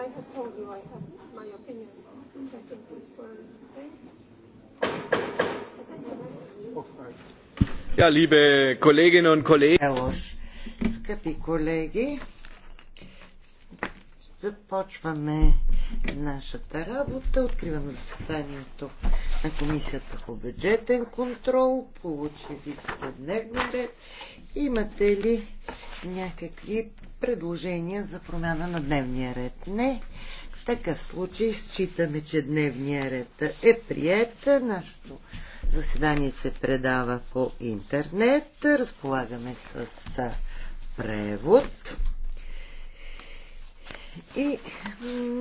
I have told you I have my opinion, which I think is worth saying. Ja, liebe Kolleginnen und Kollegen. Е Скъпи колеги, започваме нашата работа. Откривам заседанието на Комисията по бюджетен контрол. Получили сте дневния ред. Имате ли някакви предложения за промяна на дневния ред? Не. В такъв случай считаме, че дневния ред е прият. Нашето заседание се предава по интернет. Разполагаме с превод. И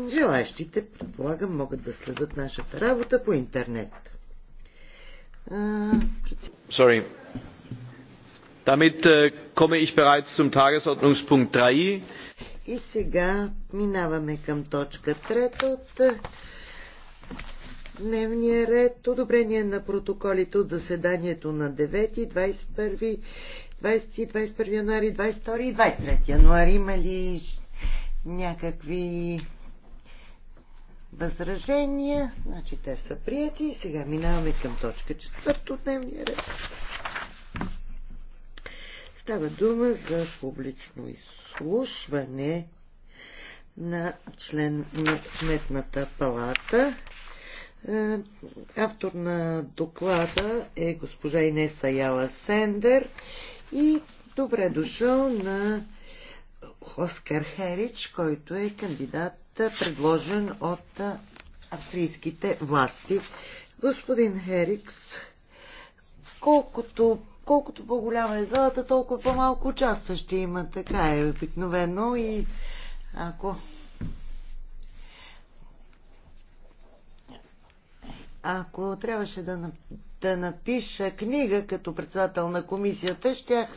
желащите, предполагам, могат да следят нашата работа по интернет. Sorry. Damit äh, komme ich bereits zum Tagesordnungspunkt И сега минаваме към точка трета от е, дневния ред. Одобрение на протоколите от заседанието на 9, 21, 20, 21 януари, 22 и 23 януари. Има ли някакви възражения? Значи те са прияти. Сега минаваме към точка четвърта от дневния ред. Става дума за публично изслушване на член на Сметната палата. Е, автор на доклада е госпожа Инеса Яла Сендер и добре дошъл на Оскар Херич, който е кандидат е, предложен от е, австрийските власти. Господин Херикс, колкото колкото по-голяма е залата, толкова по-малко участващи има. Така е обикновено и ако... Ако трябваше да, да напиша книга като председател на комисията, ще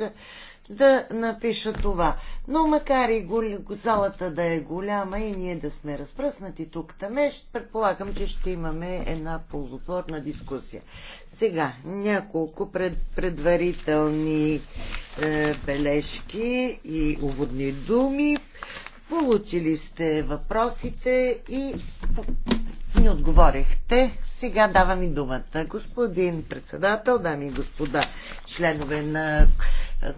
да напиша това. Но макар и залата да е голяма и ние да сме разпръснати тук таме, предполагам, че ще имаме една ползотворна дискусия. Сега, няколко пред, предварителни е, бележки и уводни думи. Получили сте въпросите и ни отговорихте. Сега давам и думата. Господин председател, дами и господа, членове на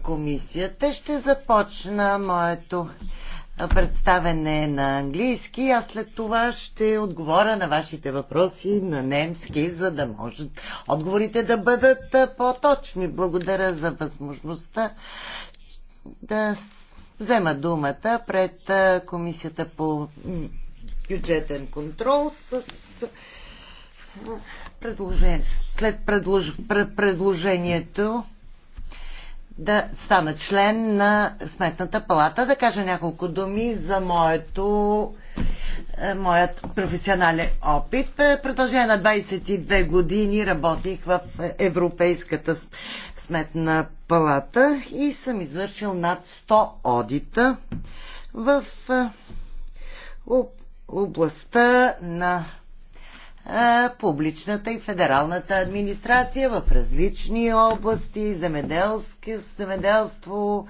комисията. Ще започна моето представене на английски, а след това ще отговоря на вашите въпроси на немски, за да може отговорите да бъдат по-точни. Благодаря за възможността да взема думата пред Комисията по бюджетен контрол с предложение, след предлож, предложението да стана член на Сметната палата. Да кажа няколко думи за моето, е, моят професионален опит. Е, продължение на 22 години работих в Европейската Сметна палата и съм извършил над 100 одита в е, областта на е, публичната и федералната администрация в различни области, земеделство,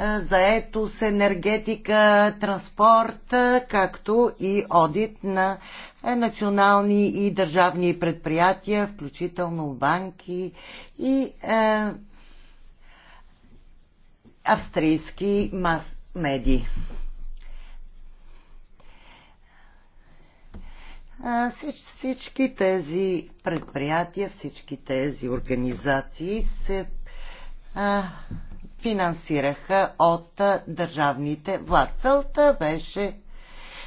е, заетост, енергетика, транспорт, е, както и одит на национални и държавни предприятия, включително банки и австрийски мас медии. Всички тези предприятия, всички тези организации се финансираха от държавните влад. Целта беше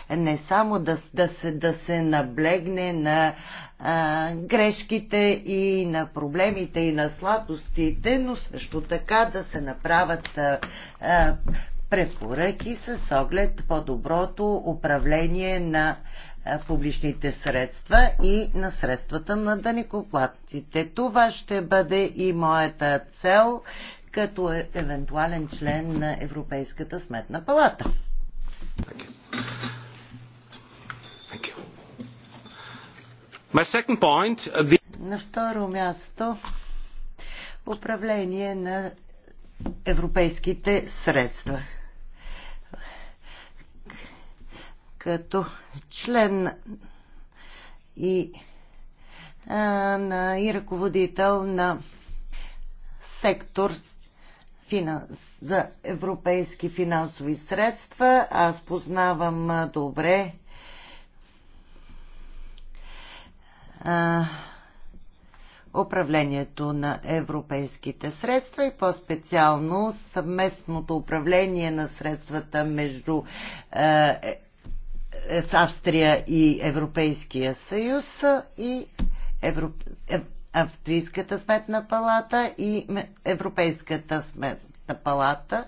не само да, да, се, да се наблегне на а, грешките и на проблемите и на слабостите, но също така да се направят а, а, препоръки с оглед по-доброто управление на публичните средства и на средствата на данекоплатците. Това ще бъде и моята цел като е евентуален член на Европейската сметна палата. Point, uh, the... На второ място управление на европейските средства. като член и, а, на, и ръководител на сектор за европейски финансови средства. Аз познавам добре а, управлението на европейските средства и по-специално съвместното управление на средствата между е, с Австрия и Европейския съюз и Европ... Е, Австрийската сметна палата и Европейската сметна палата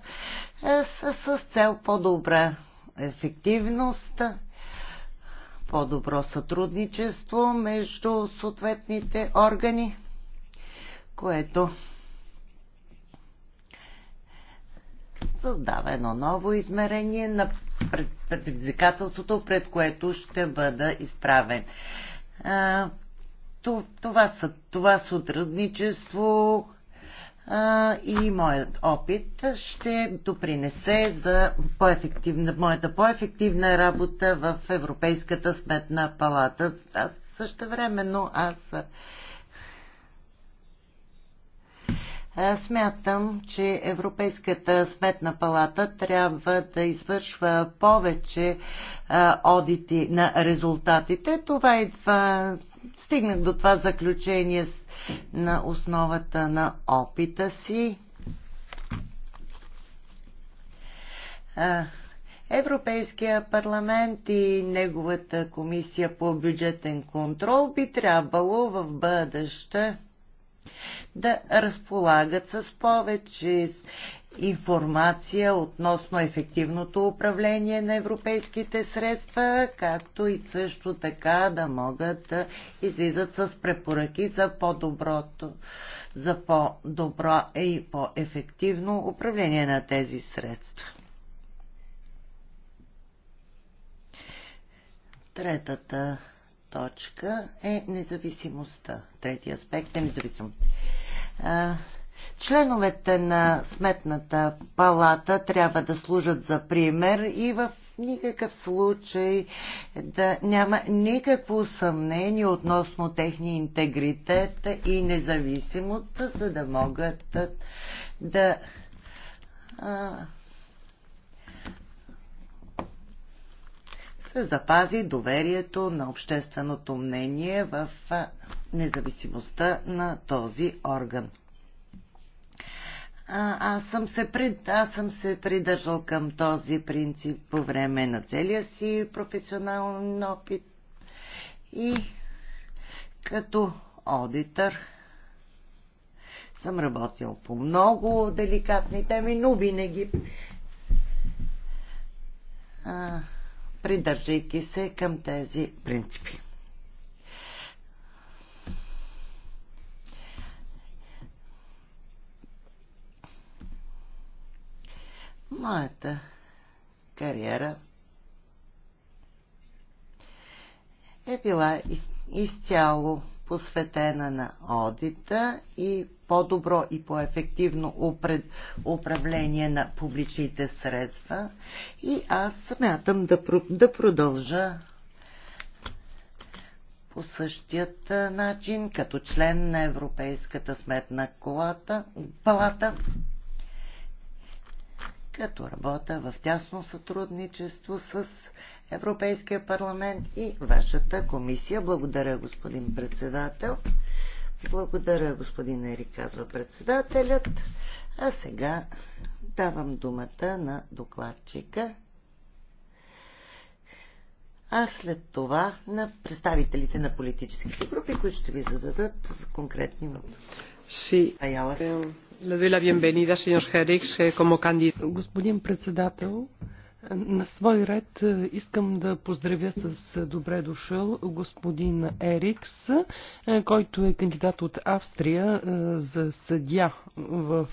е, с, с цел по-добра ефективност, по-добро сътрудничество между съответните органи, което създава едно ново измерение на предизвикателството, пред което ще бъда изправен. Това, са, това сътрудничество и моят опит ще допринесе за по-ефективна, моята по-ефективна работа в Европейската сметна палата. Аз също времено аз Е, смятам, че Европейската сметна палата трябва да извършва повече е, одити на резултатите. Това идва, стигнах до това заключение на основата на опита си. Е, Европейския парламент и неговата комисия по бюджетен контрол би трябвало в бъдеще да разполагат с повече информация относно ефективното управление на европейските средства, както и също така да могат да излизат с препоръки за по-доброто, за по-добро и по-ефективно управление на тези средства. Третата точка е независимостта. Третия аспект е независимост. Членовете на Сметната палата трябва да служат за пример и в никакъв случай да няма никакво съмнение относно техния интегритет и независимост, за да могат да а, запази доверието на общественото мнение в независимостта на този орган. А, аз, съм се пред, аз съм се придържал към този принцип по време на целия си професионален опит и като аудитър съм работил по много деликатни теми, но винаги а, придържайки се към тези принципи. Моята кариера е била из, изцяло посветена на одита и по-добро и по-ефективно управление на публичните средства. И аз смятам да, да продължа по същият начин, като член на Европейската сметна колата, палата като работя в тясно сътрудничество с Европейския парламент и вашата комисия. Благодаря, господин председател. Благодаря, господин Ерик, казва председателят. А сега давам думата на докладчика. А след това на представителите на политическите групи, които ще ви зададат конкретни въпроси. Си. Аяла. Eh, господин председател, на свой ред е, искам да поздравя с е, добре дошъл господин Ерикс, е, който е кандидат от Австрия за съдя в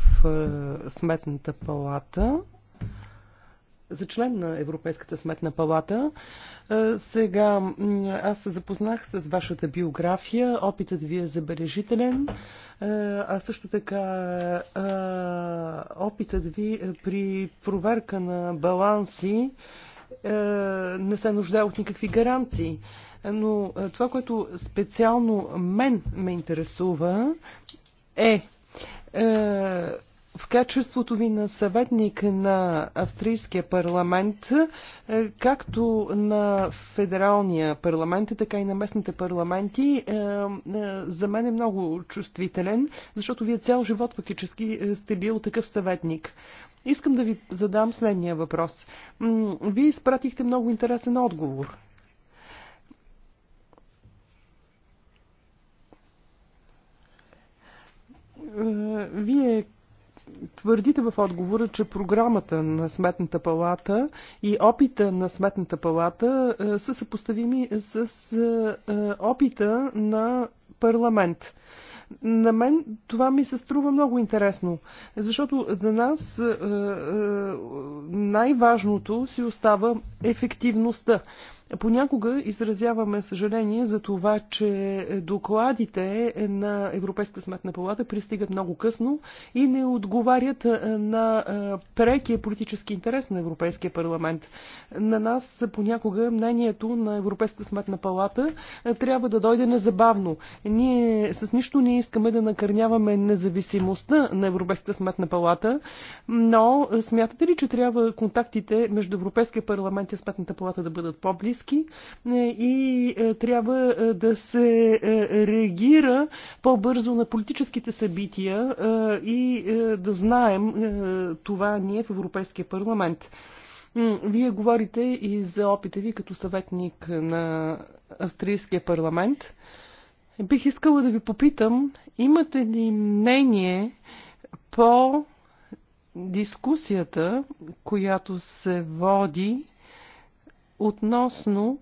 Сметната палата за член на Европейската сметна палата. Е, сега аз се запознах с вашата биография, опитът ви е забележителен, е, а също така е, опитът ви при проверка на баланси не се нуждае от никакви гаранции. Но това, което специално мен ме интересува е, е в качеството ви на съветник на австрийския парламент, е, както на федералния парламент, така и на местните парламенти, е, е, за мен е много чувствителен, защото вие цял живот фактически сте бил такъв съветник. Искам да ви задам следния въпрос. Вие изпратихте много интересен отговор. Вие твърдите в отговора, че програмата на Сметната палата и опита на Сметната палата е, са съпоставими с е, е, опита на парламент. На мен това ми се струва много интересно, защото за нас най-важното си остава ефективността. Понякога изразяваме съжаление за това, че докладите на Европейската сметна палата пристигат много късно и не отговарят на прекия политически интерес на Европейския парламент. На нас понякога мнението на Европейската сметна палата трябва да дойде незабавно. Ние с нищо не искаме да накърняваме независимостта на Европейската сметна палата, но смятате ли, че трябва контактите между Европейския парламент и Сметната палата да бъдат по-близки? риски е, и е, трябва е, да се реагира по-бързо на политическите събития и да знаем това ние в Европейския парламент. Вие говорите и за опита ви като съветник на австрийския парламент. Бих искала да ви попитам, имате ли мнение по дискусията, която се води относно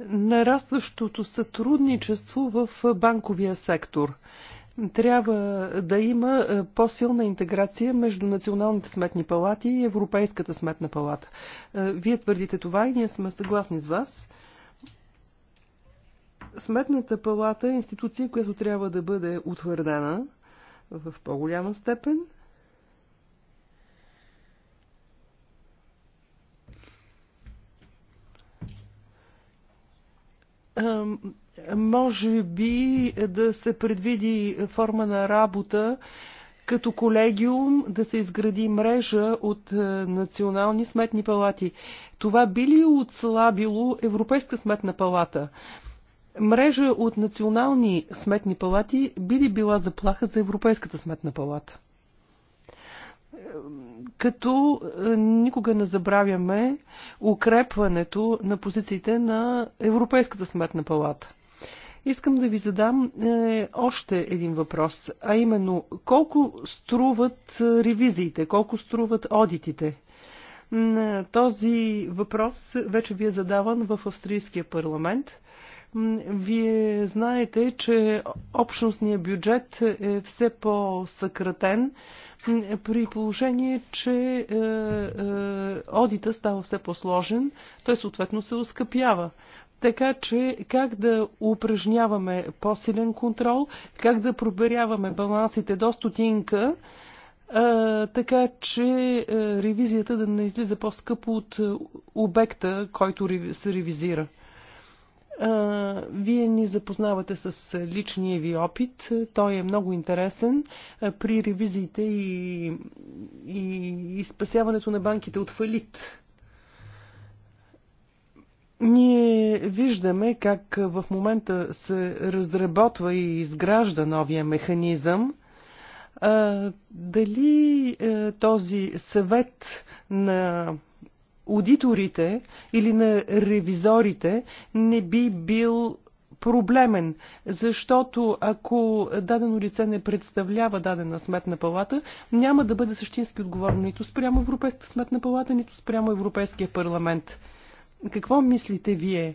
нарастващото сътрудничество в банковия сектор. Трябва да има е, по-силна интеграция между националните сметни палати и Европейската сметна палата. Е, вие твърдите това и ние сме съгласни с вас. Сметната палата е институция, която трябва да бъде утвърдена в по-голяма степен – Може би да се предвиди форма на работа като колегиум да се изгради мрежа от е, национални сметни палати. Това би ли отслабило Европейска сметна палата? Мрежа от национални сметни палати би ли била заплаха за Европейската сметна палата? като е, никога не забравяме укрепването на позициите на Европейската сметна палата. Искам да ви задам е, още един въпрос, а именно колко струват е, ревизиите, колко струват одитите? Е, този въпрос вече ви е задаван в австрийския парламент. Вие знаете, че общностният бюджет е все по-съкратен при положение, че е, е, одита става все по-сложен, той съответно се оскъпява. Така че как да упражняваме по-силен контрол, как да проверяваме балансите до стотинка, е, така че е, ревизията да не излиза по-скъпо от е, обекта, който се ревизира. Вие ни запознавате с личния ви опит. Той е много интересен. При ревизиите и, и, и спасяването на банките от фалит. Ние виждаме как в момента се разработва и изгражда новия механизъм. А, дали а, този съвет на аудиторите или на ревизорите не би бил проблемен, защото ако дадено лице не представлява дадена сметна палата, няма да бъде същински отговорно нито спрямо Европейската сметна палата, нито спрямо Европейския парламент. Какво мислите вие?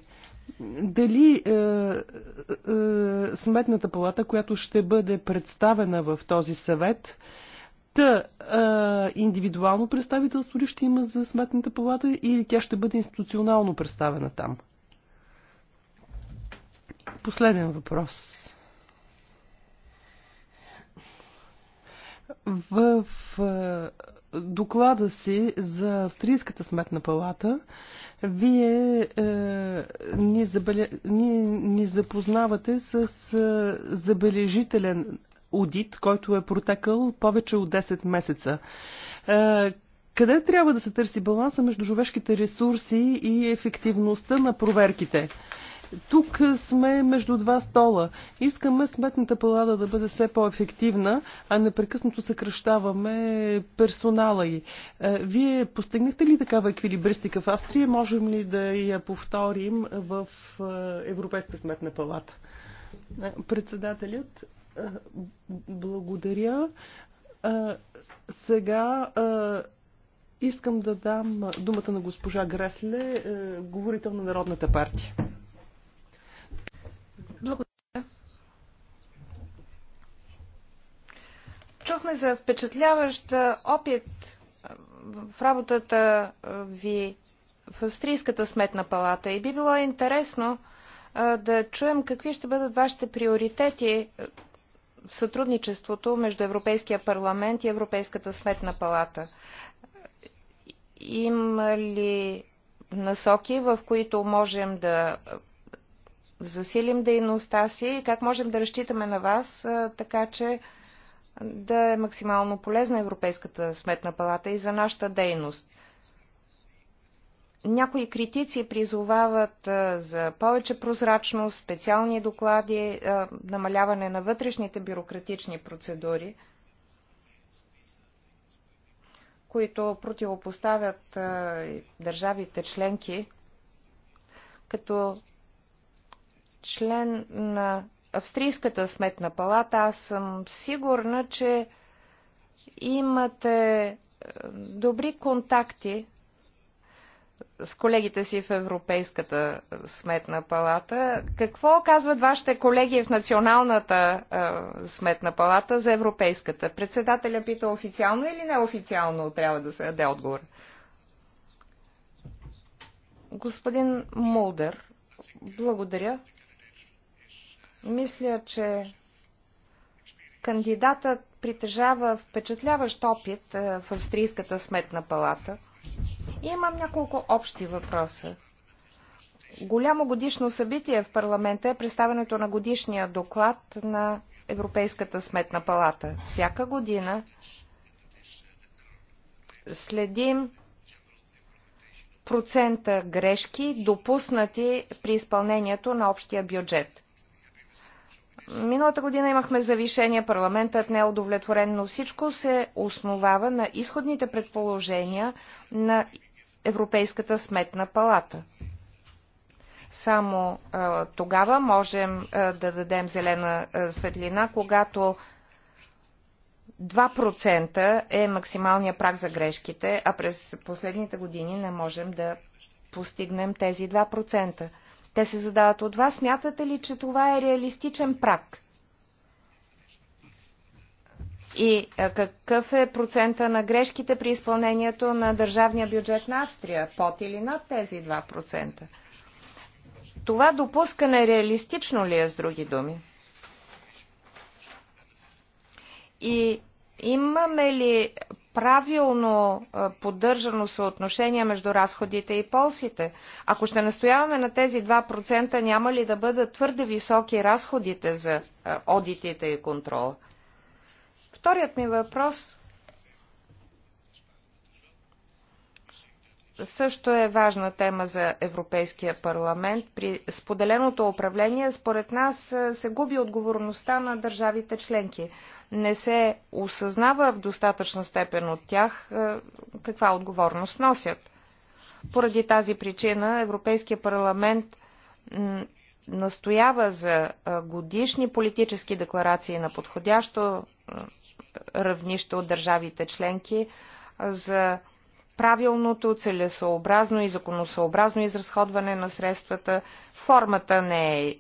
Дали е, е, е сметната палата, която ще бъде представена в този съвет, е, Та, а, индивидуално представителство ли ще има за сметната палата или тя ще бъде институционално представена там? Последен въпрос. В доклада си за Австрийската сметна палата вие е, ни, забеля... ни, ни запознавате с е, забележителен аудит, който е протекал повече от 10 месеца. Е, къде трябва да се търси баланса между човешките ресурси и ефективността на проверките? тук сме между два стола. Искаме сметната палата да бъде все по-ефективна, а непрекъснато съкръщаваме персонала й. Е, вие постигнахте ли такава еквилибристика в Австрия? Можем ли да я повторим в е, Европейската сметна палата? Председателят е, благодаря. Е, сега е, искам да дам думата на госпожа Гресле, говорител на Народната партия. Благодаря. Чухме за впечатляващ опит в работата ви в Австрийската сметна палата и би било интересно да чуем какви ще бъдат вашите приоритети сътрудничеството между Европейския парламент и Европейската сметна палата. Има ли насоки, в които можем да засилим дейността си и как можем да разчитаме на вас, така че да е максимално полезна Европейската сметна палата и за нашата дейност – някои критици призовават за повече прозрачност, специални доклади, намаляване на вътрешните бюрократични процедури, които противопоставят държавите членки. Като член на Австрийската сметна палата, аз съм сигурна, че имате добри контакти с колегите си в Европейската сметна палата. Какво казват вашите колеги в Националната а, е, сметна палата за Европейската? Председателя пита официално или неофициално трябва да се даде отговор. Господин Мулдер, благодаря. Мисля, че кандидатът притежава впечатляващ опит е, в Австрийската сметна палата – и имам няколко общи въпроса. Голямо годишно събитие в парламента е представенето на годишния доклад на Европейската сметна палата. Всяка година следим процента грешки, допуснати при изпълнението на общия бюджет. Миналата година имахме завишение, парламентът не е удовлетворен, но всичко се основава на изходните предположения на Европейската сметна палата. Само а, тогава можем а, да дадем зелена а, светлина, когато 2% е максималния прак за грешките, а през последните години не можем да постигнем тези 2% те се задават от вас. Смятате ли, че това е реалистичен прак? И какъв е процента на грешките при изпълнението на държавния бюджет на Австрия? Под или над тези 2%? Това допускане реалистично ли е с други думи? И имаме ли правилно поддържано съотношение между разходите и ползите. Ако ще настояваме на тези 2%, няма ли да бъдат твърде високи разходите за одитите и контрол? Вторият ми въпрос също е важна тема за Европейския парламент. При споделеното управление, според нас, се губи отговорността на държавите членки не се осъзнава в достатъчна степен от тях е, каква отговорност носят. Поради тази причина Европейския парламент настоява за е, годишни политически декларации на подходящо е, равнище от държавите членки за правилното, целесообразно и законосъобразно изразходване на средствата. Формата не е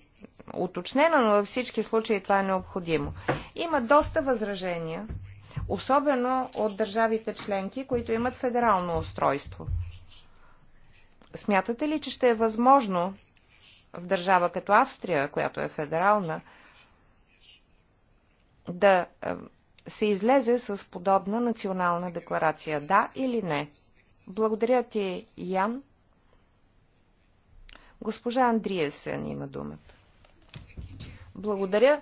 уточнено, но във всички случаи това е необходимо. Има доста възражения, особено от държавите членки, които имат федерално устройство. Смятате ли, че ще е възможно в държава като Австрия, която е федерална, да е, се излезе с подобна национална декларация, да или не? Благодаря ти, Ян. Госпожа Андриесен има думата. Благодаря.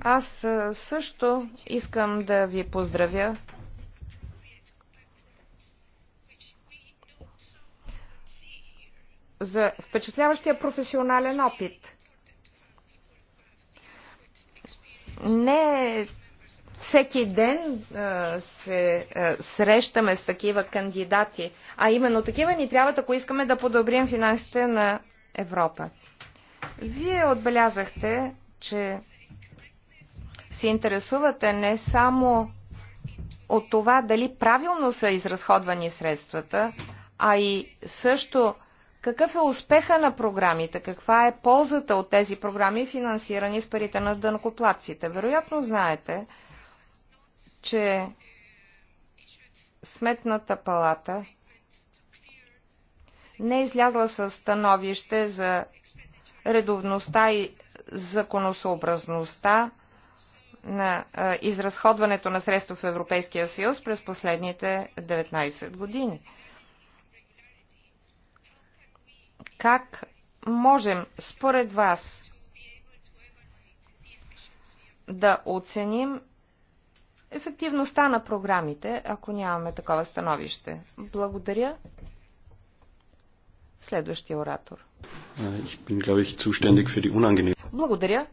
Аз също искам да ви поздравя. за впечатляващия професионален опит. Не всеки ден а, се а, срещаме с такива кандидати, а именно такива ни трябват, ако искаме да подобрим финансите на Европа. Вие отбелязахте, че се интересувате не само от това дали правилно са изразходвани средствата, а и също какъв е успеха на програмите, каква е ползата от тези програми, финансирани с парите на дънкоплатците. Вероятно знаете, че Сметната палата не е излязла със становище за редовността и законосообразността на изразходването на средства в Европейския съюз през последните 19 години. Как можем според вас да оценим ефективността на програмите, ако нямаме такова становище? Благодаря. Следващия оратор. Äh, Благодаря.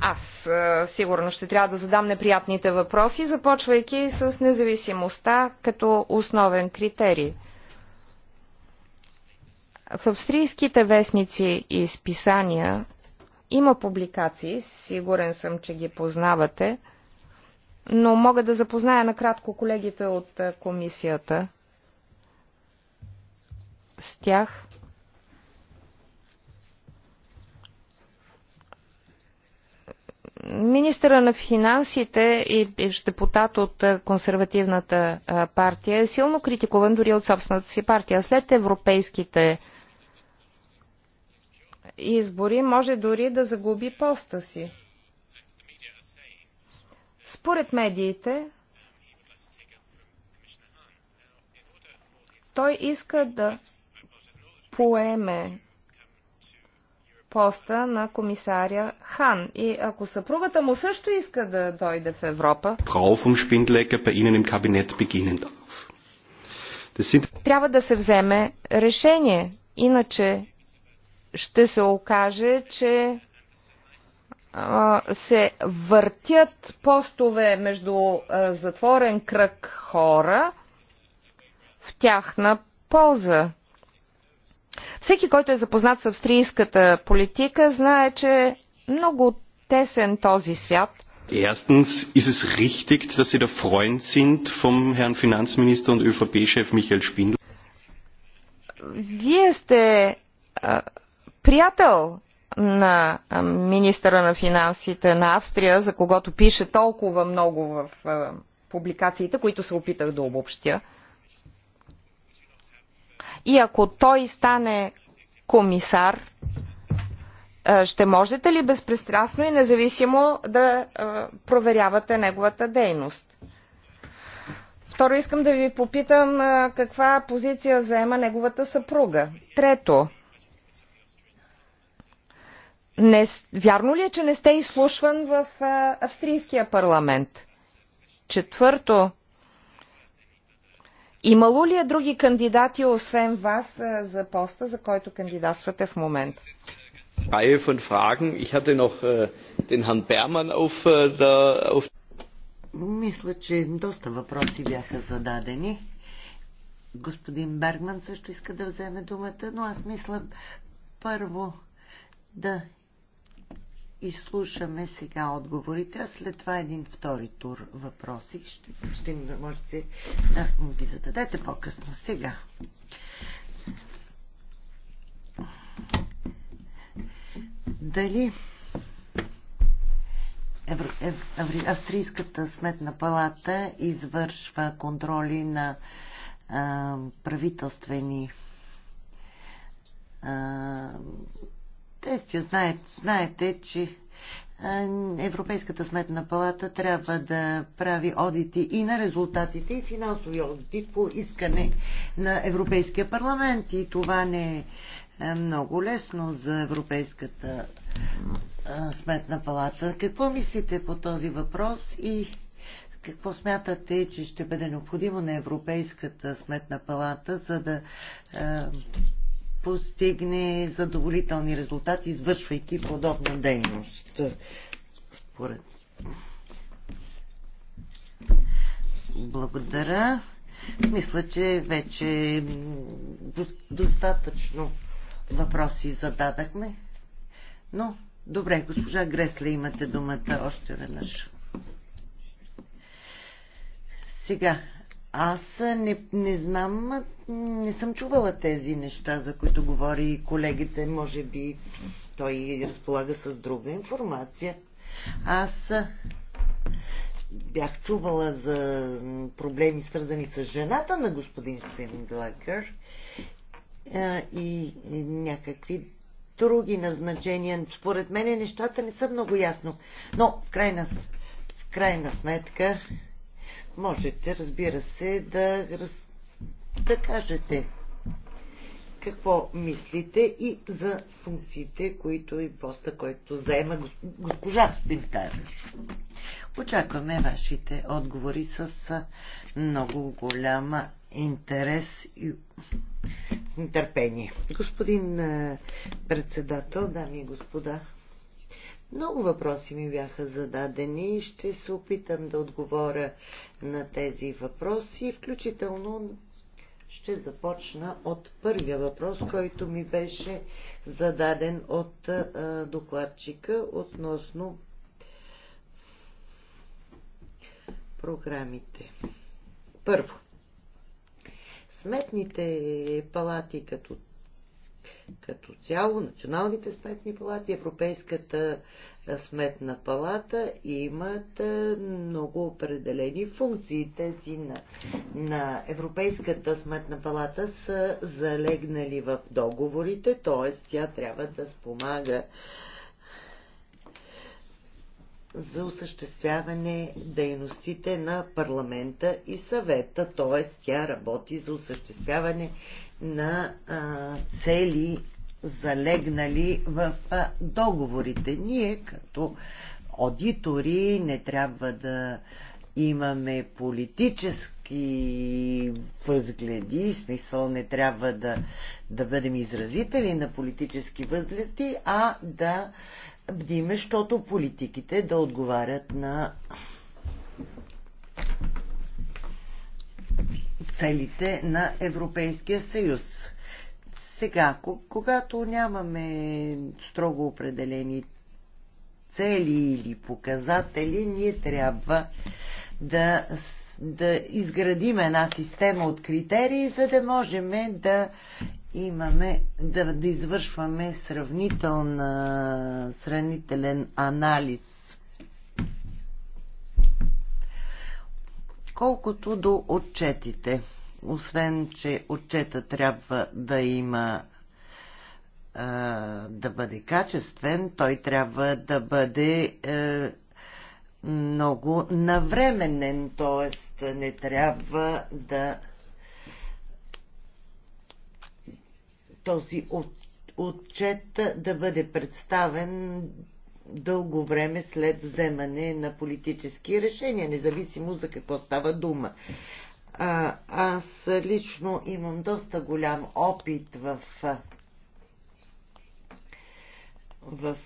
Аз е, сигурно ще трябва да задам неприятните въпроси, започвайки с независимостта като основен критерий. В австрийските вестници и списания има публикации, сигурен съм, че ги познавате, но мога да запозная накратко колегите от е, комисията с тях. Министъра на финансите и бивш депутат от консервативната партия е силно критикуван дори от собствената си партия. След европейските избори може дори да загуби поста си. Според медиите, той иска да поеме поста на комисаря Хан. И ако съпругата му също иска да дойде в Европа, трябва да се вземе решение. Иначе ще се окаже, че а, се въртят постове между а, затворен кръг хора в тяхна полза. Всеки, който е запознат с австрийската политика, знае, че е много тесен този свят. Erstens ist es richtig, dass Sie der Freund sind vom Herrn Finanzminister und ÖVP-Chef Michael Spindl. Вие сте а, приятел на министъра на финансите на Австрия, за когото пише толкова много в а, публикациите, които се опитах да обобщя. И ако той стане комисар, е, ще можете ли безпристрастно и независимо да е, проверявате неговата дейност? Второ, искам да ви попитам е, каква позиция заема неговата съпруга. Трето, не, вярно ли е, че не сте изслушван в австрийския парламент? Четвърто, Имало ли е други кандидати, освен вас, е, за поста, за който кандидатствате в момента? Е, е, мисля, че доста въпроси бяха зададени. Господин Бергман също иска да вземе думата, но аз мисля първо да изслушаме сега отговорите, а след това един втори тур въпроси. Ще, ще можете да му ги зададете по-късно. Сега. Дали Евро, Австрийската сметна палата извършва контроли на а, правителствени а, протести. Знаете, знаете че Европейската сметна палата трябва да прави одити и на резултатите, и финансови одити по искане на Европейския парламент. И това не е много лесно за Европейската сметна палата. Какво мислите по този въпрос и какво смятате, че ще бъде необходимо на Европейската сметна палата, за да постигне задоволителни резултати, извършвайки подобна дейност. Според. Благодаря. Мисля, че вече достатъчно въпроси зададахме. Но, добре, госпожа Гресле, имате думата още веднъж. Сега, аз не, не знам, не съм чувала тези неща, за които говори колегите. Може би той разполага с друга информация. Аз бях чувала за проблеми, свързани с жената на господин Спринглакър и някакви други назначения. Според мен нещата не са много ясно. Но в крайна, в крайна сметка можете, разбира се, да, да кажете какво мислите и за функциите, които и поста, който заема госпожа Спинкариш. Очакваме вашите отговори с много голяма интерес и нетърпение. Господин председател, дами и господа, много въпроси ми бяха зададени и ще се опитам да отговоря на тези въпроси, включително ще започна от първия въпрос, който ми беше зададен от докладчика относно програмите. Първо, сметните палати като като цяло, националните сметни палати, Европейската сметна палата имат много определени функции. Тези на, на Европейската сметна палата са залегнали в договорите, т.е. тя трябва да спомага за осъществяване дейностите на парламента и съвета, т.е. тя работи за осъществяване на а, цели, залегнали в а, договорите. Ние като аудитори не трябва да имаме политически възгледи, смисъл не трябва да, да бъдем изразители на политически възгледи, а да бдиме, защото политиките да отговарят на целите на Европейския съюз. Сега, когато нямаме строго определени цели или показатели, ние трябва да, да изградим една система от критерии, за да можем да имаме да, да извършваме сравнителна, сравнителен анализ. Колкото до отчетите, освен, че отчета трябва да има да бъде качествен, той трябва да бъде много навременен, т.е. не трябва да този отчет да бъде представен дълго време след вземане на политически решения, независимо за какво става дума. А, аз лично имам доста голям опит в в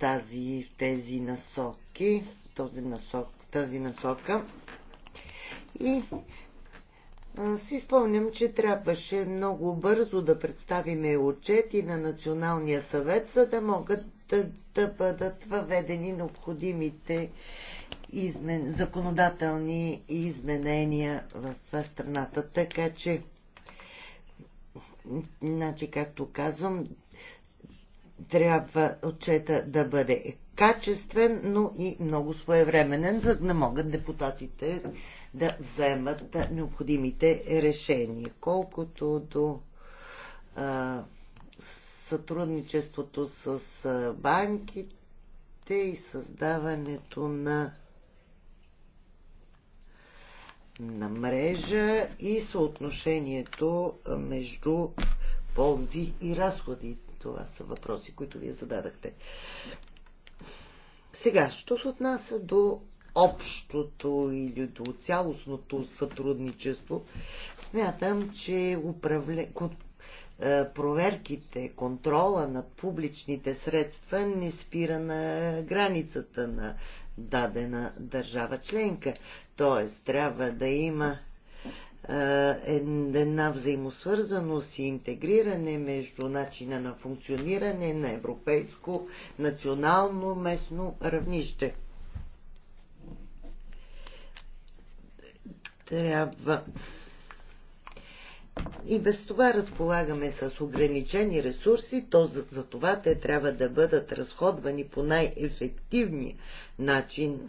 тази, тези насоки, този насок, тази насока. И си спомням, че трябваше много бързо да представиме отчети на Националния съвет, за да могат да, да бъдат въведени необходимите измен, законодателни изменения в страната. Така че, значи, както казвам, трябва отчета да бъде качествен, но и много своевременен, за да могат депутатите да вземат необходимите решения. Колкото до а, сътрудничеството с банките и създаването на на мрежа и съотношението между ползи и разходи. Това са въпроси, които вие зададахте. Сега, що се отнася до общото или до цялостното сътрудничество, смятам, че управле... Е, проверките, контрола над публичните средства не спира на границата на дадена държава членка. Тоест, трябва да има е, една взаимосвързаност и интегриране между начина на функциониране на европейско, национално, местно равнище. Трябва. И без това разполагаме с ограничени ресурси, то за, за това те трябва да бъдат разходвани по най-ефективния начин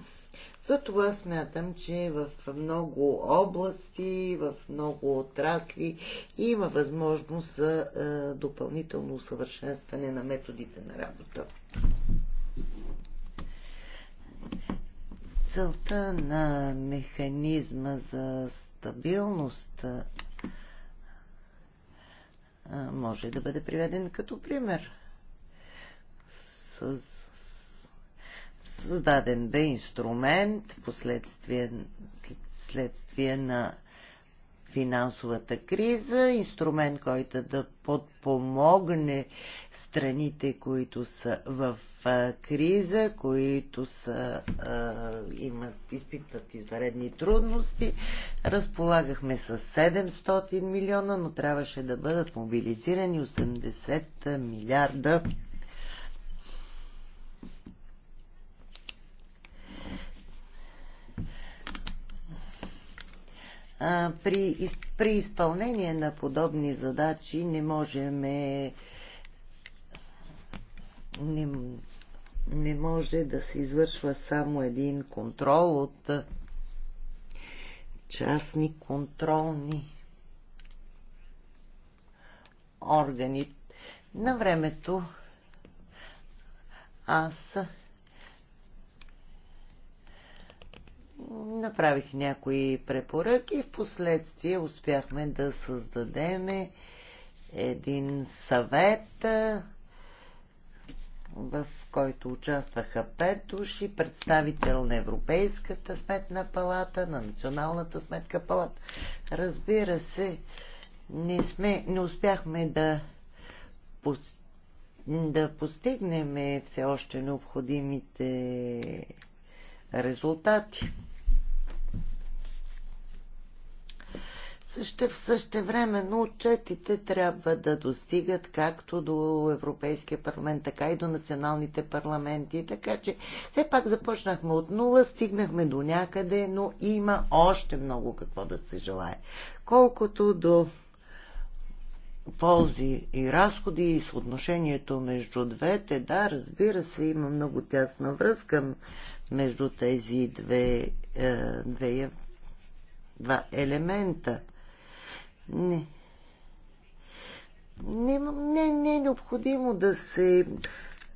затова смятам, че в много области, в много отрасли има възможност за е, допълнително усъвършенстване на методите на работа. Целта на механизма за стабилност е, е, може да бъде приведен като пример с създаден бе инструмент, последствие, следствие на финансовата криза, инструмент, който да подпомогне страните, които са в криза, които са, а, имат, изпитват изваредни трудности. Разполагахме с 700 милиона, но трябваше да бъдат мобилизирани 80 милиарда при, при изпълнение на подобни задачи не можем не, не може да се извършва само един контрол от частни контролни органи. На времето аз направих някои препоръки. В последствие успяхме да създадем един съвет, в който участваха пет души, представител на Европейската сметна палата, на Националната сметка палата. Разбира се, не, сме, не успяхме да, да постигнем все още необходимите резултати. Също, но отчетите трябва да достигат както до Европейския парламент, така и до националните парламенти. Така че все пак започнахме от нула, стигнахме до някъде, но има още много какво да се желае. Колкото до ползи и разходи и съотношението между двете, да, разбира се, има много тясна връзка между тези две, е, две два елемента. Не. Не, не, не е необходимо да се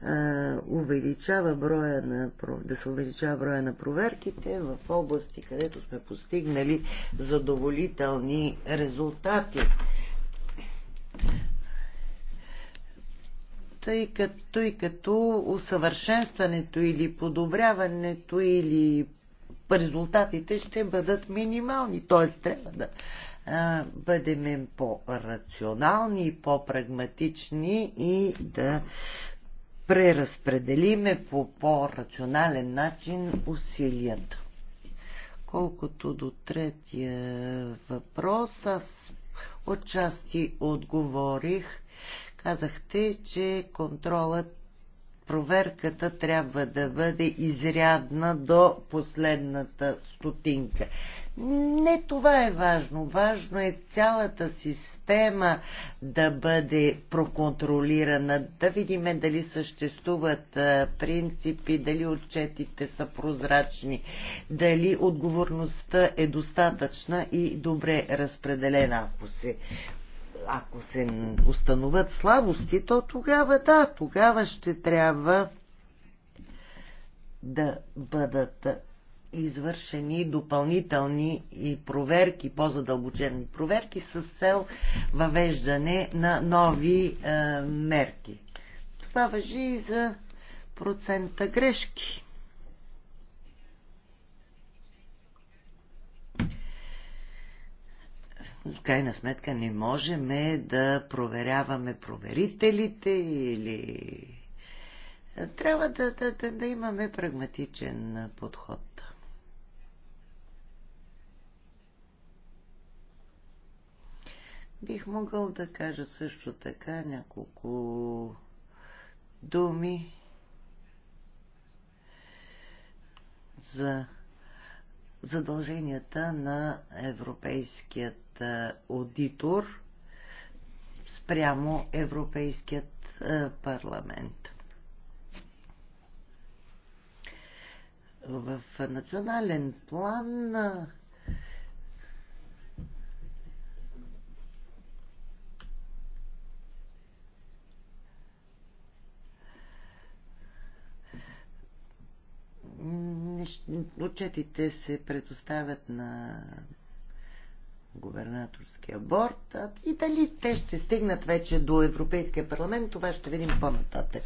а, увеличава броя на, да се увеличава броя на проверките в области, където сме постигнали задоволителни резултати. тъй като, тъй като усъвършенстването или подобряването или резултатите ще бъдат минимални. Т.е. трябва да бъдем по-рационални, по-прагматични и да преразпределиме по по-рационален начин усилията. Колкото до третия въпрос, аз отчасти отговорих. Казахте, че контролът, проверката трябва да бъде изрядна до последната стотинка. Не това е важно. Важно е цялата система да бъде проконтролирана, да видим дали съществуват принципи, дали отчетите са прозрачни, дали отговорността е достатъчна и добре разпределена, ако се ако се установят слабости, то тогава да, тогава ще трябва да бъдат извършени допълнителни и проверки, по-задълбочени проверки с цел въвеждане на нови е, мерки. Това въжи и за процента грешки. В крайна сметка не можем да проверяваме проверителите или е, трябва да, да, да, да имаме прагматичен подход. Бих могъл да кажа също така няколко думи за задълженията на европейският аудитор спрямо Европейският парламент. В национален план отчетите се предоставят на губернаторския борт. И дали те ще стигнат вече до Европейския парламент, това ще видим по-нататък.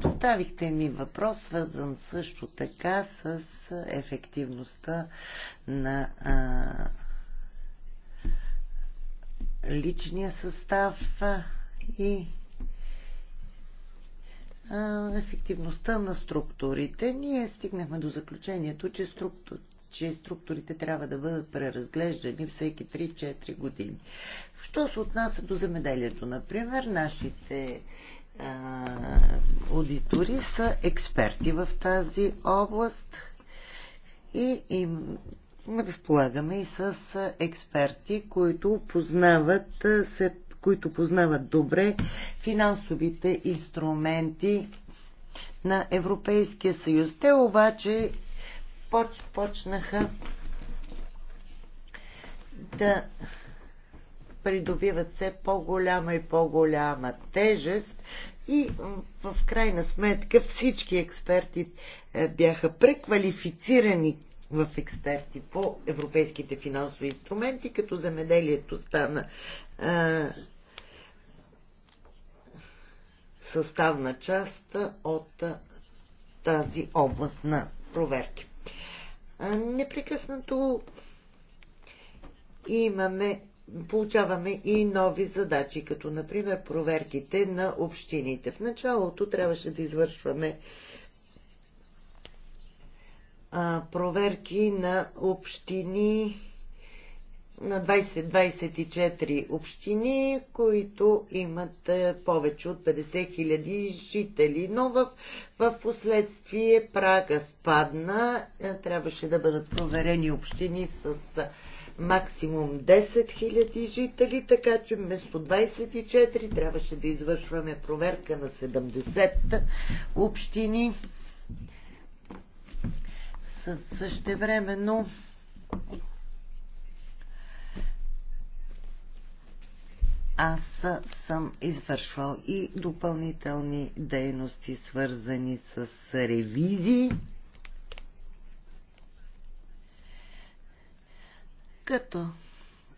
Поставихте ми въпрос, свързан също така с ефективността на а, личния състав и ефективността на структурите. Ние стигнахме до заключението, че, структур, че структурите трябва да бъдат преразглеждани всеки 3-4 години. Що се отнася до земеделието, например, нашите а, аудитори са експерти в тази област и им разполагаме и с експерти, които познават се които познават добре финансовите инструменти на Европейския съюз. Те обаче поч, почнаха да придобиват все по-голяма и по-голяма тежест и в крайна сметка всички експерти е, бяха преквалифицирани в експерти по европейските финансови инструменти, като замеделието стана е, съставна част от тази област на проверки. Непрекъснато имаме, получаваме и нови задачи, като например проверките на общините. В началото трябваше да извършваме проверки на общини, на 20-24 общини, които имат е, повече от 50 000 жители. Но в, в последствие прага спадна. Е, трябваше да бъдат проверени общини с е, максимум 10 000 жители, така че вместо 24 трябваше да извършваме проверка на 70 общини. Същевременно времено аз съм извършвал и допълнителни дейности, свързани с ревизии, като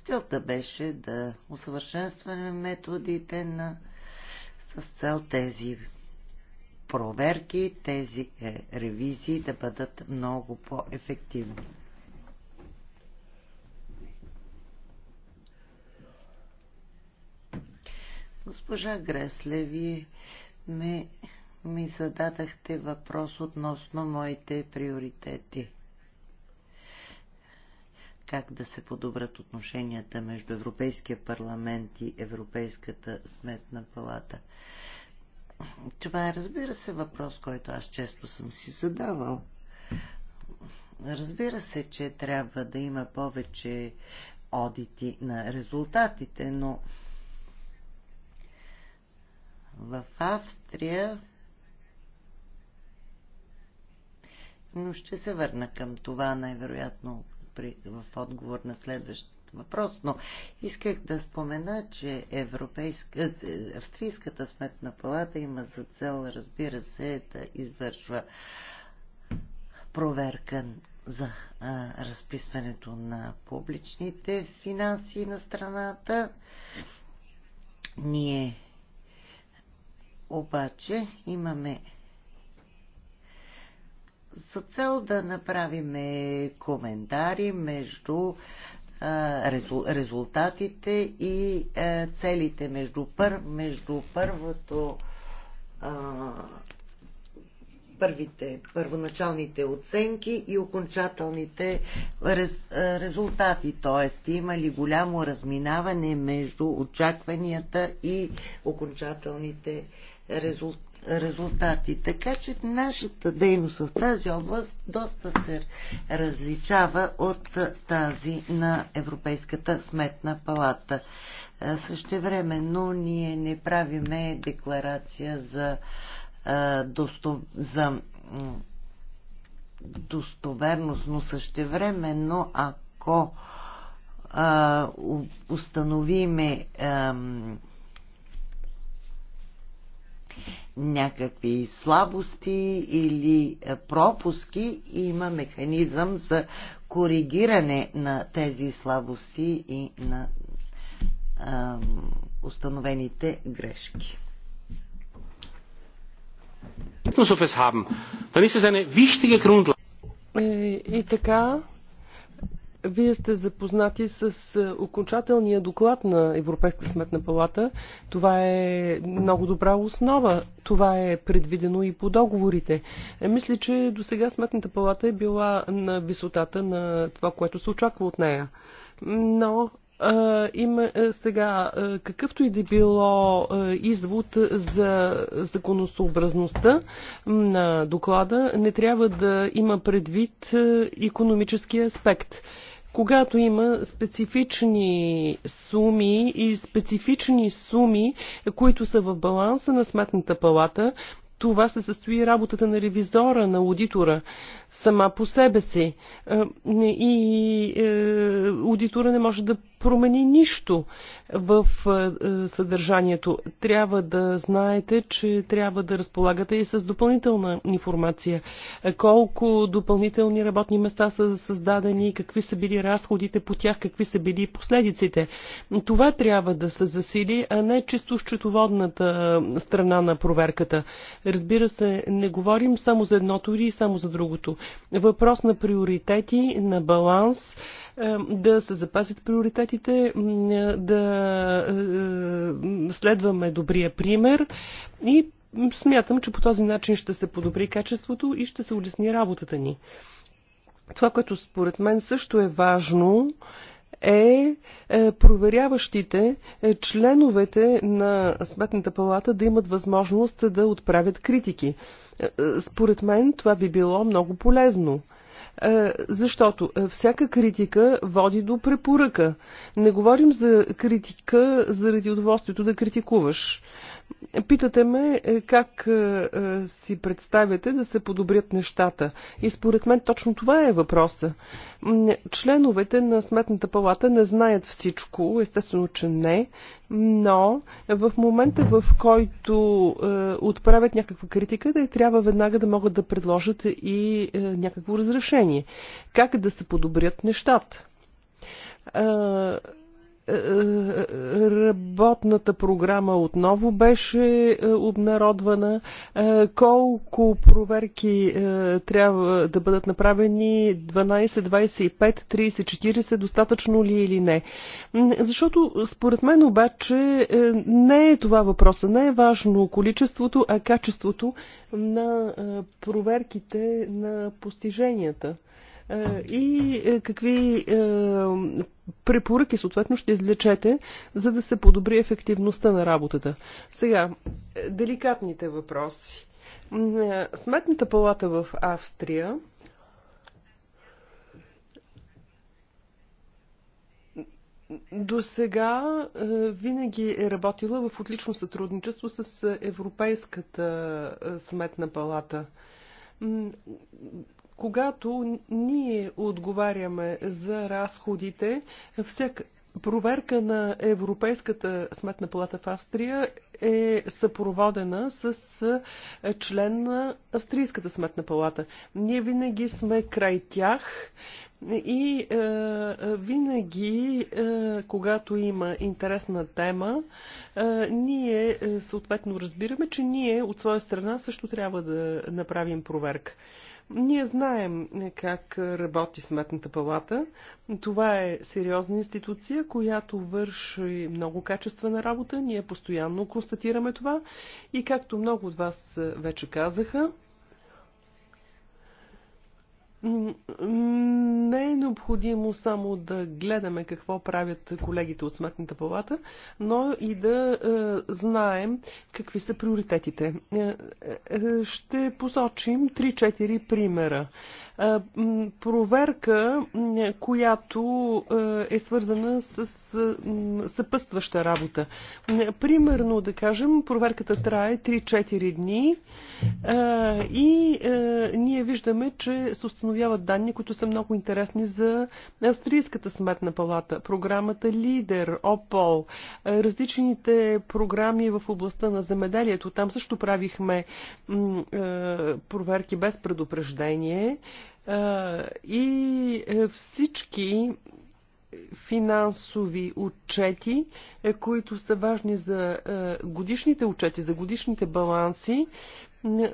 целта беше да усъвършенстваме методите на с цел тези проверки, тези е, ревизии да бъдат много по-ефективни. Госпожа Гресле, вие ми, ми зададахте въпрос относно моите приоритети. Как да се подобрат отношенията между Европейския парламент и Европейската сметна палата? Това е, разбира се, въпрос, който аз често съм си задавал. Разбира се, че трябва да има повече одити на резултатите, но в Австрия, но ще се върна към това най-вероятно в отговор на следващ въпрос, но исках да спомена, че европейска, е, австрийската сметна палата има за цел, разбира се, да извършва проверка за а, разписването на публичните финанси на страната. Ние обаче имаме за цел да направим коментари между резултатите и целите между, пър, между първото първите, първоначалните оценки и окончателните рез, резултати, т.е. има ли голямо разминаване между очакванията и окончателните резултати резул... резултати. Така че нашата дейност в тази област доста се различава от тази на Европейската сметна палата. Е, но ние не правиме декларация за, е, за достоверност, но но ако е, установиме някакви слабости или е, пропуски, има механизъм за коригиране на тези слабости и на а, установените грешки. Е, и така, вие сте запознати с е, окончателния доклад на Европейска сметна палата. Това е много добра основа. Това е предвидено и по договорите. Е, мисля, че до сега сметната палата е била на висотата на това, което се очаква от нея. Но а, е, има сега какъвто и да било извод за законосообразността на доклада, не трябва да има предвид економически аспект когато има специфични суми и специфични суми, които са в баланса на сметната палата, това се състои работата на ревизора, на аудитора, сама по себе си. Е, и е, аудитора не може да промени нищо в е, съдържанието. Трябва да знаете, че трябва да разполагате и с допълнителна информация. Колко допълнителни работни места са създадени, какви са били разходите по тях, какви са били последиците. Това трябва да се засили, а не чисто счетоводната страна на проверката. Разбира се, не говорим само за едното или само за другото. Въпрос на приоритети, на баланс, е, да се запазят приоритетите, да е, е, следваме добрия пример и смятам, че по този начин ще се подобри качеството и ще се улесни работата ни. Това, което според мен също е важно, е, е проверяващите е, членовете на Сметната палата да имат възможност да отправят критики. Е, според мен това би било много полезно защото всяка критика води до препоръка. Не говорим за критика заради удоволствието да критикуваш. Питате ме е, как е, е, си представяте да се подобрят нещата. И според мен точно това е въпроса. Членовете на Сметната палата не знаят всичко, естествено, че не, но в момента, в който отправят някаква критика, да трябва веднага да могат да предложат и някакво разрешение. Как да се подобрят нещата? Е, е, работната програма отново беше е, обнародвана. Колко проверки трябва да бъдат направени? 12, 25, 30, 40? Достатъчно ли или не? Защото според мен обаче не е това въпроса. Не е важно количеството, а качеството на проверките на постиженията. Е, и е, какви е, препоръки съответно ще излечете, за да се подобри ефективността на работата. Сега, деликатните въпроси. Сметната палата в Австрия До сега винаги е работила в отлично сътрудничество с Европейската сметна палата. Когато ние отговаряме за разходите, всяка проверка на Европейската сметна палата в Австрия е съпроводена с член на Австрийската сметна палата. Ние винаги сме край тях и е, винаги, е, когато има интересна тема, е, ние е, съответно разбираме, че ние от своя страна също трябва да направим проверка. Ние знаем е, как е, работи Сметната палата. Това е сериозна институция, която върши много качествена работа. Ние постоянно констатираме това. И както много от вас е, вече казаха, не е необходимо само да гледаме какво правят колегите от Сметната палата, но и да е, знаем какви са приоритетите. Е, е, е ще посочим 3-4 примера. Е, проверка, която е, е свързана с съпъстваща работа. Примерно, да кажем, проверката трае 3-4 дни е, и ние виждаме, че се установяват данни, които са много интересни за Австрийската сметна палата, програмата Лидер, ОПОЛ, различните програми в областта на земеделието. Там също правихме проверки без предупреждение и е, всички финансови отчети, е, които са важни за е, годишните отчети, за годишните баланси,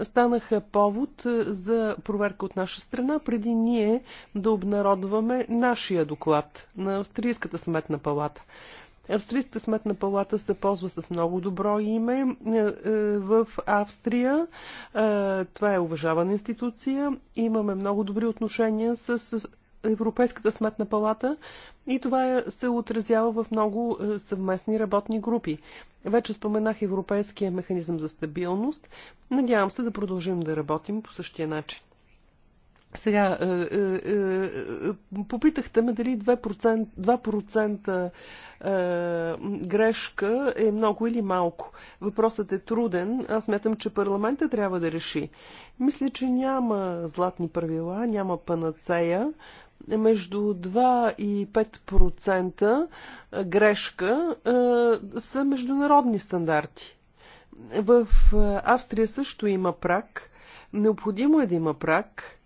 станаха повод за проверка от наша страна, преди ние да обнародваме нашия доклад на Австрийската сметна палата. Австрийската сметна палата се ползва с много добро име е, е, в Австрия. Е, това е уважавана институция. Имаме много добри отношения с Европейската сметна палата и това се отразява в много съвместни работни групи. Вече споменах Европейския механизъм за стабилност. Надявам се да продължим да работим по същия начин. Сега, е, е, е, попитахте ме дали 2%, 2% е, грешка е много или малко. Въпросът е труден. Аз мятам, че парламента трябва да реши. Мисля, че няма златни правила, няма панацея. Между 2 и 5% грешка е, са международни стандарти. В е, Австрия също има прак. Необходимо е да има прак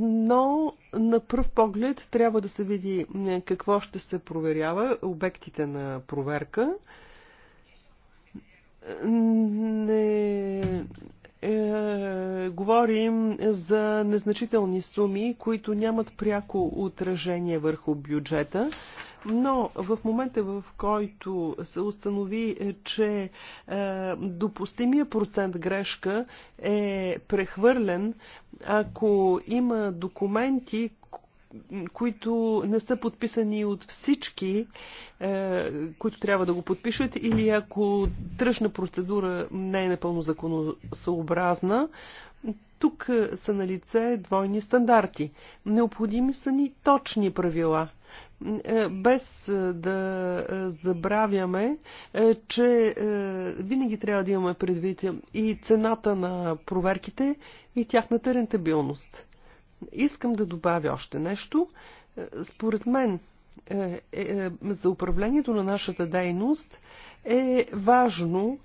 но на пръв поглед трябва да се види е, какво ще се проверява, обектите на проверка. Не, е, говорим за незначителни суми, които нямат пряко отражение върху бюджета но в момента в който се установи, че е, допустимия процент грешка е прехвърлен, ако има документи, които не са подписани от всички, е, които трябва да го подпишат, или ако тръжна процедура не е напълно законосъобразна, тук са на лице двойни стандарти. Необходими са ни точни правила. Е, без е, да е, забравяме, че винаги трябва да имаме предвид и цената на проверките и тяхната рентабилност. Искам да добавя още нещо. Според мен, за управлението на нашата дейност е важно,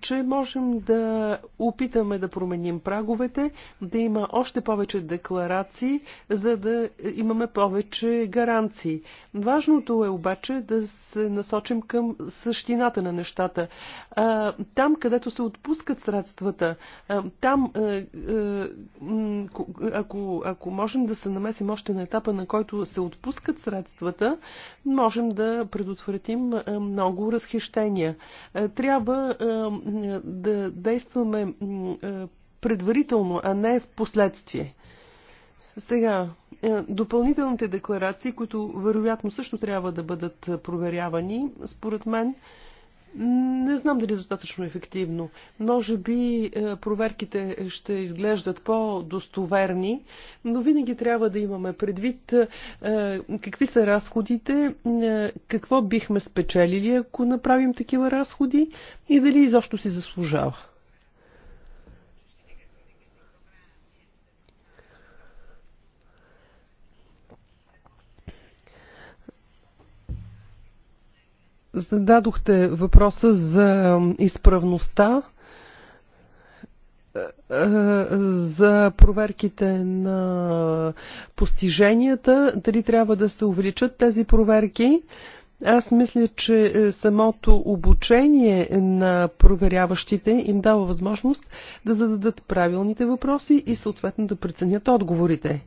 че можем да опитаме да променим праговете, да има още повече декларации, за да имаме повече гаранции. Важното е обаче да се насочим към същината на нещата. Там, където се отпускат средствата, там, ако, ако можем да се намесим още на етапа, на който се отпускат средствата, можем да предотвратим много разхищения решения. Е, трябва е, да действаме е, предварително, а не в последствие. Сега, допълнителните декларации, които вероятно също трябва да бъдат проверявани, според мен, не знам дали е достатъчно ефективно. Може би е, проверките ще изглеждат по-достоверни, но винаги трябва да имаме предвид е, какви са разходите, е, какво бихме спечелили, ако направим такива разходи и дали изобщо си заслужава. зададохте въпроса за изправността е, е, за проверките на постиженията, дали трябва да се увеличат тези проверки. Аз мисля, че е, самото обучение на проверяващите им дава възможност да зададат правилните въпроси и съответно да преценят отговорите.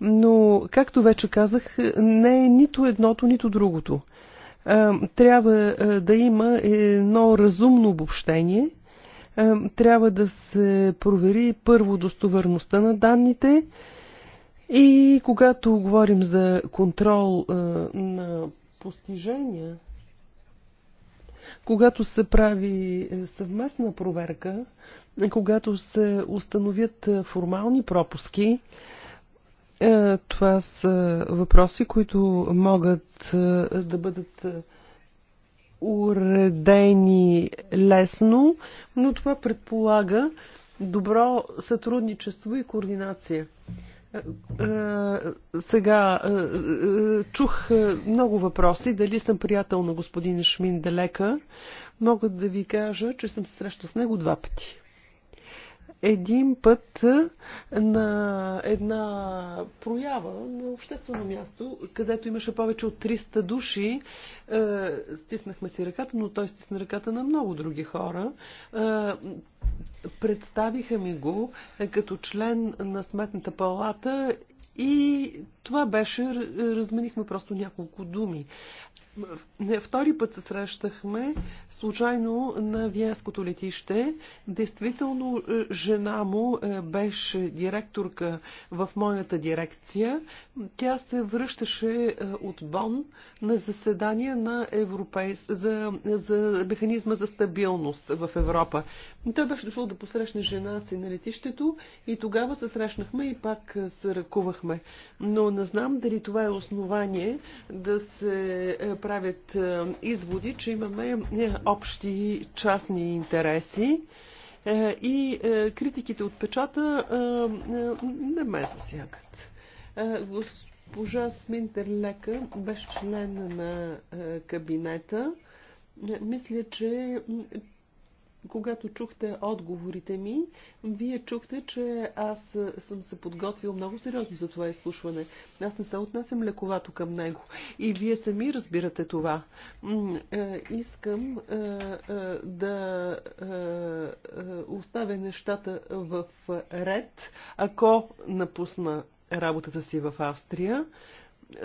Но, както вече казах, не е нито едното, нито другото. Е, трябва е, да има едно разумно обобщение. Е, трябва да се провери първо достоверността на данните и когато говорим за контрол на постижения, когато се прави съвместна проверка, когато се установят формални пропуски, е, това са въпроси, които могат е, да бъдат е, уредени лесно, но това предполага добро сътрудничество и координация. Сега чух много въпроси. Дали съм приятел на господин Шмин Делека? Мога да ви кажа, че съм срещал с него два пъти един път е, на една проява на обществено място, където имаше повече от 300 души. Е, стиснахме си ръката, но той стисна ръката на много други хора. Е, представиха ми го като член на Сметната палата и това беше, е, разменихме просто няколко думи. Е, втори път се срещахме случайно на Виенското летище. Действително, е, жена му беше директорка в моята дирекция. Тя се връщаше от Бон на заседание на Европейс... за... за механизма за стабилност в Европа. Той беше дошъл да посрещне жена си на летището и тогава се срещнахме и пак се ръкувахме. Но не знам дали това е основание да се е, правят е, изводи, че имаме е, общи частни интереси и критиките от печата не ме засягат. Госпожа Сминтер Лека, беше член на кабинета. Мисля, че когато чухте отговорите ми, вие чухте, че аз съм се подготвил много сериозно за това изслушване. Аз не се отнасям лековато към него. И вие сами разбирате това. Е, искам е, е, да оставя нещата в ред, ако напусна работата си в Австрия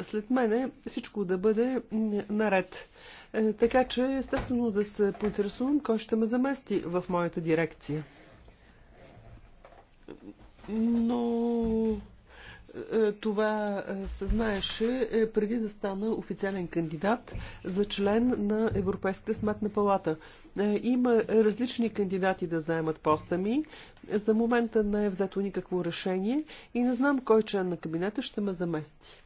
след мене всичко да бъде наред. Е, така че, естествено, да се поинтересувам кой ще ме замести в моята дирекция. Но е, това е, се знаеше преди да стана официален кандидат за член на Европейската сметна палата. Има различни кандидати да заемат поста ми. За момента не е взето никакво решение и не знам кой член на кабинета ще ме замести.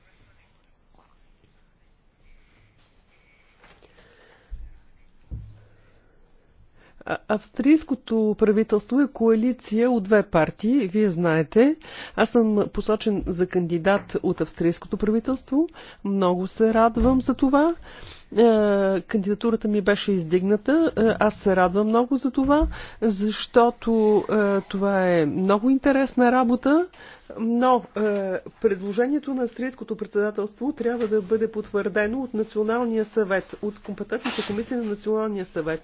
Австрийското правителство е коалиция от две партии, вие знаете. Аз съм посочен за кандидат от австрийското правителство. Много се радвам за това. Кандидатурата ми беше издигната. Аз се радвам много за това, защото това е много интересна работа. Но е, предложението на австрийското председателство трябва да бъде потвърдено от Националния съвет, от компетентната комисия на Националния съвет.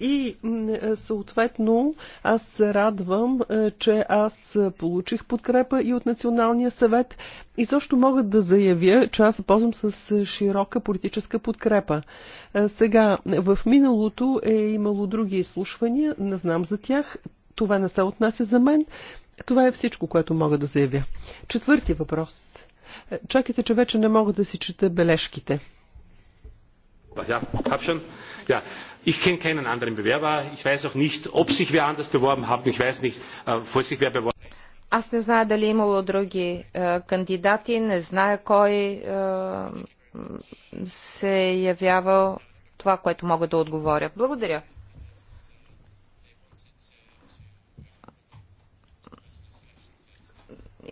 И е, съответно аз се радвам, е, че аз получих подкрепа и от Националния съвет и също мога да заявя, че аз се ползвам с широка политическа подкрепа. Е, сега, в миналото е имало други изслушвания, не знам за тях, това не се отнася за мен, това е всичко, което мога да заявя. Четвърти въпрос. Е, чакайте, че вече не мога да си чета бележките. Ja, ich kenne keinen anderen Bewerber. Ich weiß auch nicht, ob sich wer anders beworben hat. Ich weiß nicht, äh, sich wer beworben Аз не зная дали е имало други е, кандидати, не знае кой се явявал това, което мога да отговоря. Благодаря.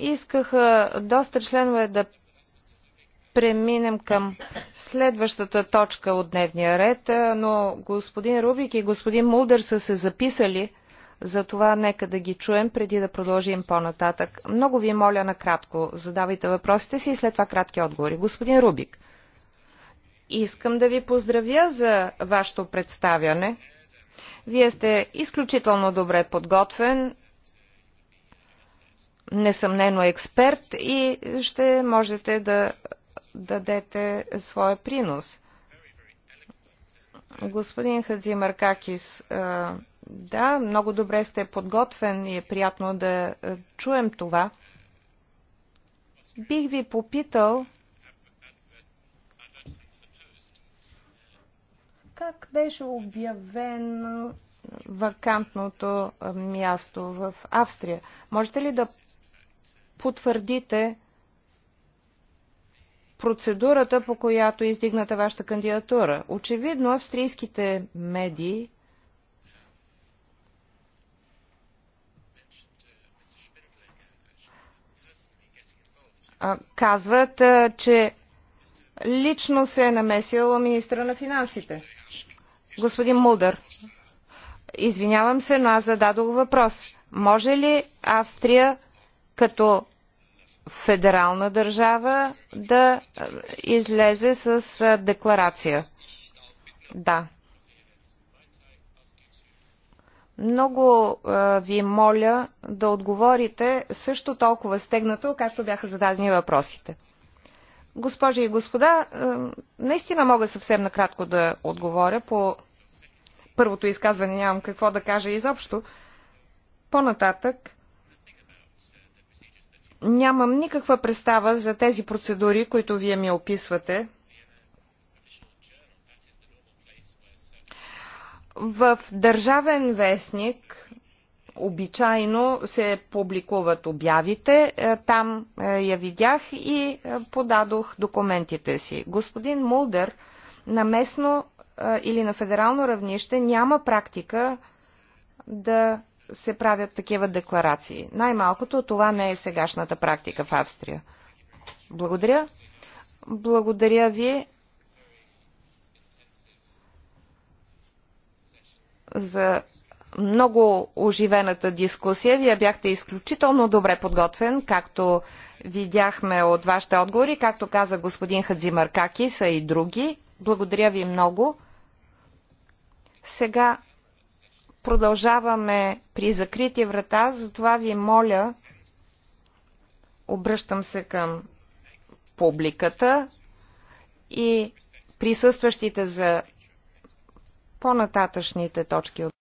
Искаха доста членове да преминем към следващата точка от дневния ред, но господин Рубик и господин Мулдър са се записали, за това нека да ги чуем преди да продължим по-нататък. Много ви моля накратко, задавайте въпросите си и след това кратки отговори. Господин Рубик, искам да ви поздравя за вашето представяне. Вие сте изключително добре подготвен несъмнено експерт и ще можете да дадете своя принос. Господин Хадзимаркакис, да, много добре сте подготвен и е приятно да чуем това. Бих ви попитал как беше обявено вакантното място в Австрия. Можете ли да потвърдите процедурата, по която е издигната вашата кандидатура. Очевидно, австрийските медии казват, че лично се е намесил министра на финансите. Господин Мулдър, извинявам се, но аз зададох въпрос. Може ли Австрия като федерална държава да излезе с декларация. Да. Много ви моля да отговорите също толкова стегнато, както бяха зададени въпросите. Госпожи и господа, наистина мога съвсем накратко да отговоря. По първото изказване нямам какво да кажа изобщо. По-нататък Нямам никаква представа за тези процедури, които вие ми описвате. В Държавен вестник обичайно се публикуват обявите. Е, там е, я видях и е, подадох документите си. Господин Мулдър на местно или на федерално равнище няма практика да се правят такива декларации. Най-малкото това не е сегашната практика в Австрия. Благодаря. Благодаря ви за много оживената дискусия. Вие бяхте изключително добре подготвен, както видяхме от вашите отговори, както каза господин Хадзимаркаки, са и други. Благодаря ви много. Сега Продължаваме при закрити врата, затова ви моля, обръщам се към публиката и присъстващите за по-нататъчните точки от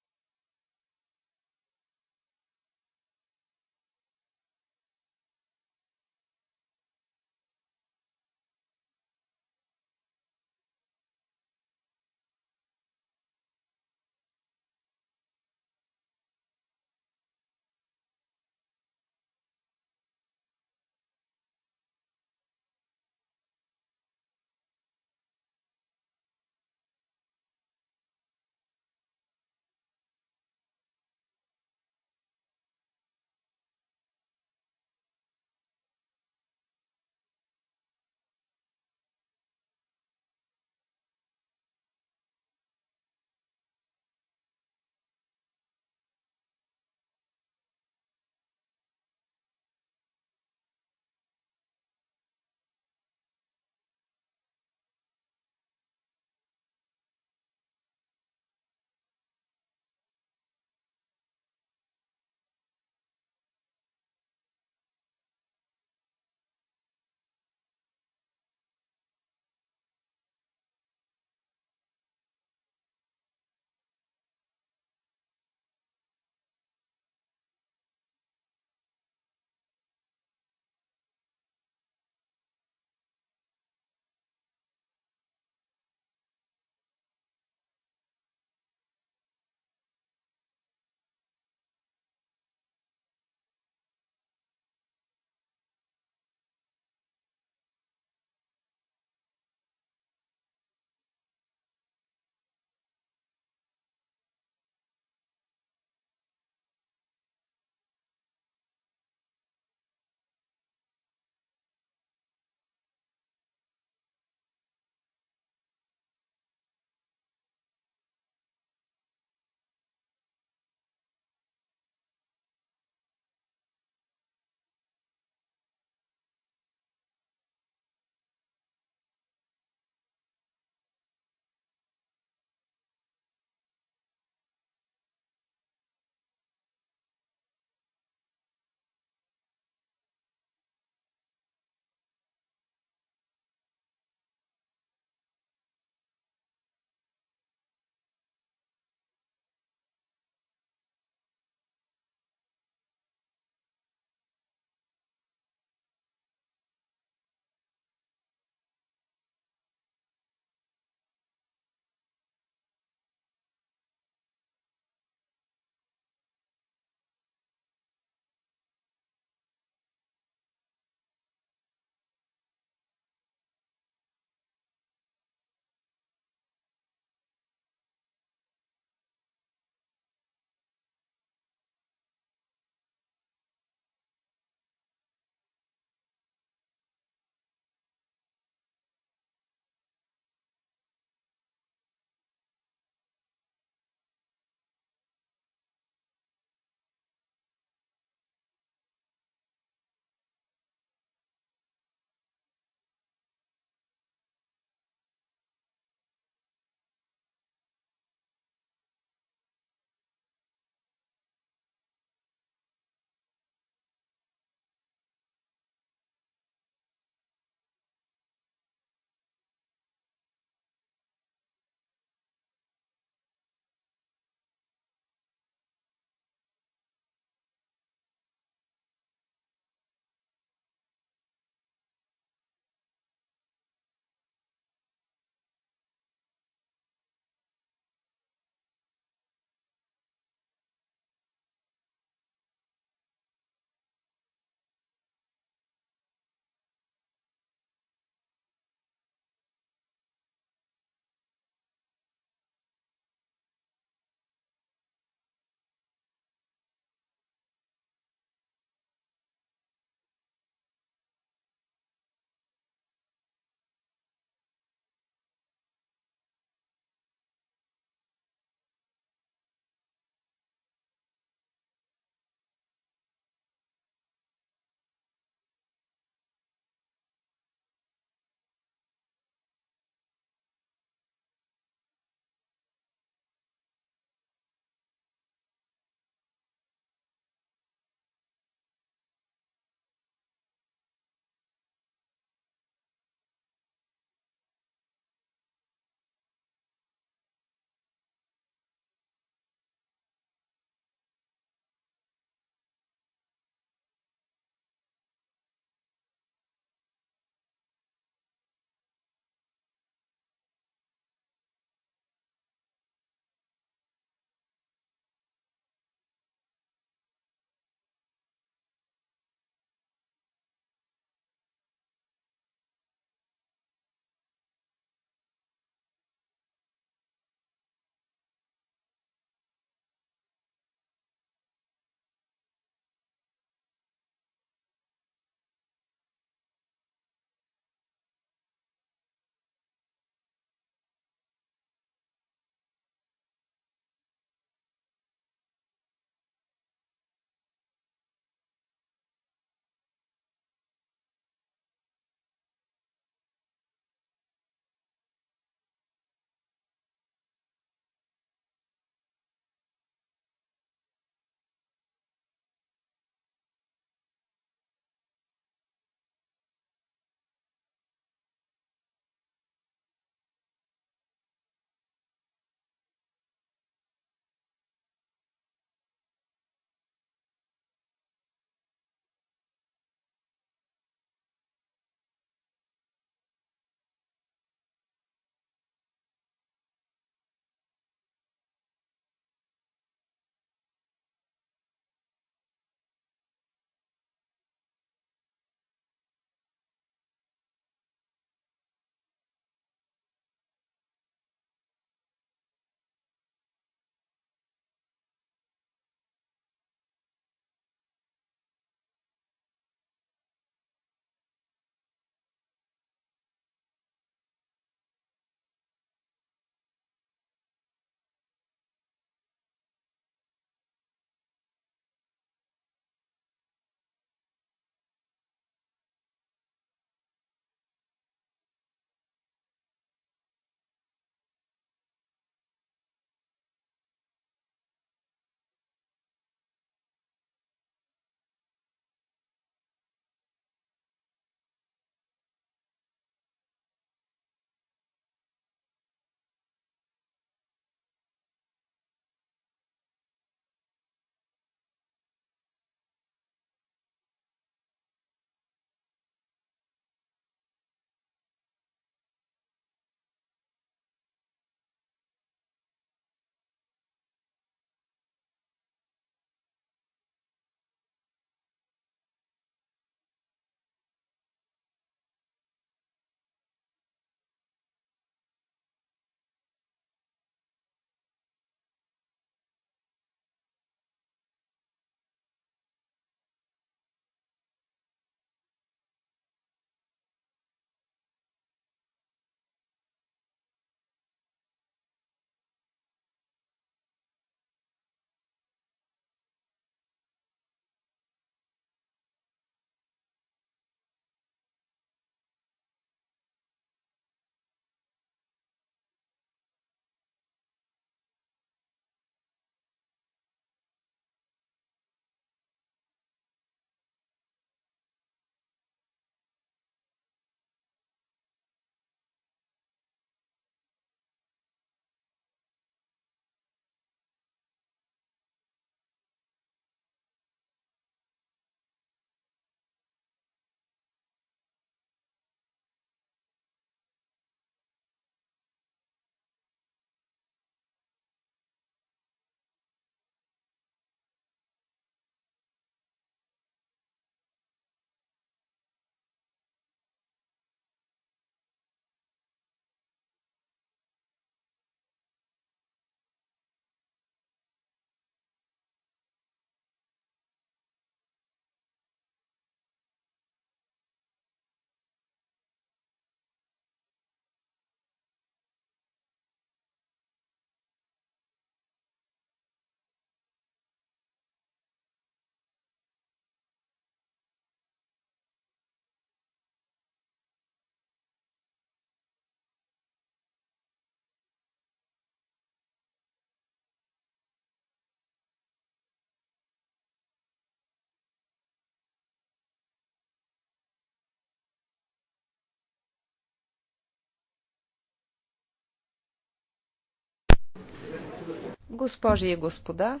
госпожи и господа,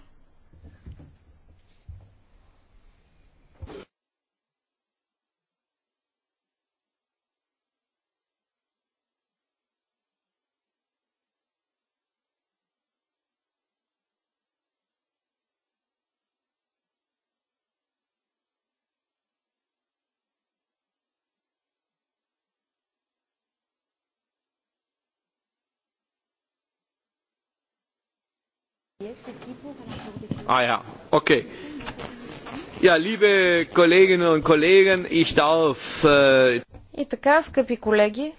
Ah ja, okay. Ja, liebe Kolleginnen und Kollegen, ich darf... Äh, И така, скъпи колеги,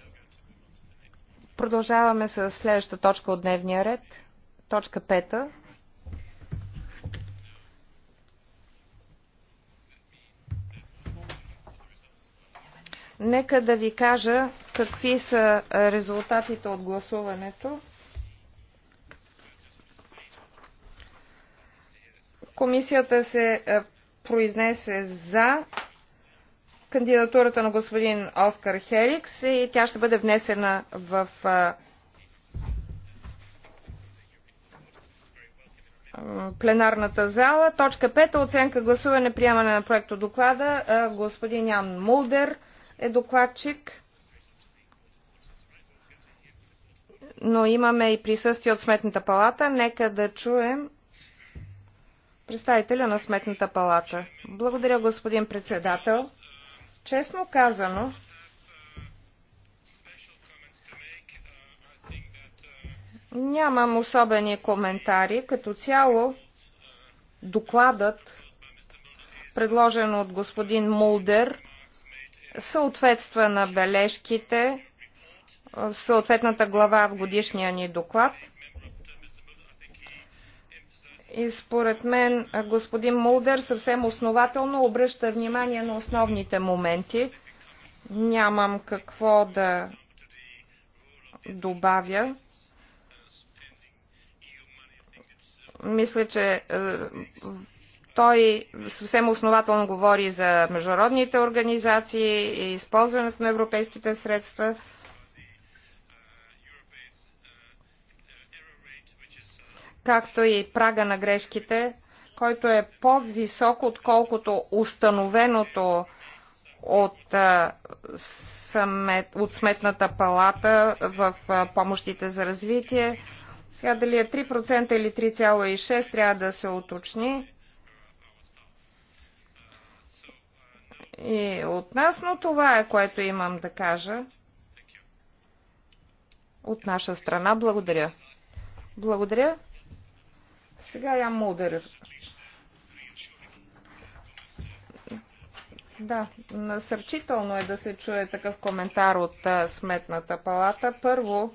продължаваме с следващата точка от дневния ред. Точка пета. Нека да ви кажа какви са резултатите от гласуването. Комисията се е, произнесе за кандидатурата на господин Оскар Херикс и тя ще бъде внесена в е, пленарната зала. Точка 5. Оценка гласуване приемане на проекто доклада. Е, господин Ян Мулдер е докладчик. Но имаме и присъствие от Сметната палата. Нека да чуем представителя на Сметната палата. Благодаря, господин председател. Честно казано, нямам особени коментари. Като цяло, докладът, предложен от господин Мулдер, съответства на бележките в съответната глава в годишния ни доклад – и според мен господин Мулдър съвсем основателно обръща внимание на основните моменти. Нямам какво да добавя. Мисля, че той съвсем основателно говори за международните организации и използването на европейските средства. както и прага на грешките, който е по-висок, отколкото установеното от, смет, от Сметната палата в помощите за развитие. Сега дали е 3% или 3,6% трябва да се уточни. И от нас, но това е което имам да кажа. От наша страна благодаря. Благодаря. Сега я Мулдер. Да, насърчително е да се чуе такъв коментар от а, Сметната палата. Първо,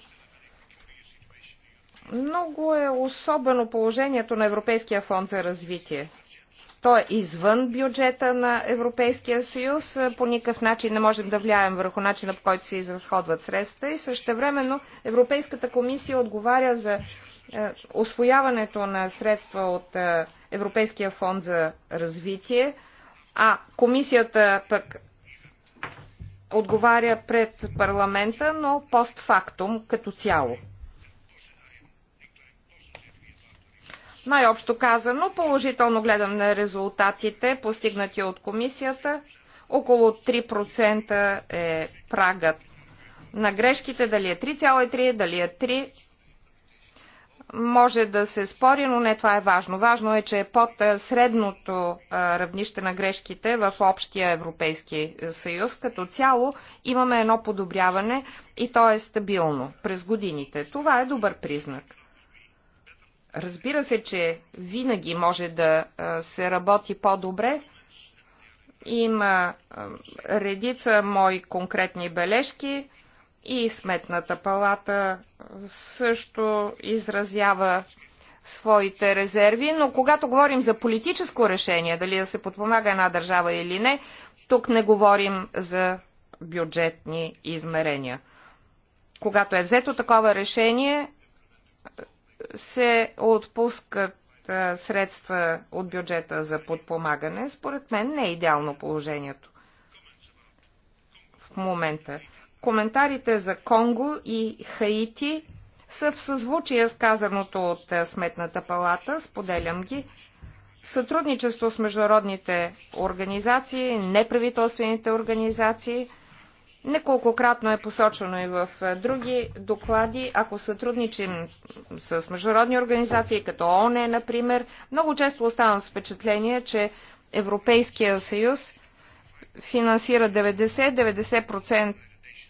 много е особено положението на Европейския фонд за развитие. Той е извън бюджета на Европейския съюз. По никакъв начин не можем да влияем върху начина по който се изразходват средства и същевременно Европейската комисия отговаря за е, освояването на средства от е, Европейския фонд за развитие, а комисията пък отговаря пред парламента, но постфактум като цяло. Най-общо казано, положително гледам на резултатите, постигнати от комисията. Около 3% е прагът на грешките, дали е 3,3, дали е 3 може да се спори, но не това е важно. Важно е, че е под средното равнище на грешките в общия Европейски съюз. Като цяло имаме едно подобряване и то е стабилно през годините. Това е добър признак. Разбира се, че винаги може да се работи по-добре. Има редица мои конкретни бележки и Сметната палата също изразява своите резерви, но когато говорим за политическо решение, дали да се подпомага една държава или не, тук не говорим за бюджетни измерения. Когато е взето такова решение, се отпускат средства от бюджета за подпомагане. Според мен не е идеално положението в момента. Коментарите за Конго и Хаити са в съзвучие с казаното от е, Сметната палата, споделям ги. Сътрудничество с международните организации, неправителствените организации, неколкократно е посочено и в е, други доклади, ако сътрудничим с международни организации, като ООН, например, много често оставам с впечатление, че Европейския съюз финансира 90-90%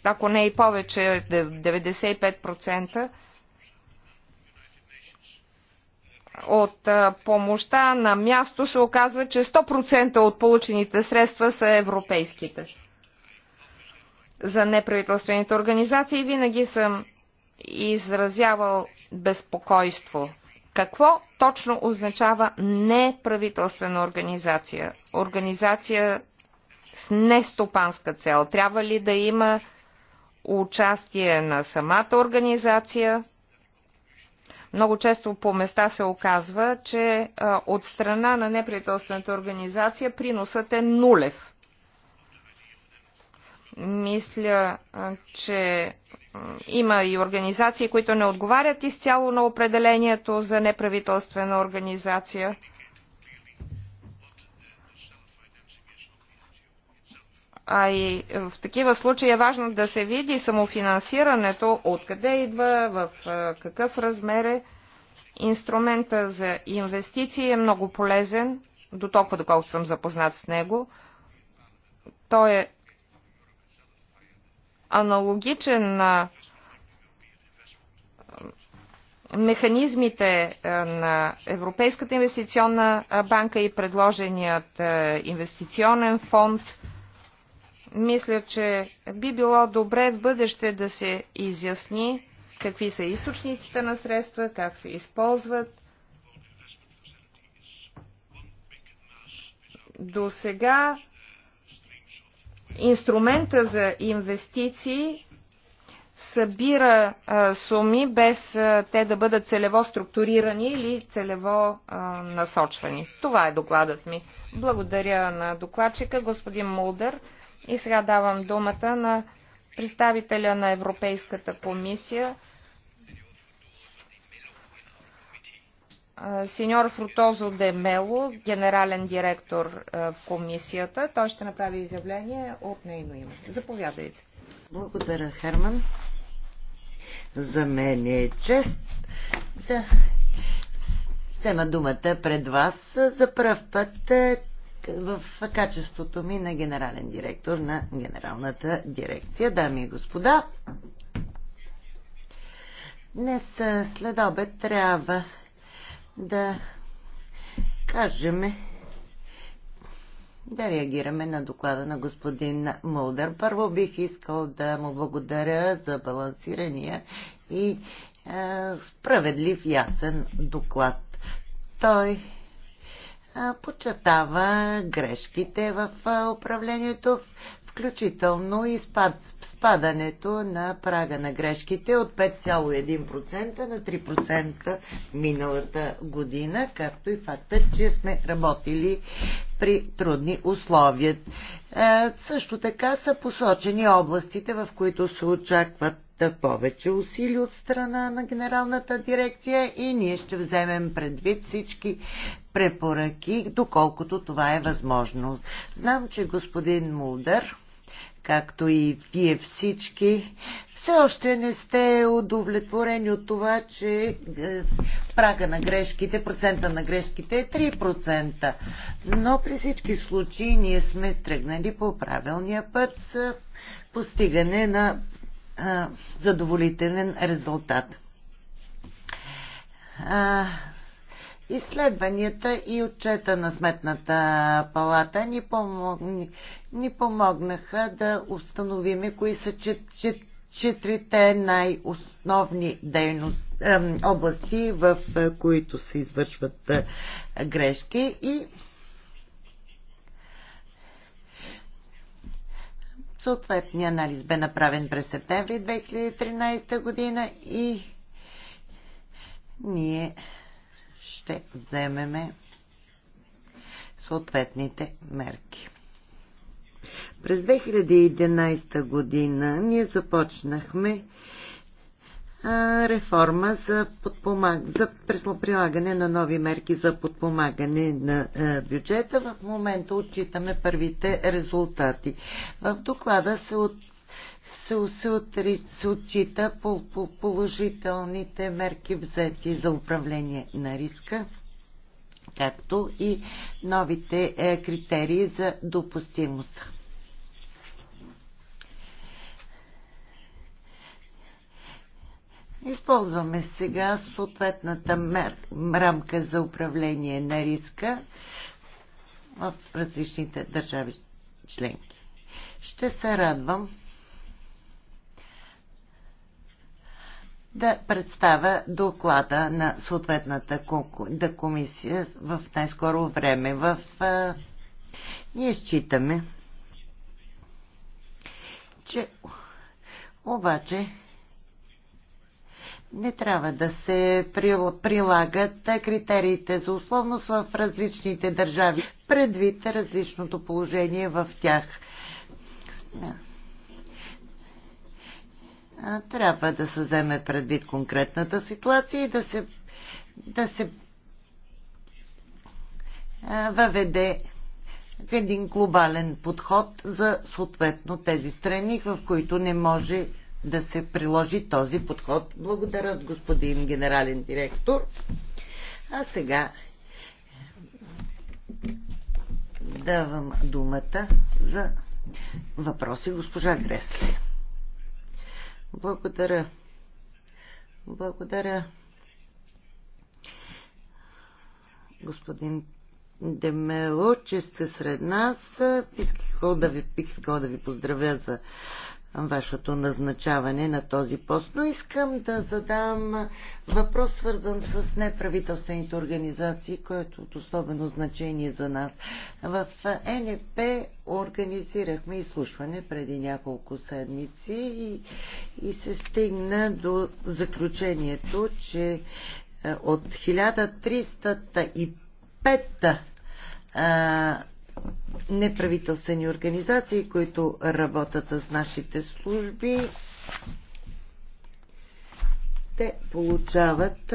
ако не и повече, 95% от помощта на място се оказва, че 100% от получените средства са европейските. За неправителствените организации винаги съм изразявал безпокойство. Какво точно означава неправителствена организация? Организация с нестопанска цел. Трябва ли да има участие на самата организация. Много често по места се оказва, че от страна на неправителствената организация приносът е нулев. Мисля, че има и организации, които не отговарят изцяло на определението за неправителствена организация. А и в такива случаи е важно да се види самофинансирането, откъде идва, в какъв размер е. Инструмента за инвестиции е много полезен, до толкова доколкото съм запознат с него. Той е аналогичен на механизмите на Европейската инвестиционна банка и предложеният инвестиционен фонд – мисля, че би било добре в бъдеще да се изясни какви са източниците на средства, как се използват. До сега инструмента за инвестиции събира а, суми без а, те да бъдат целево структурирани или целево а, насочвани. Това е докладът ми. Благодаря на докладчика, господин Мулдър. И сега давам думата на представителя на Европейската комисия, сеньор Фрутозо де Мело, генерален директор в комисията. Той ще направи изявление от нейно име. Заповядайте. Благодаря, Херман. За мен е чест да взема думата пред вас за първ път в качеството ми на генерален директор на генералната дирекция. Дами и господа, днес след обед трябва да кажем да реагираме на доклада на господин Мълдър. Първо бих искал да му благодаря за балансирания и е, справедлив ясен доклад. Той подчертава грешките в управлението, включително и спад, спадането на прага на грешките от 5,1% на 3% миналата година, както и факта, че сме работили при трудни условия. Е, също така са посочени областите, в които се очакват повече усилия от страна на Генералната дирекция и ние ще вземем предвид всички препоръки, доколкото това е възможно. Знам, че господин Мулдър, както и вие всички, все още не сте удовлетворени от това, че е, прага на грешките, процента на грешките е 3%. Но при всички случаи ние сме тръгнали по правилния път постигане на а, задоволителен резултат. А, изследванията и отчета на Сметната палата ни, помог, ни помогнаха да установим кои са чет, четирите най-основни дейност, области, в е, които се извършват е, грешки и Съответният анализ бе направен през септември 2013 година и ние ще вземеме съответните мерки. През 2011 година ние започнахме реформа за, подпомаг... за прилагане на нови мерки за подпомагане на бюджета. В момента отчитаме първите резултати. В доклада се от се, се, отри, се отчита по, по положителните мерки взети за управление на риска, както и новите е, критерии за допустимост. Използваме сега съответната мер, рамка за управление на риска в различните държави членки. Ще се радвам да представя доклада на съответната комисия в най-скоро време. В, а, ние считаме, че обаче не трябва да се прилагат критериите за условност в различните държави, предвид различното положение в тях. Трябва да се вземе предвид конкретната ситуация и да се, да се въведе един глобален подход за съответно тези страни, в които не може да се приложи този подход. Благодаря, господин генерален директор. А сега давам думата за въпроси госпожа Гресли. Благодаря. Благодаря. Господин Демело, че сте сред нас. Искал да ви, искала да ви поздравя за вашето назначаване на този пост. Но искам да задам въпрос, свързан с неправителствените организации, което е от особено значение за нас. В НФП организирахме изслушване преди няколко седмици и, и се стигна до заключението, че е, от 1305 неправителствени организации, които работят с нашите служби. Те получават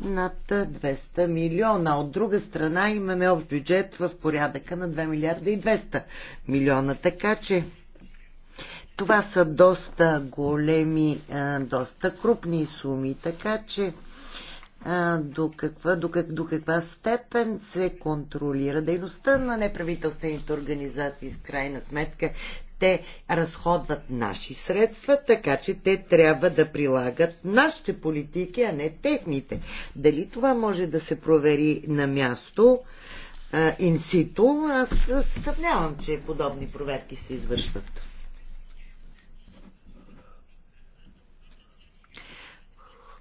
над 200 милиона. От друга страна имаме общ бюджет в порядъка на 2 милиарда и 200 милиона. Така че това са доста големи, доста крупни суми. Така че до каква, до, как, до каква степен се контролира дейността на неправителствените организации с крайна сметка. Те разходват наши средства, така че те трябва да прилагат нашите политики, а не техните. Дали това може да се провери на място, инсито, аз съмнявам, че подобни проверки се извършват.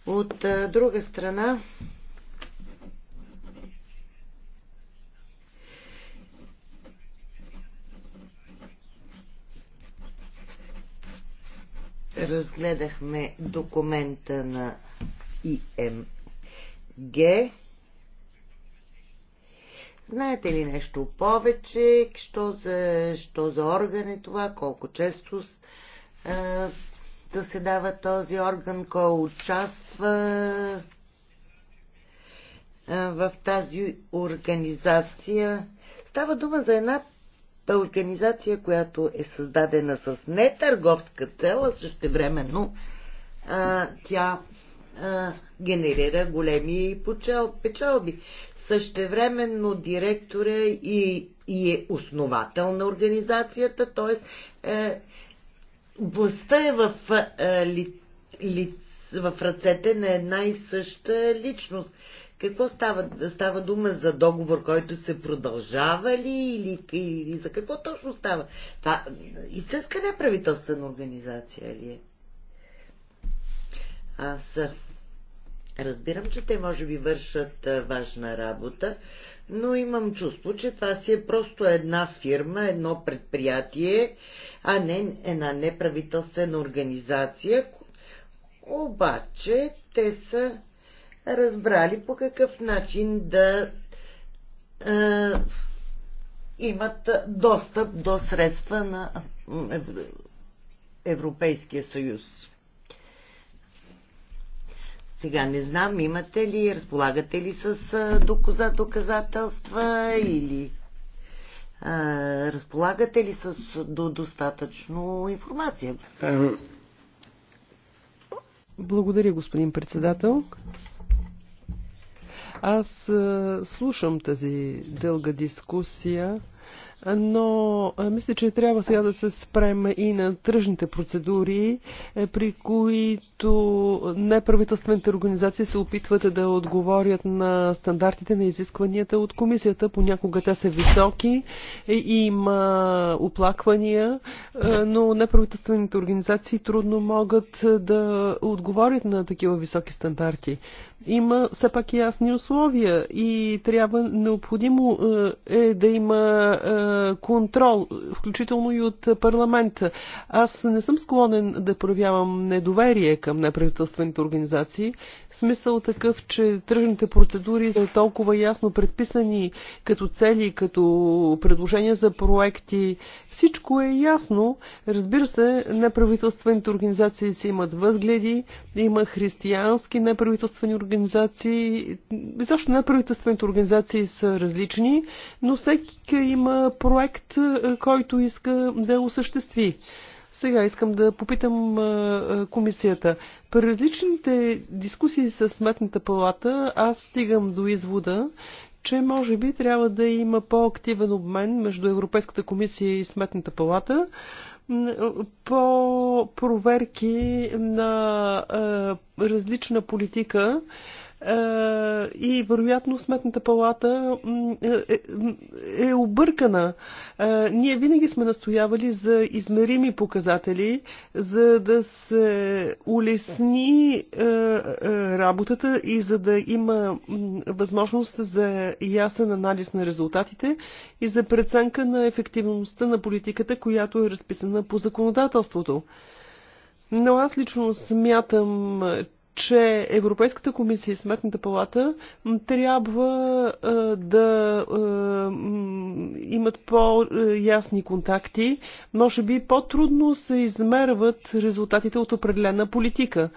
От друга страна, разгледахме документа на ИМГ. Знаете ли нещо повече? Що за, що за орган е това? Колко често да се дава този орган, кой участва в тази организация. Става дума за една организация, която е създадена с нетърговска цела, цел, а същевременно а, тя а, генерира големи почел, печалби. Същевременно директора и, и е основател на организацията, т.е. Е, властта е в, а, е, ли, ли, в ръцете на една и съща личност. Какво става? Става дума за договор, който се продължава ли или, или за какво точно става? Това истинска неправителствена организация ли е? Аз разбирам, че те може би вършат важна работа, но имам чувство, че това си е просто една фирма, едно предприятие, а не една неправителствена организация. Обаче те са разбрали по какъв начин да е, имат достъп до средства на Европейския съюз. Сега не знам, имате ли, разполагате ли с доказа, доказателства или а, разполагате ли с до, достатъчно информация? Благодаря, господин председател. Аз слушам тази дълга дискусия но мисля, че трябва сега да се спрем и на тръжните процедури, е, при които неправителствените организации се опитват да отговорят на стандартите на изискванията от комисията. Понякога те са високи, е, има оплаквания, е, но неправителствените организации трудно могат да отговорят на такива високи стандарти има все пак ясни условия и трябва необходимо е, е да има е, контрол, включително и от парламента. Аз не съм склонен да проявявам недоверие към неправителствените организации. Смисъл такъв, че тръжните процедури са толкова ясно предписани като цели, като предложения за проекти. Всичко е ясно. Разбира се, неправителствените организации си имат възгледи, има християнски неправителствени организации, организации, изобщо неправителствените организации са различни, но всеки има проект, е, който иска да осъществи. Сега искам да попитам е, е, комисията. При различните дискусии с Сметната палата аз стигам до извода, че може би трябва да има по-активен обмен между Европейската комисия и Сметната палата, по проверки на е, различна политика е, и вероятно сметната палата е, е, е объркана. Ние винаги сме настоявали за измерими показатели, за да се улесни работата и за да има възможност за ясен анализ на резултатите и за преценка на ефективността на политиката, която е разписана по законодателството. Но аз лично смятам, че Европейската комисия и Сметната палата трябва да имат по-ясни контакти. Може би по-трудно се измерват резултатите от определена политика.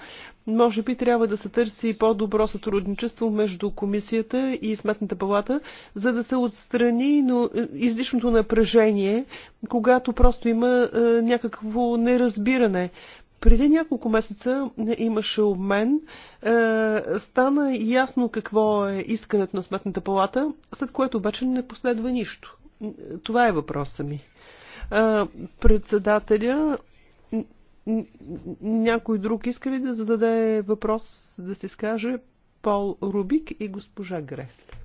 Може би трябва да се търси по-добро сътрудничество между комисията и Сметната палата, за да се отстрани но е, излишното напрежение, когато просто има е, някакво неразбиране. Преди няколко месеца е, имаше обмен. Е, стана ясно какво е искането на Сметната палата, след което обаче не последва нищо. Е, това е въпроса ми. Председателя някой друг иска ли да зададе въпрос, да се скаже Пол Рубик и госпожа Гресли?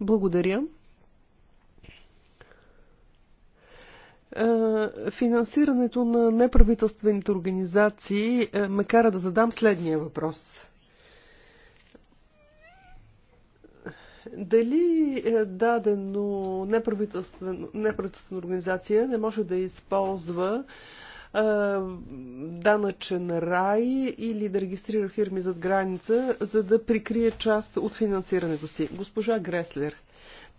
Благодаря. Е, финансирането на неправителствените организации е, ме кара да задам следния въпрос. Дали е, дадено неправителствена, неправителствена организация не може да използва данъчен рай или да регистрира фирми зад граница, за да прикрие част от финансирането си. Госпожа Греслер.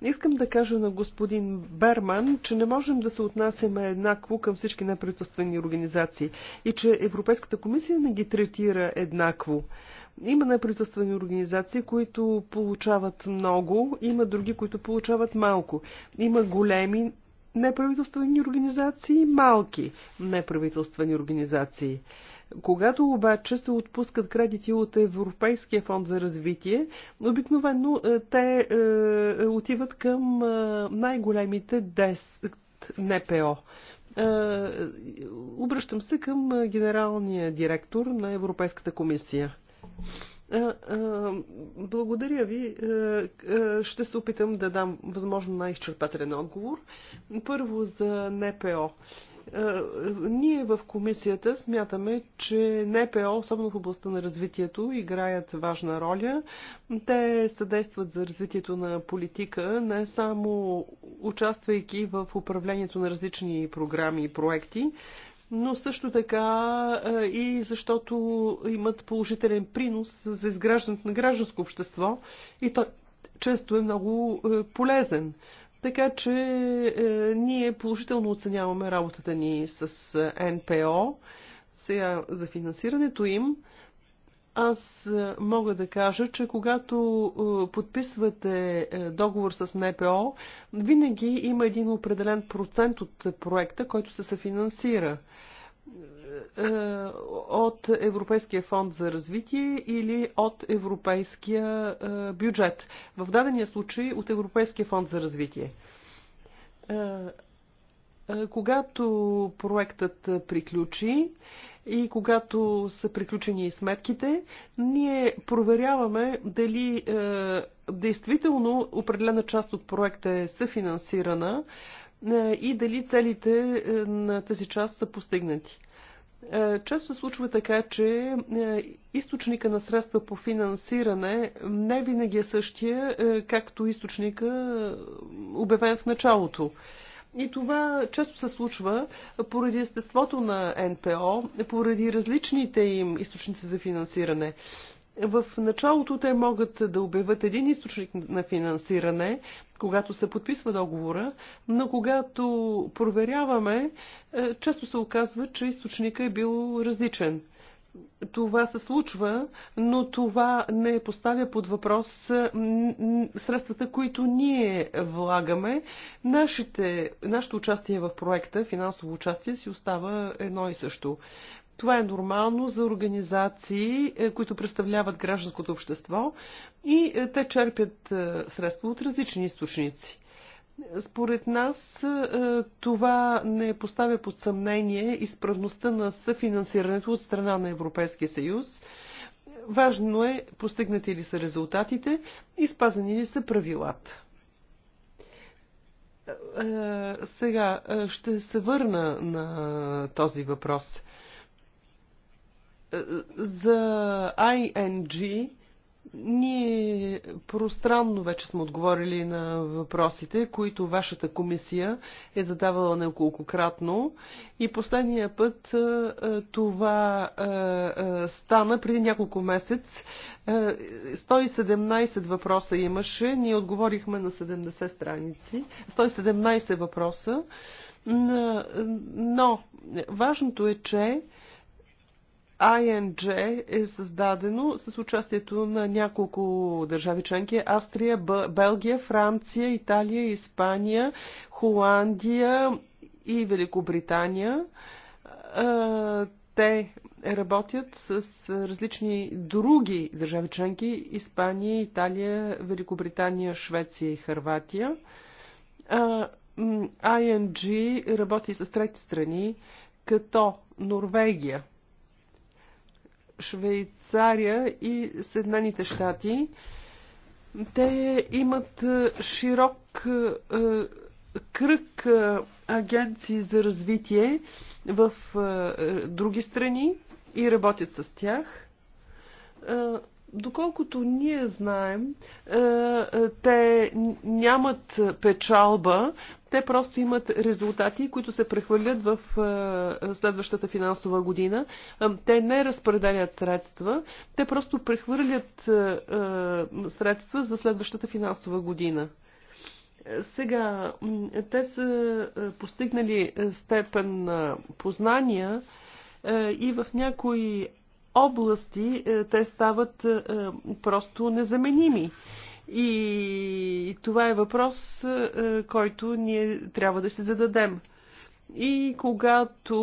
Искам да кажа на господин Берман, че не можем да се отнасяме еднакво към всички неправителствени организации и че Европейската комисия не ги третира еднакво. Има неправителствени организации, които получават много, има други, които получават малко. Има големи неправителствени организации, и малки неправителствени организации. Когато обаче се отпускат кредити от Европейския фонд за развитие, обикновено е, те е, отиват към е, най-големите 10 НПО. Е, обръщам се към генералния директор на Европейската комисия. Благодаря ви. Ще се опитам да дам възможно най-изчерпателен отговор. Първо за НПО. Е, е, ние в комисията смятаме, че НПО, особено в областта на развитието, играят важна роля. Те съдействат за развитието на политика, не само участвайки в управлението на различни програми и проекти, но също така е, и защото имат положителен принос за изграждането на гражданско общество и то често е много полезен. Така че е, ние положително оценяваме работата ни с е, НПО. Сега за финансирането им. Аз е, мога да кажа, че когато е, подписвате договор с НПО, винаги има един определен процент от проекта, който се съфинансира. финансира. Е, от Европейския фонд за развитие или от Европейския е, бюджет. В дадения случай от Европейския фонд за развитие. Е, когато проектът приключи и когато са приключени сметките, ние проверяваме дали действително определена част от проекта е съфинансирана, е, и дали целите е, на тази част са постигнати. Е, често се случва така, че източника на средства по финансиране не винаги е същия, както източника обявен в началото. И това често се случва поради естеството на НПО, поради различните им източници за финансиране. В началото те могат да обявят един източник на финансиране, когато се подписва договора, но когато проверяваме, е, често се оказва, че източника е бил различен. Това се случва, но това не поставя под въпрос е, средствата, които ние влагаме. Нашите, нашето участие в проекта, финансово участие, си остава едно и също. Това е нормално за организации, е, които представляват гражданското общество и е, те черпят е, средства от различни източници. Според нас това не поставя под съмнение изправността на съфинансирането от страна на Европейския съюз. Важно е постигнати ли са резултатите и спазени ли са правилата. Сега ще се върна на този въпрос – за ING ние пространно вече сме отговорили на въпросите, които вашата комисия е задавала неколкократно. И последния път това стана преди няколко месец. 117 въпроса имаше. Ние отговорихме на 70 страници. 117 въпроса. Но важното е, че ING е създадено с участието на няколко държави членки Австрия, Белгия, Франция, Италия, Испания, Холандия и Великобритания. Те работят с различни други държави членки Испания, Италия, Великобритания, Швеция и Харватия. ING работи с трети страни, като Норвегия, Швейцария и Съединените щати. Те имат е, широк е, е, кръг агенции за развитие в други страни и работят с тях. Доколкото ние знаем, те нямат печалба, те просто имат резултати, които се прехвърлят в е, следващата финансова година. Е, те не разпределят средства, те просто прехвърлят е, средства за следващата финансова година. Сега, те са постигнали степен на познания и в някои области те стават просто незаменими. И това е въпрос, е, който ние трябва да се зададем. И когато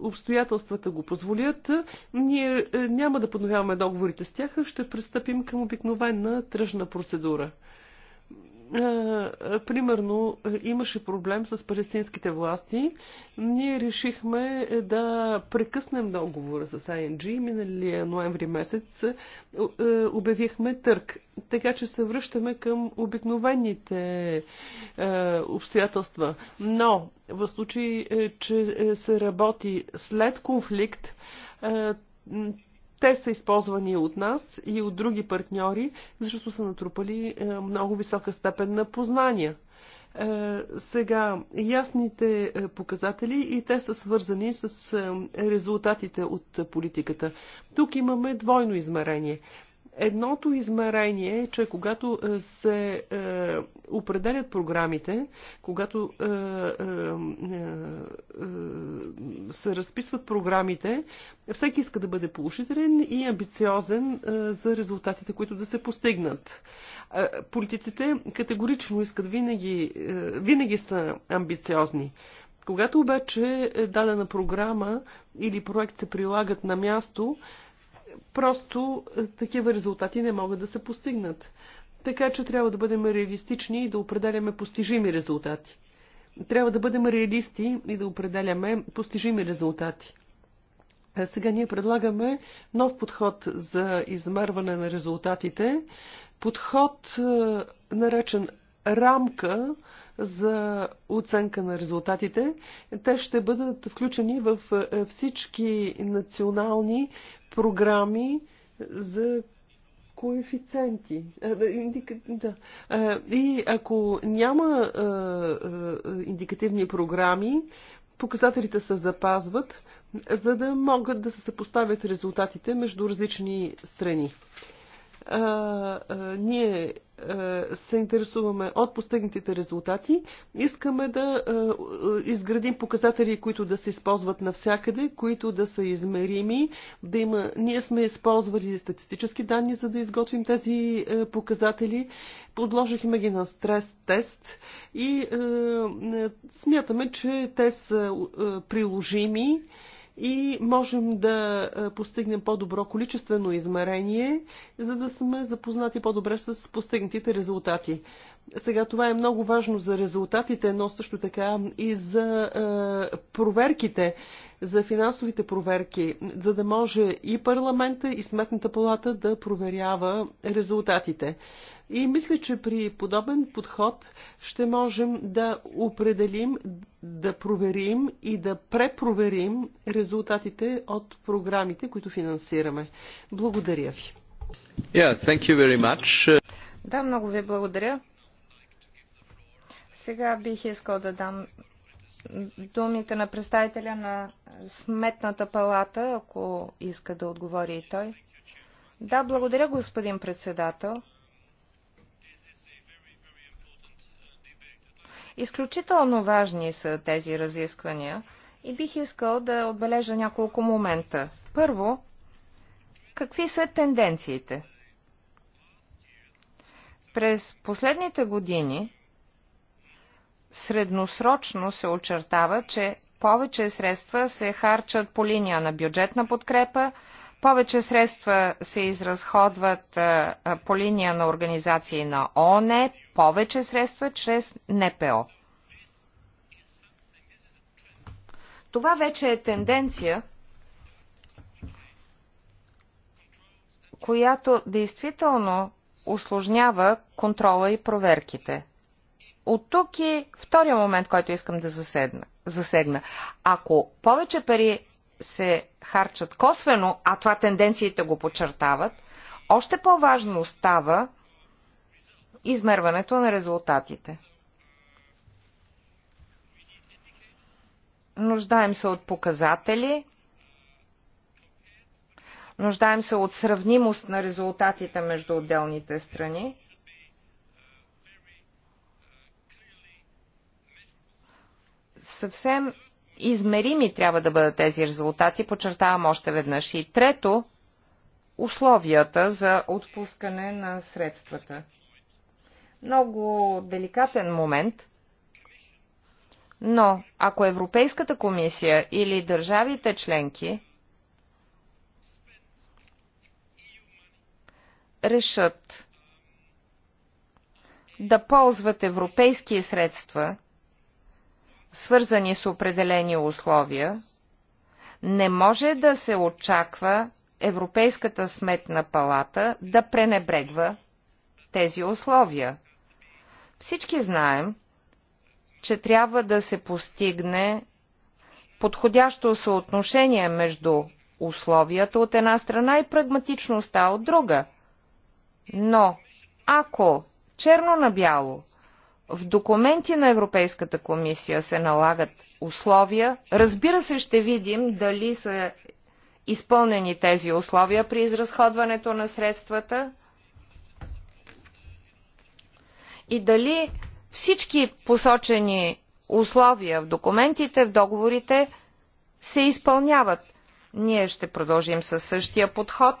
обстоятелствата го позволят, ние е, няма да подновяваме договорите с тях, ще пристъпим към обикновена тръжна процедура. Е, е, примерно е, имаше проблем с палестинските власти. Ние решихме да прекъснем договора с АНГ. Миналия ноември месец обявихме търк. Така че се връщаме към обикновените обстоятелства. Но в случай, че се работи след конфликт, те са използвани от нас и от други партньори, защото са натрупали е, много висока степен на познания. Е, сега, ясните е, показатели и те са свързани с резултатите от политиката. Тук имаме двойно измерение. Едното измерение е, че когато се е, определят програмите, когато е, е, е, се разписват програмите, всеки иска да бъде положителен и амбициозен е, за резултатите, които да се постигнат. Е, политиците категорично искат винаги, е, винаги са амбициозни. Когато обаче дадена програма или проект се прилагат на място, просто такива резултати не могат да се постигнат. Така че трябва да бъдем реалистични и да определяме постижими резултати. Трябва да бъдем реалисти и да определяме постижими резултати. Сега ние предлагаме нов подход за измерване на резултатите. Подход, е, наречен рамка за оценка на резултатите. Те ще бъдат включени в е, всички национални програми за коефициенти. И ако няма индикативни програми, показателите се запазват, за да могат да се съпоставят резултатите между различни страни. ние е, се интересуваме от постигнатите резултати. Искаме да е, е, изградим показатели, които да се използват навсякъде, които да са измерими. Да има... Ние сме използвали статистически данни, за да изготвим тези показатели. Подложихме ги на стрес тест и смятаме, че те са приложими и можем да постигнем по-добро количествено измерение, за да сме запознати по-добре с постигнатите резултати. Сега това е много важно за резултатите, но също така и за проверките за финансовите проверки, за да може и парламента, и сметната палата да проверява резултатите. И мисля, че при подобен подход ще можем да определим, да проверим и да препроверим резултатите от програмите, които финансираме. Благодаря ви. Yeah, thank you very much. Да, много ви благодаря. Сега бих искал да дам думите на представителя на Сметната палата, ако иска да отговори и той. Да, благодаря, господин председател. Изключително важни са тези разисквания и бих искал да отбележа няколко момента. Първо, какви са тенденциите? През последните години средносрочно се очертава, че повече средства се харчат по линия на бюджетна подкрепа, повече средства се изразходват по линия на организации на ООН, повече средства чрез НПО. Това вече е тенденция, която действително осложнява контрола и проверките. От тук е втория момент, който искам да заседна, засегна. Ако повече пари се харчат косвено, а това тенденциите го подчертават, още по-важно става измерването на резултатите. Нуждаем се от показатели, нуждаем се от сравнимост на резултатите между отделните страни. съвсем измерими трябва да бъдат тези резултати, подчертавам още веднъж. И трето, условията за отпускане на средствата. Много деликатен момент, но ако Европейската комисия или държавите членки решат да ползват европейски средства, свързани с определени условия, не може да се очаква Европейската сметна палата да пренебрегва тези условия. Всички знаем, че трябва да се постигне подходящо съотношение между условията от една страна и прагматичността от друга. Но ако черно на бяло в документи на Европейската комисия се налагат условия. Разбира се, ще видим дали са изпълнени тези условия при изразходването на средствата и дали всички посочени условия в документите, в договорите се изпълняват. Ние ще продължим със същия подход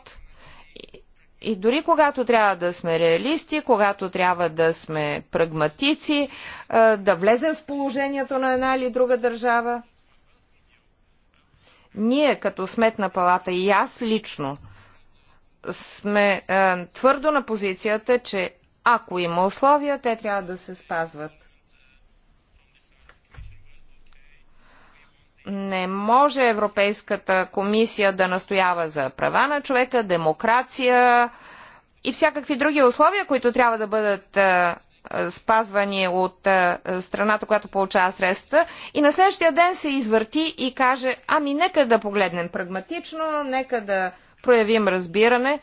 и дори когато трябва да сме реалисти, когато трябва да сме прагматици, е, да влезем в положението на една или друга държава, ние като Сметна палата и аз лично сме е, твърдо на позицията, че ако има условия, те трябва да се спазват. не може Европейската комисия да настоява за права на човека, демокрация и всякакви други условия, които трябва да бъдат е, спазвани от е, страната, която получава средства и на следващия ден се извърти и каже, ами нека да погледнем прагматично, нека да проявим разбиране.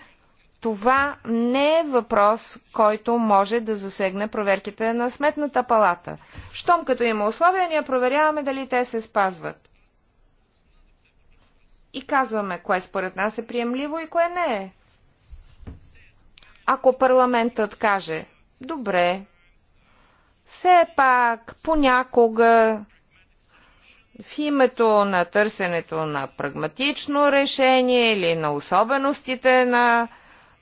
Това не е въпрос, който може да засегне проверките на сметната палата. Щом като има условия, ние проверяваме дали те се спазват и казваме кое според нас е приемливо и кое не е. Ако парламентът каже, добре, все пак понякога в името на търсенето на прагматично решение или на особеностите на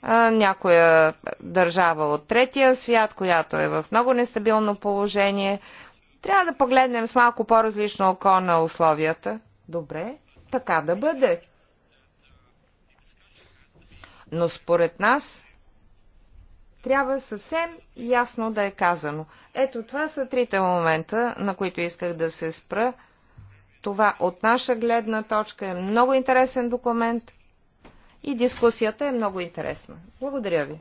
а, някоя държава от третия свят, която е в много нестабилно положение, трябва да погледнем с малко по-различно око на условията. Добре така да бъде. Но според нас трябва съвсем ясно да е казано. Ето това са трите момента, на които исках да се спра. Това от наша гледна точка е много интересен документ и дискусията е много интересна. Благодаря ви.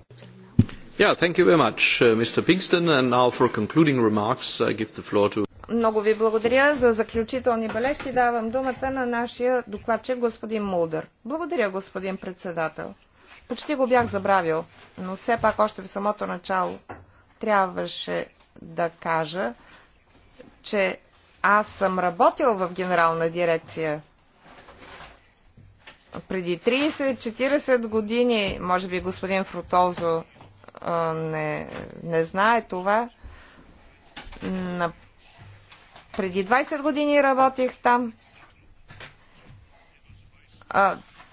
Yeah, thank you very much, uh, Mr. Pinkston. And now for concluding remarks, I give the floor to... Много ви благодаря за заключителни бележки. Давам думата на нашия докладчик господин Мулдър. Благодаря, господин председател. Почти го бях забравил, но все пак още в самото начало трябваше да кажа, че аз съм работил в генерална дирекция преди 30-40 години, може би господин Фрутозо не, не знае това, на преди 20 години работих там.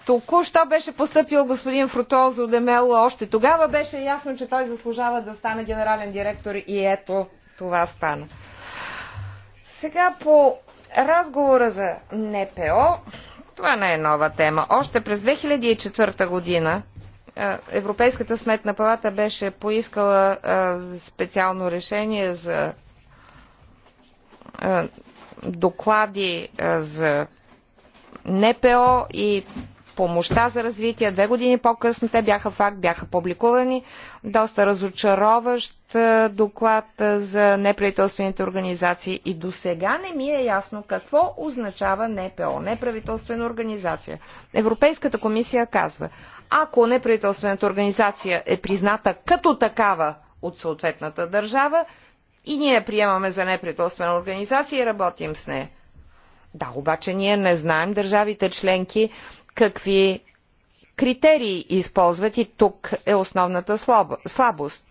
Току-що беше поступил господин Фрутозо Демело. Още тогава беше ясно, че той заслужава да стане генерален директор и ето това стана. Сега по разговора за НПО, това не е нова тема. Още през 2004 година Европейската сметна палата беше поискала специално решение за е, доклади е, за НПО и помощта за развитие. Две години по-късно те бяха факт, бяха публикувани. Доста разочароващ е, доклад за неправителствените организации. И до сега не ми е ясно какво означава НПО, неправителствена организация. Европейската комисия казва, ако неправителствената организация е призната като такава от съответната държава, и ние приемаме за неправителствена организация и работим с нея. Да, обаче ние не знаем държавите членки какви критерии използват и тук е основната слабост.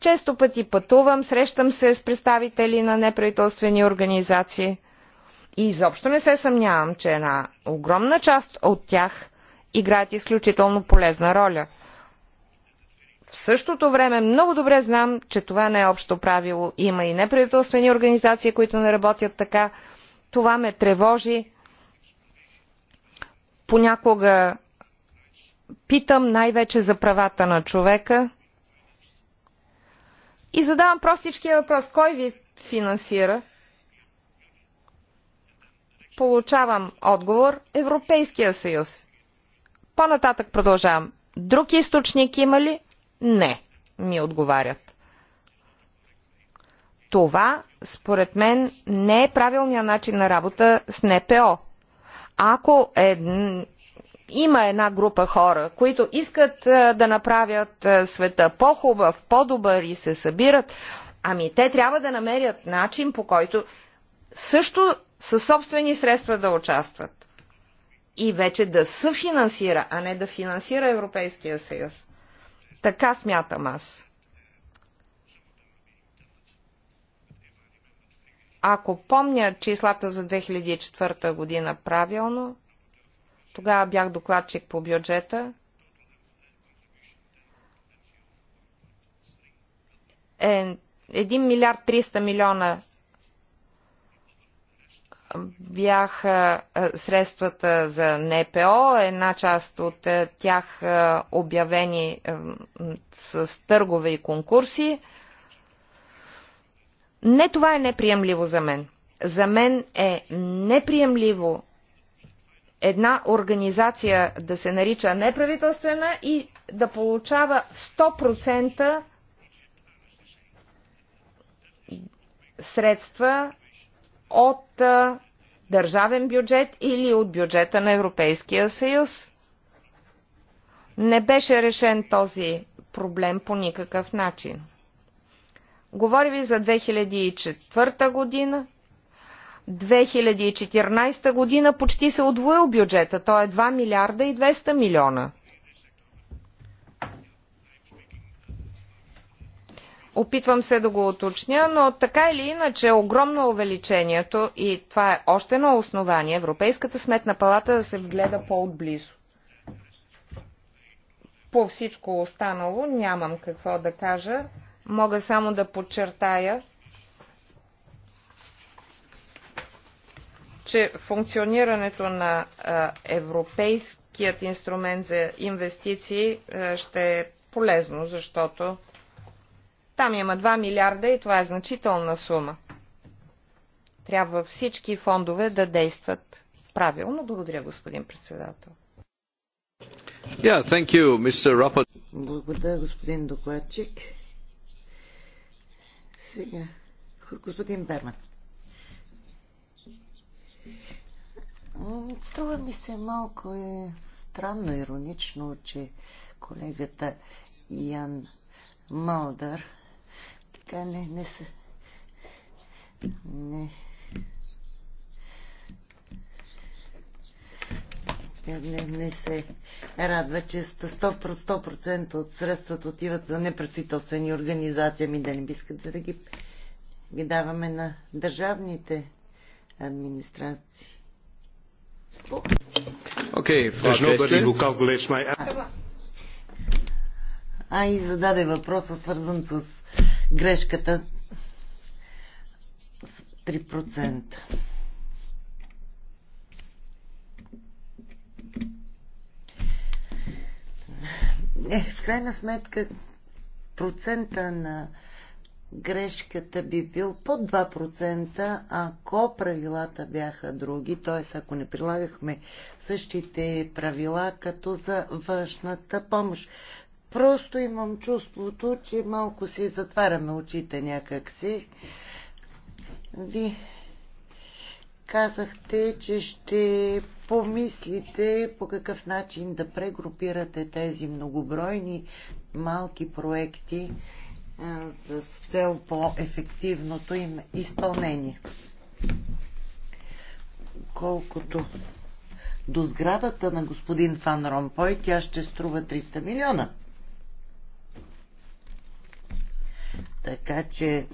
Често пъти пътувам, срещам се с представители на неправителствени организации и изобщо не се съмнявам, че една огромна част от тях играят изключително полезна роля – в същото време много добре знам, че това не е общо правило. Има и неправителствени организации, които не работят така. Това ме тревожи. Понякога питам най-вече за правата на човека и задавам простичкия въпрос. Кой ви финансира? Получавам отговор Европейския съюз. По-нататък продължавам. Друг източник има ли? Не, ми отговарят. Това, според мен, не е правилният начин на работа с НПО. Ако е, има една група хора, които искат е, да направят е, света по-хубав, по-добър и се събират, ами те трябва да намерят начин, по който също със собствени средства да участват. И вече да съфинансира, а не да финансира Европейския съюз. Така смятам аз. Ако помня числата за 2004 година правилно, тогава бях докладчик по бюджета, е 1 милиард 300 милиона бяха средствата за НПО, една част от тях обявени с търгове и конкурси. Не това е неприемливо за мен. За мен е неприемливо една организация да се нарича неправителствена и да получава 100% средства от държавен бюджет или от бюджета на Европейския съюз. Не беше решен този проблем по никакъв начин. Говори ви за 2004 година. 2014 година почти се отвоил бюджета, той е 2 милиарда и 200 милиона. Опитвам се да го уточня, но така или иначе е огромно увеличението и това е още едно основание Европейската сметна палата да се вгледа по-отблизо. По всичко останало нямам какво да кажа. Мога само да подчертая, че функционирането на Европейският инструмент за инвестиции ще е полезно, защото там има 2 милиарда и това е значителна сума. Трябва всички фондове да действат правилно. Благодаря, господин председател. Yeah, thank you, Mr. Благодаря, господин докладчик. Сега, господин Берман. Струва ми се малко е странно, иронично, че колегата Ян Малдър така, не, не са. Не. Не, не се радва, че 100%, 100% от средствата отиват за неправителствени организации, ми да не искат да ги, ги даваме на държавните администрации. Окей, okay, А и зададе въпроса, свързан с грешката с 3%. Е, в крайна сметка процента на грешката би бил под 2%, ако правилата бяха други, т.е. ако не прилагахме същите правила като за външната помощ. Просто имам чувството, че малко си затваряме очите някакси. Ви казахте, че ще помислите по какъв начин да прегрупирате тези многобройни малки проекти с цел по-ефективното им изпълнение. Колкото до сградата на господин Фан Ромпой, тя ще струва 300 милиона. Така че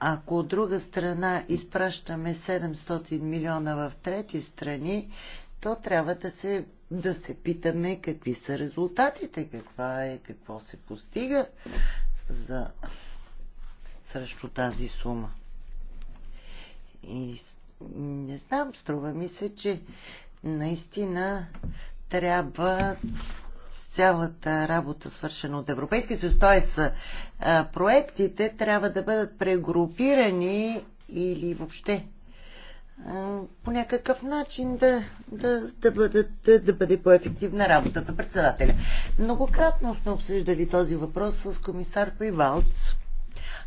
ако от друга страна изпращаме 700 милиона в трети страни, то трябва да се, да се питаме какви са резултатите, каква е, какво се постига за, срещу тази сума. И не знам, струва ми се, че наистина трябва цялата работа, свършена от Европейския съюз, т.е. проектите трябва да бъдат прегрупирани или въобще по някакъв начин да, да, да, бъдат, да бъде по-ефективна работата председателя. Многократно сме обсъждали този въпрос с комисар Привалц.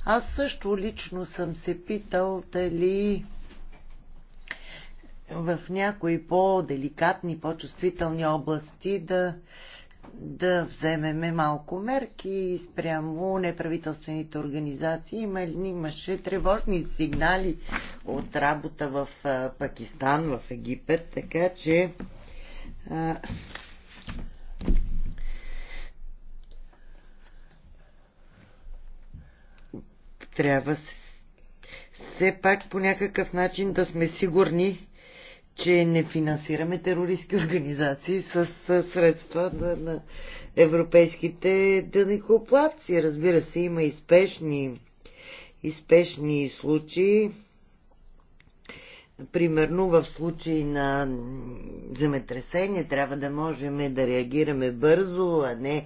Аз също лично съм се питал дали в някои по-деликатни, по-чувствителни области да да вземеме малко мерки спрямо неправителствените организации. Има, имаше тревожни сигнали от работа в Пакистан, в Египет, така че а, трябва все пак по някакъв начин да сме сигурни, че не финансираме терористски организации с средства на, на европейските дънекоплаци. Разбира се, има и спешни, и спешни случаи. Примерно в случай на земетресение трябва да можем да реагираме бързо, а не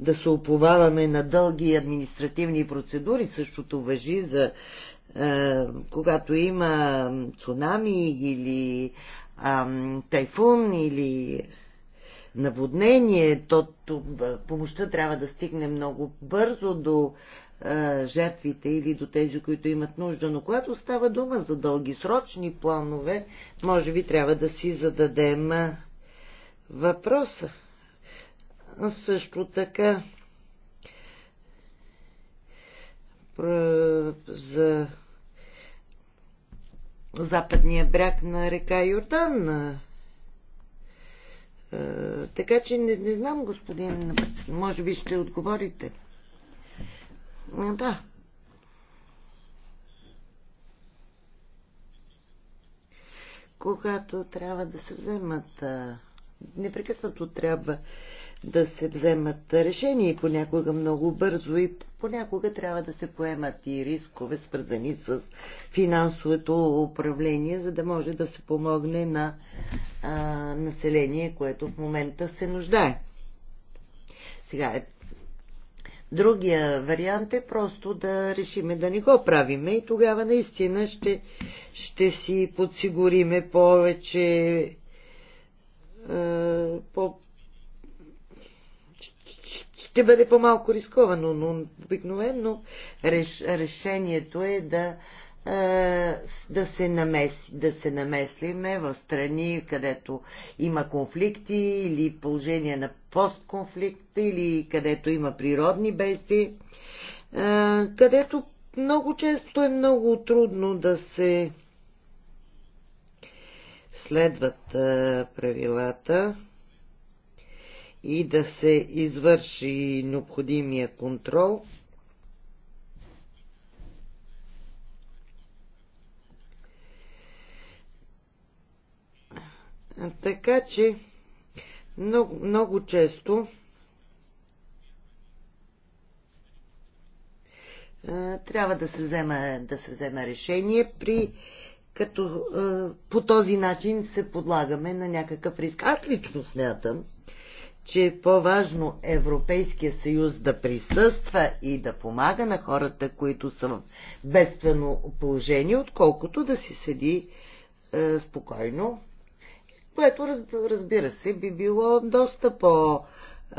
да се уповаваме на дълги административни процедури. Същото въжи за е, когато има цунами или тайфун или наводнение, то е, помощта трябва да стигне много бързо до е, жертвите или до тези, които имат нужда. Но когато става дума за дългисрочни планове, може би трябва да си зададем въпроса. Също така, за западния бряг на река Йордан. Така че не, не знам, господин, може би ще отговорите. Да. Когато трябва да се вземат. Непрекъснато трябва да се вземат решения, понякога много бързо и понякога трябва да се поемат и рискове, свързани с финансовото управление, за да може да се помогне на а, население, което в момента се нуждае. Сега е. Другия вариант е просто да решиме да не го правиме и тогава наистина ще, ще си подсигуриме повече ще бъде по-малко рисковано, но обикновено реш, решението е да да се, намеси, да се намеслиме в страни, където има конфликти или положение на постконфликт или където има природни бести, където много често е много трудно да се следват правилата и да се извърши необходимия контрол. Така че много, много често трябва да се взема, да се взема решение при като по този начин се подлагаме на някакъв риск. Аз лично смятам, че е по-важно Европейския съюз да присъства и да помага на хората, които са в бедствено положение, отколкото да си седи е, спокойно, което разбира се би било доста по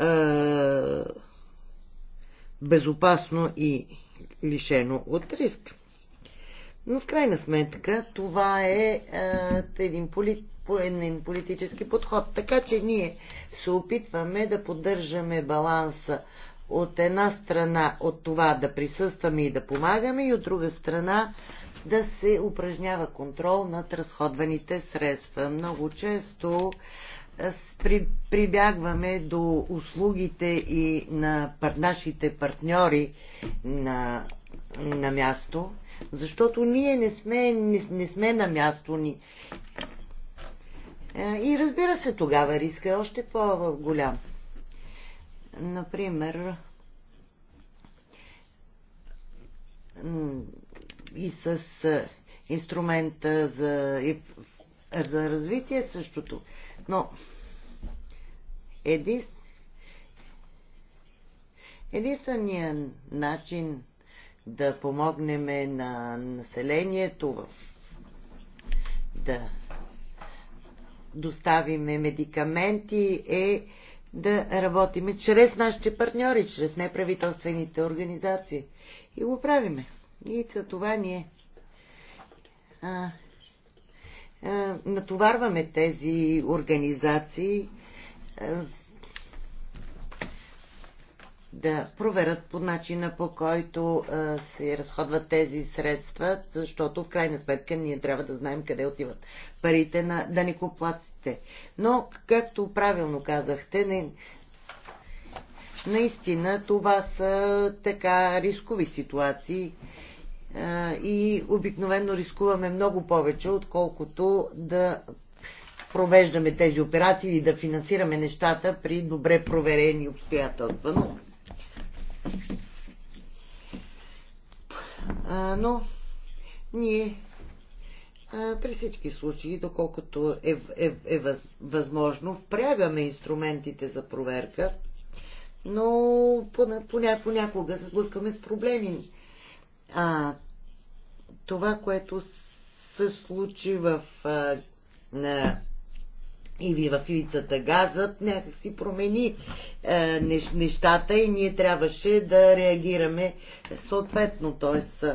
е, безопасно и лишено от риск. Но в крайна сметка това е, е един полит един политически подход. Така че ние се опитваме да поддържаме баланса от една страна от това да присъстваме и да помагаме и от друга страна да се упражнява контрол над разходваните средства. Много често прибягваме до услугите и на пар, нашите партньори на, на място, защото ние не сме, не, не сме на място ни. Е, и разбира се, тогава риска е още по-голям. Например, и с е, инструмента за, за развитие същото. Но един, единственият начин да помогнем на населението да доставиме медикаменти е да работиме чрез нашите партньори, чрез неправителствените организации. И го правиме. И за това ние а, а, натоварваме тези организации да проверят по начина по който а, се разходват тези средства, защото в крайна сметка ние трябва да знаем къде отиват парите на данекоплаците. Но, както правилно казахте, не, наистина това са така рискови ситуации а, и обикновено рискуваме много повече, отколкото да провеждаме тези операции и да финансираме нещата при добре проверени обстоятелства. Но а, но ние а, при всички случаи, доколкото е, е, е въз, възможно, впрягаме инструментите за проверка, но понякога се сблъскаме с проблеми. А, това, което се случи в а, на или в ивицата газът си промени е, нещата и ние трябваше да реагираме съответно. т.е.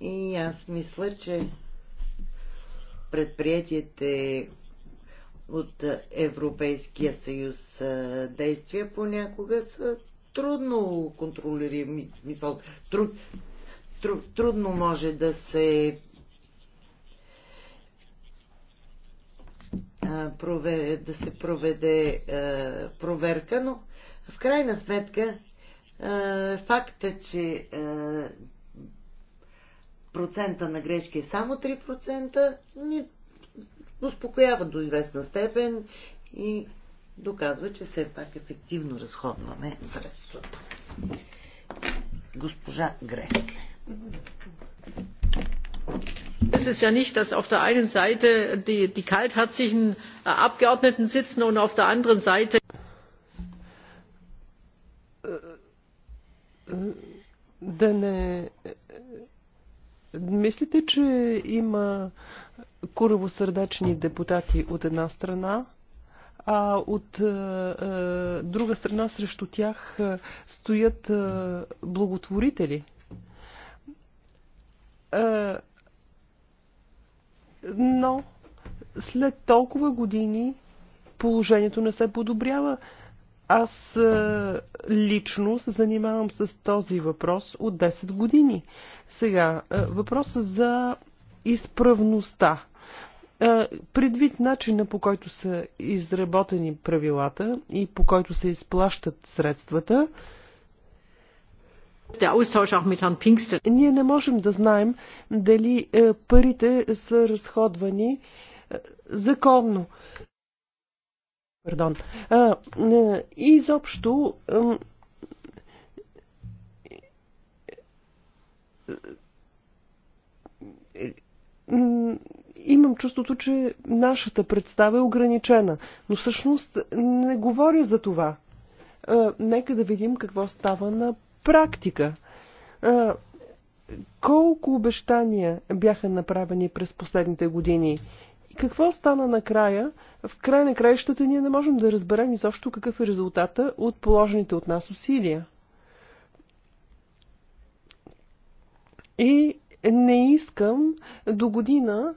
и аз мисля, че предприятите от Европейския съюз е, действия понякога са трудно контролирани, мисъл, труд, труд, трудно може да се да се проведе е, проверка, но в крайна сметка е, факта, че е, процента на грешки е само 3%, ни успокоява до известна степен и доказва, че все пак ефективно разходваме средствата. Госпожа Гресле ist es ja nicht dass auf der einen seite die kaltherzigen äh, abgeordneten sitzen und auf der anderen seite да не мислите, че има куравосърдечни депутати от една страна, а от е, друга страна срещу тях стоят е, благотворители. Е, но след толкова години положението не се подобрява. Аз е, лично се занимавам с този въпрос от 10 години. Сега, е, въпросът за изправността. Е, предвид начина по който са изработени правилата и по който се изплащат средствата, ние не можем да знаем дали е, парите са разходвани е, законно. Пардон. Е, и изобщо имам чувството, че нашата представа е ограничена. Но всъщност не говоря за това. Нека да видим какво става на практика. Колко обещания бяха направени през последните години? Какво стана накрая? В край на краищата ние не можем да разберем изобщо какъв е резултата от положените от нас усилия. И не искам до година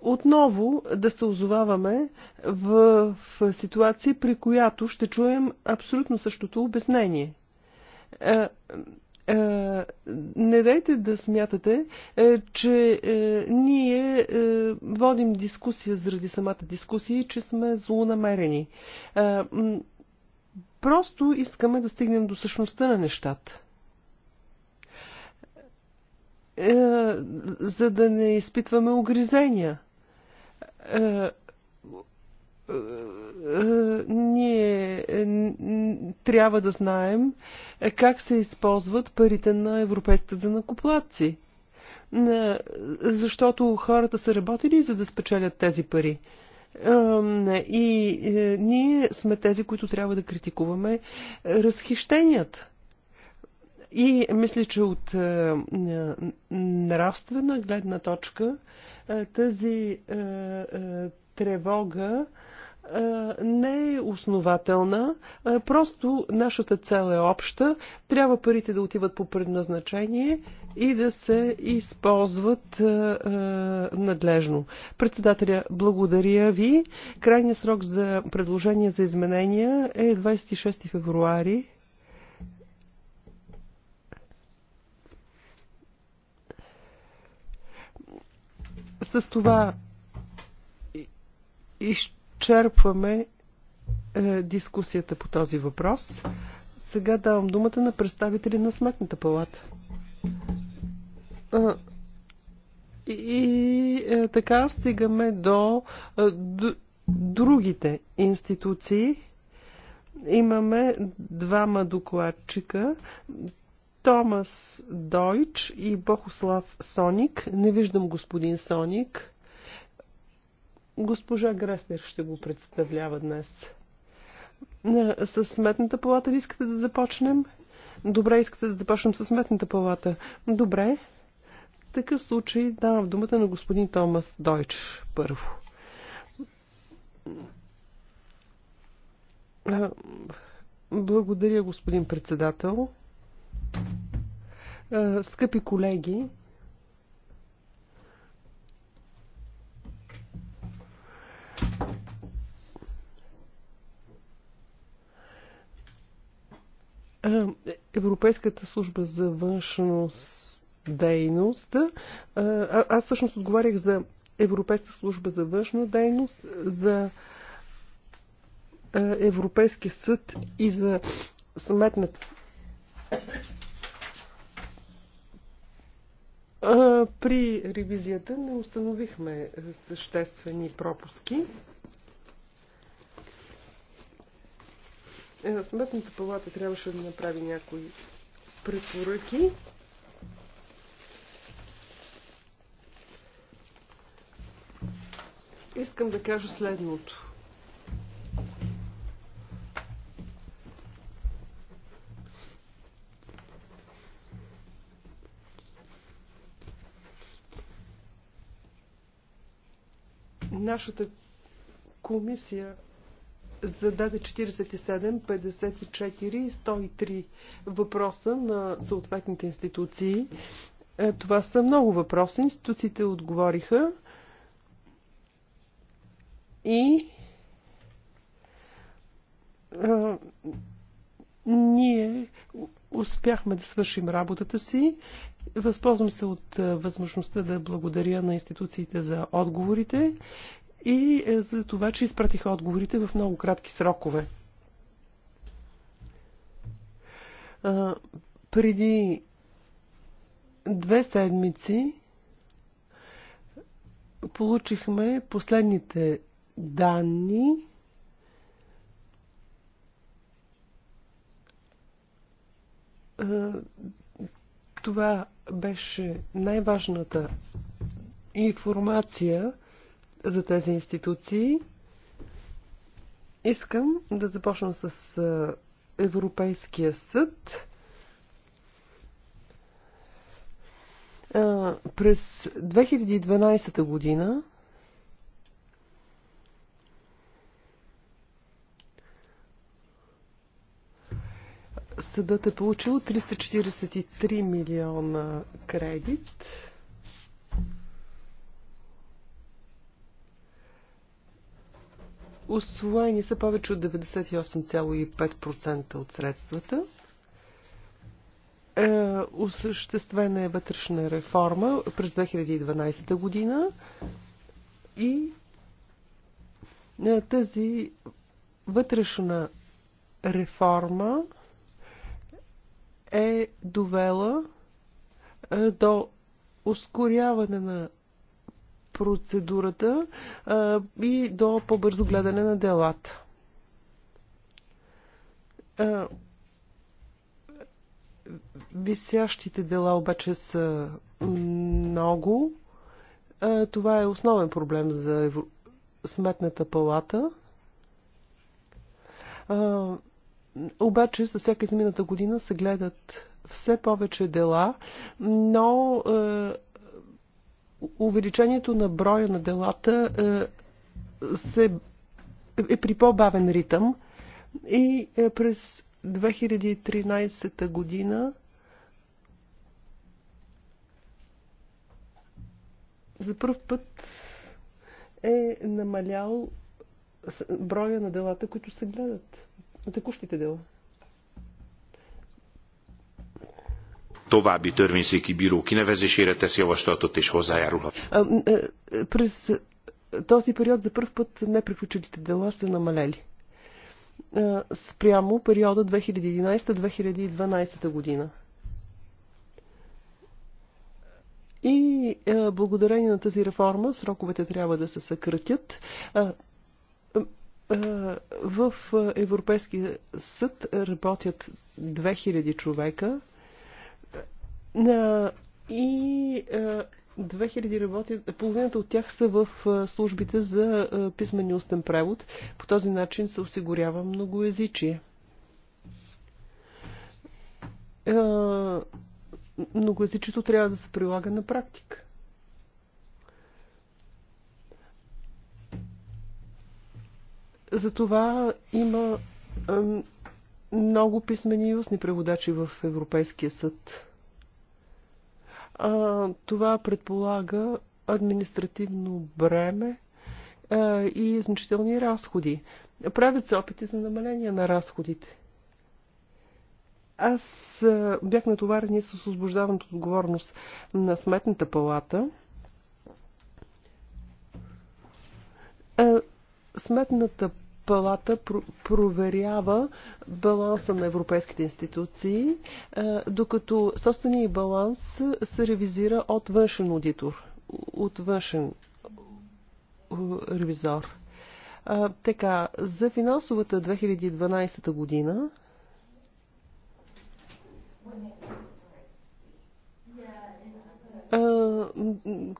отново да се озоваваме в, в ситуация, при която ще чуем абсолютно същото обяснение. Е, е, не дайте да смятате, е, че ние водим дискусия заради самата дискусия и че сме злонамерени. Просто искаме да стигнем до същността на нещата за да не изпитваме огризения ние е, трябва да знаем е, как се използват парите на европейските данакоплатци. Е, защото хората са работили за да спечелят тези пари. И ние сме тези, които трябва да критикуваме Разхищеният. И мисля, че от нравствена гледна точка тази тревога не е основателна. Просто нашата цел е обща. Трябва парите да отиват по предназначение и да се използват надлежно. Председателя, благодаря ви. Крайният срок за предложение за изменения е 26 февруари. С това изчерпваме изчерпваме е, дискусията по този въпрос. Сега давам думата на представители на Сметната палата. И, и е, така стигаме до е, другите институции. Имаме двама докладчика. Томас Дойч и Бохослав Соник. Не виждам господин Соник. Госпожа Греснер ще го представлява днес. Е, с сметната палата ли искате да започнем? Добре, искате да започнем с сметната палата. Добре. В такъв случай давам думата на господин Томас Дойч първо. Е, благодаря, господин председател. Е, скъпи колеги, Европейската служба за външност дейност. А, аз всъщност отговарях за Европейска служба за външна дейност, за Европейски съд и за сметната. При ревизията не установихме съществени пропуски. Е, Сметната палата трябваше да направи някои препоръки. Искам да кажа следното. Нашата комисия зададе 47, 54 и 103 въпроса на съответните институции. Е, това са много въпроси. Институциите отговориха и а, ние успяхме да свършим работата си. Възползвам се от възможността да благодаря на институциите за отговорите и е, за това, че изпратиха отговорите в много кратки срокове. Преди две седмици получихме последните данни това беше най-важната информация, за тези институции. Искам да започна с Европейския съд. През 2012 година съдът е получил 343 милиона кредит. Освоени са повече от 98,5% от средствата. Е, осъществена е вътрешна реформа през 2012 година и е, тази вътрешна реформа е довела е, до ускоряване на процедурата и до по-бързо гледане на делата. Висящите дела обаче са много. Това е основен проблем за Сметната палата. Обаче със всяка измината година се гледат все повече дела, но увеличението на броя на делата е, се, е при по-бавен ритъм и е, през 2013 година за първ път е намалял броя на делата, които се гледат. на Текущите дела. további törvényszéki bíró kinevezésére tesz javaslatot és hozzájárulhat. Е, е, през този период за първ път неприключилите дела са намалели е, спрямо периода 2011-2012 година. И благодарение на тази реформа сроковете трябва да се съкратят. в Европейския съд работят 2000 човека. И 2000 работи, половината от тях са в службите за писмен и устен превод. По този начин се осигурява многоязичие. Многоязичието трябва да се прилага на практика. Затова има много писмени и устни преводачи в Европейския съд това предполага административно бреме и значителни разходи. Правят се опити за намаление на разходите. Аз бях натоварен с освобождаването отговорност на Сметната палата. Сметната палата проверява баланса на европейските институции, е, докато собствения баланс се ревизира от външен аудитор, от външен е, ревизор. Е, така, за финансовата 2012 година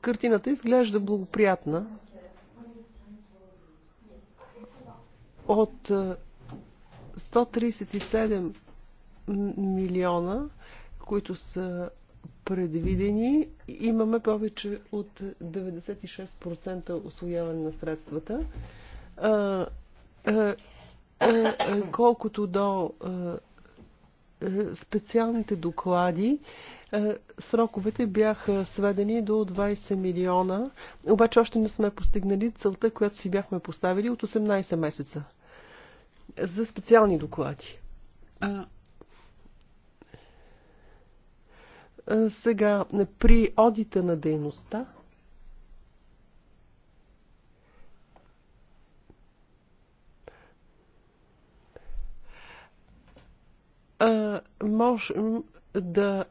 картината изглежда благоприятна. от 137 е, милиона, които са предвидени, имаме повече от 96% освояване на средствата. Е, е, колкото до специалните доклади, сроковете бяха сведени до 20 милиона, обаче още не сме постигнали целта, която си бяхме поставили от 18 месеца за специални доклади. А, сега, при одита на дейността, можем да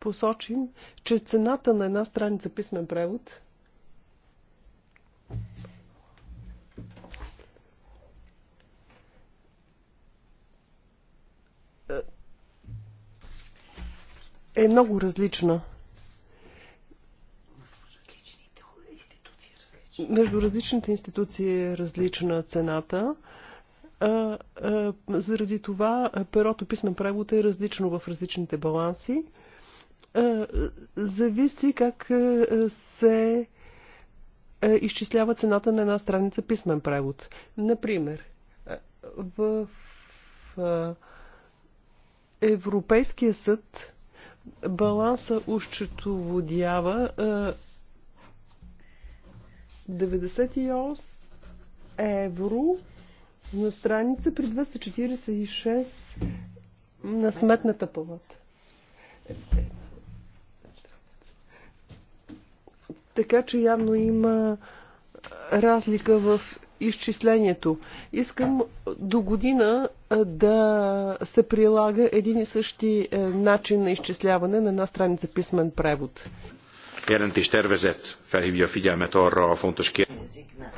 посочим, че цената на една страница писмен превод е много различна. Между различните институции е различна цената. А, а, заради това перото писмен превод е различно в различните баланси. А, зависи как се изчислява цената на една страница писмен превод. Например, в Европейския съд баланса ущетоводява 98 евро на страница при 246 на сметната палата. Така че явно има разлика в изчислението. Искам до година да се прилага един и същи е, начин на изчисляване на една страница писмен превод. Jelentés felhívja a figyelmet arra a fontos kérdésre.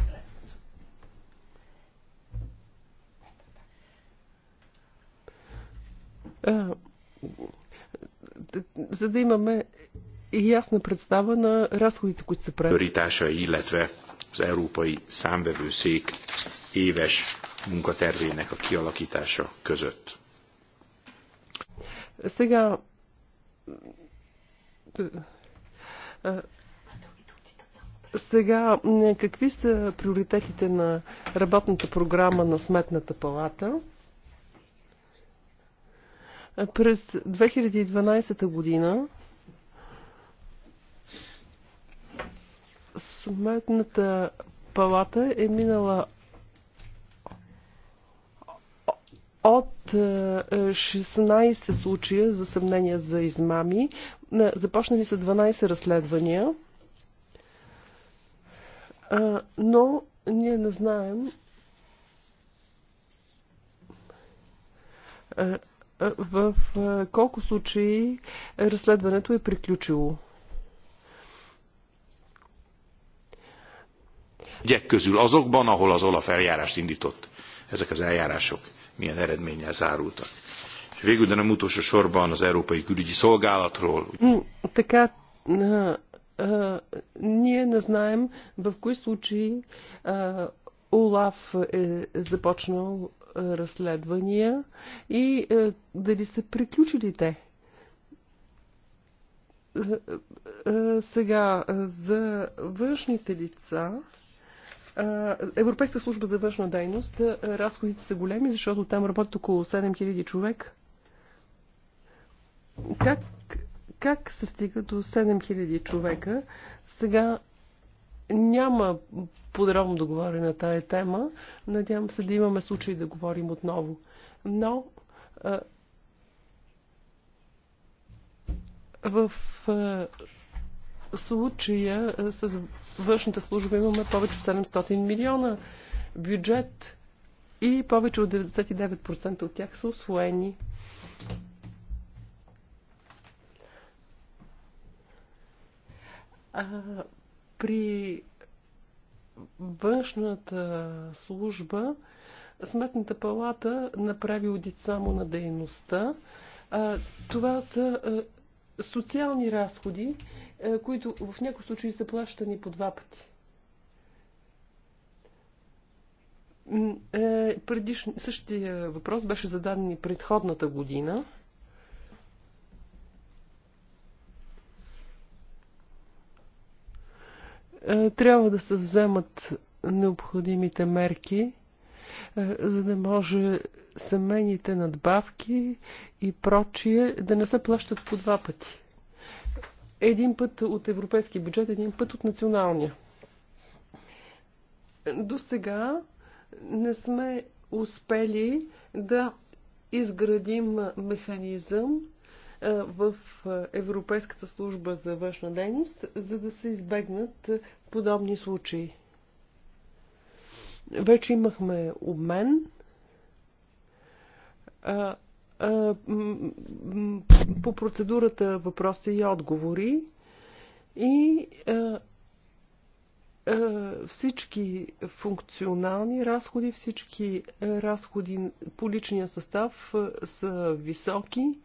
Е, за да имаме ясна представа на разходите, които се правят. illetve az Európai Számvevőszék éves munkatervének a kialakítása között. Сега сега, какви са приоритетите на работната програма на Сметната палата? През 2012 година Сметната палата е минала от 16 е, случая за съмнения за измами. Е, започнали са 12 разследвания, е, но ние не знаем в колко случаи разследването е приключило. ügyek közül azokban, ahol az Olaf eljárást indított. Ezek az eljárások milyen eredménnyel zárultak. És végül, de nem utolsó sorban az Európai Külügyi Szolgálatról. ние не знаем в кои случаи Олаф е започнал разследвания и дали са приключили те. Сега, за външните лица, Европейска служба за външна дейност, разходите са големи, защото там работят около 7000 човек. Как, как се стига до 7000 човека? Сега няма подробно да говоря на тая тема. Надявам се да имаме случай да говорим отново. Но в случая е, с външната служба имаме повече от 700 милиона бюджет и повече от 99% от тях са освоени. А, при външната служба Сметната палата направи одит само на дейността. А, това са социални разходи, е, които в някои случаи са плащани по два пъти. Е, предиш... Същия въпрос беше зададен и предходната година. Е, трябва да се вземат необходимите мерки е, за да може семейните надбавки и прочие да не се плащат по два пъти. Един път от европейски бюджет, един път от националния. До сега не сме успели да изградим механизъм е, в Европейската служба за външна дейност, за да се избегнат подобни случаи. Вече имахме обмен. По процедурата въпроси и отговори. И всички функционални разходи, всички разходи по личния състав са високи.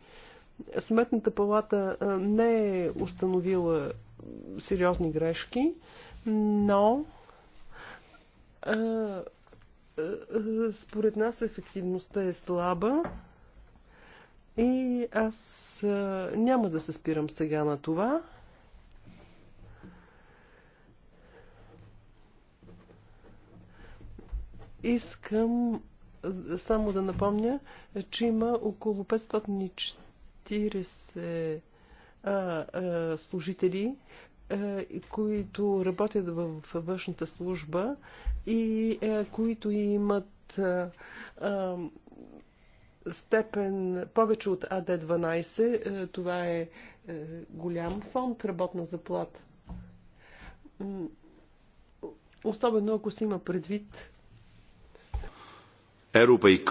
Сметната палата не е установила сериозни грешки, но според нас ефективността е слаба и аз няма да се спирам сега на това. Искам само да напомня, че има около 540 а, а, служители, е, които работят в външната служба и е, които имат е, степен повече от АД-12. Това е голям фонд работна заплата. Особено ако си има предвид Европа и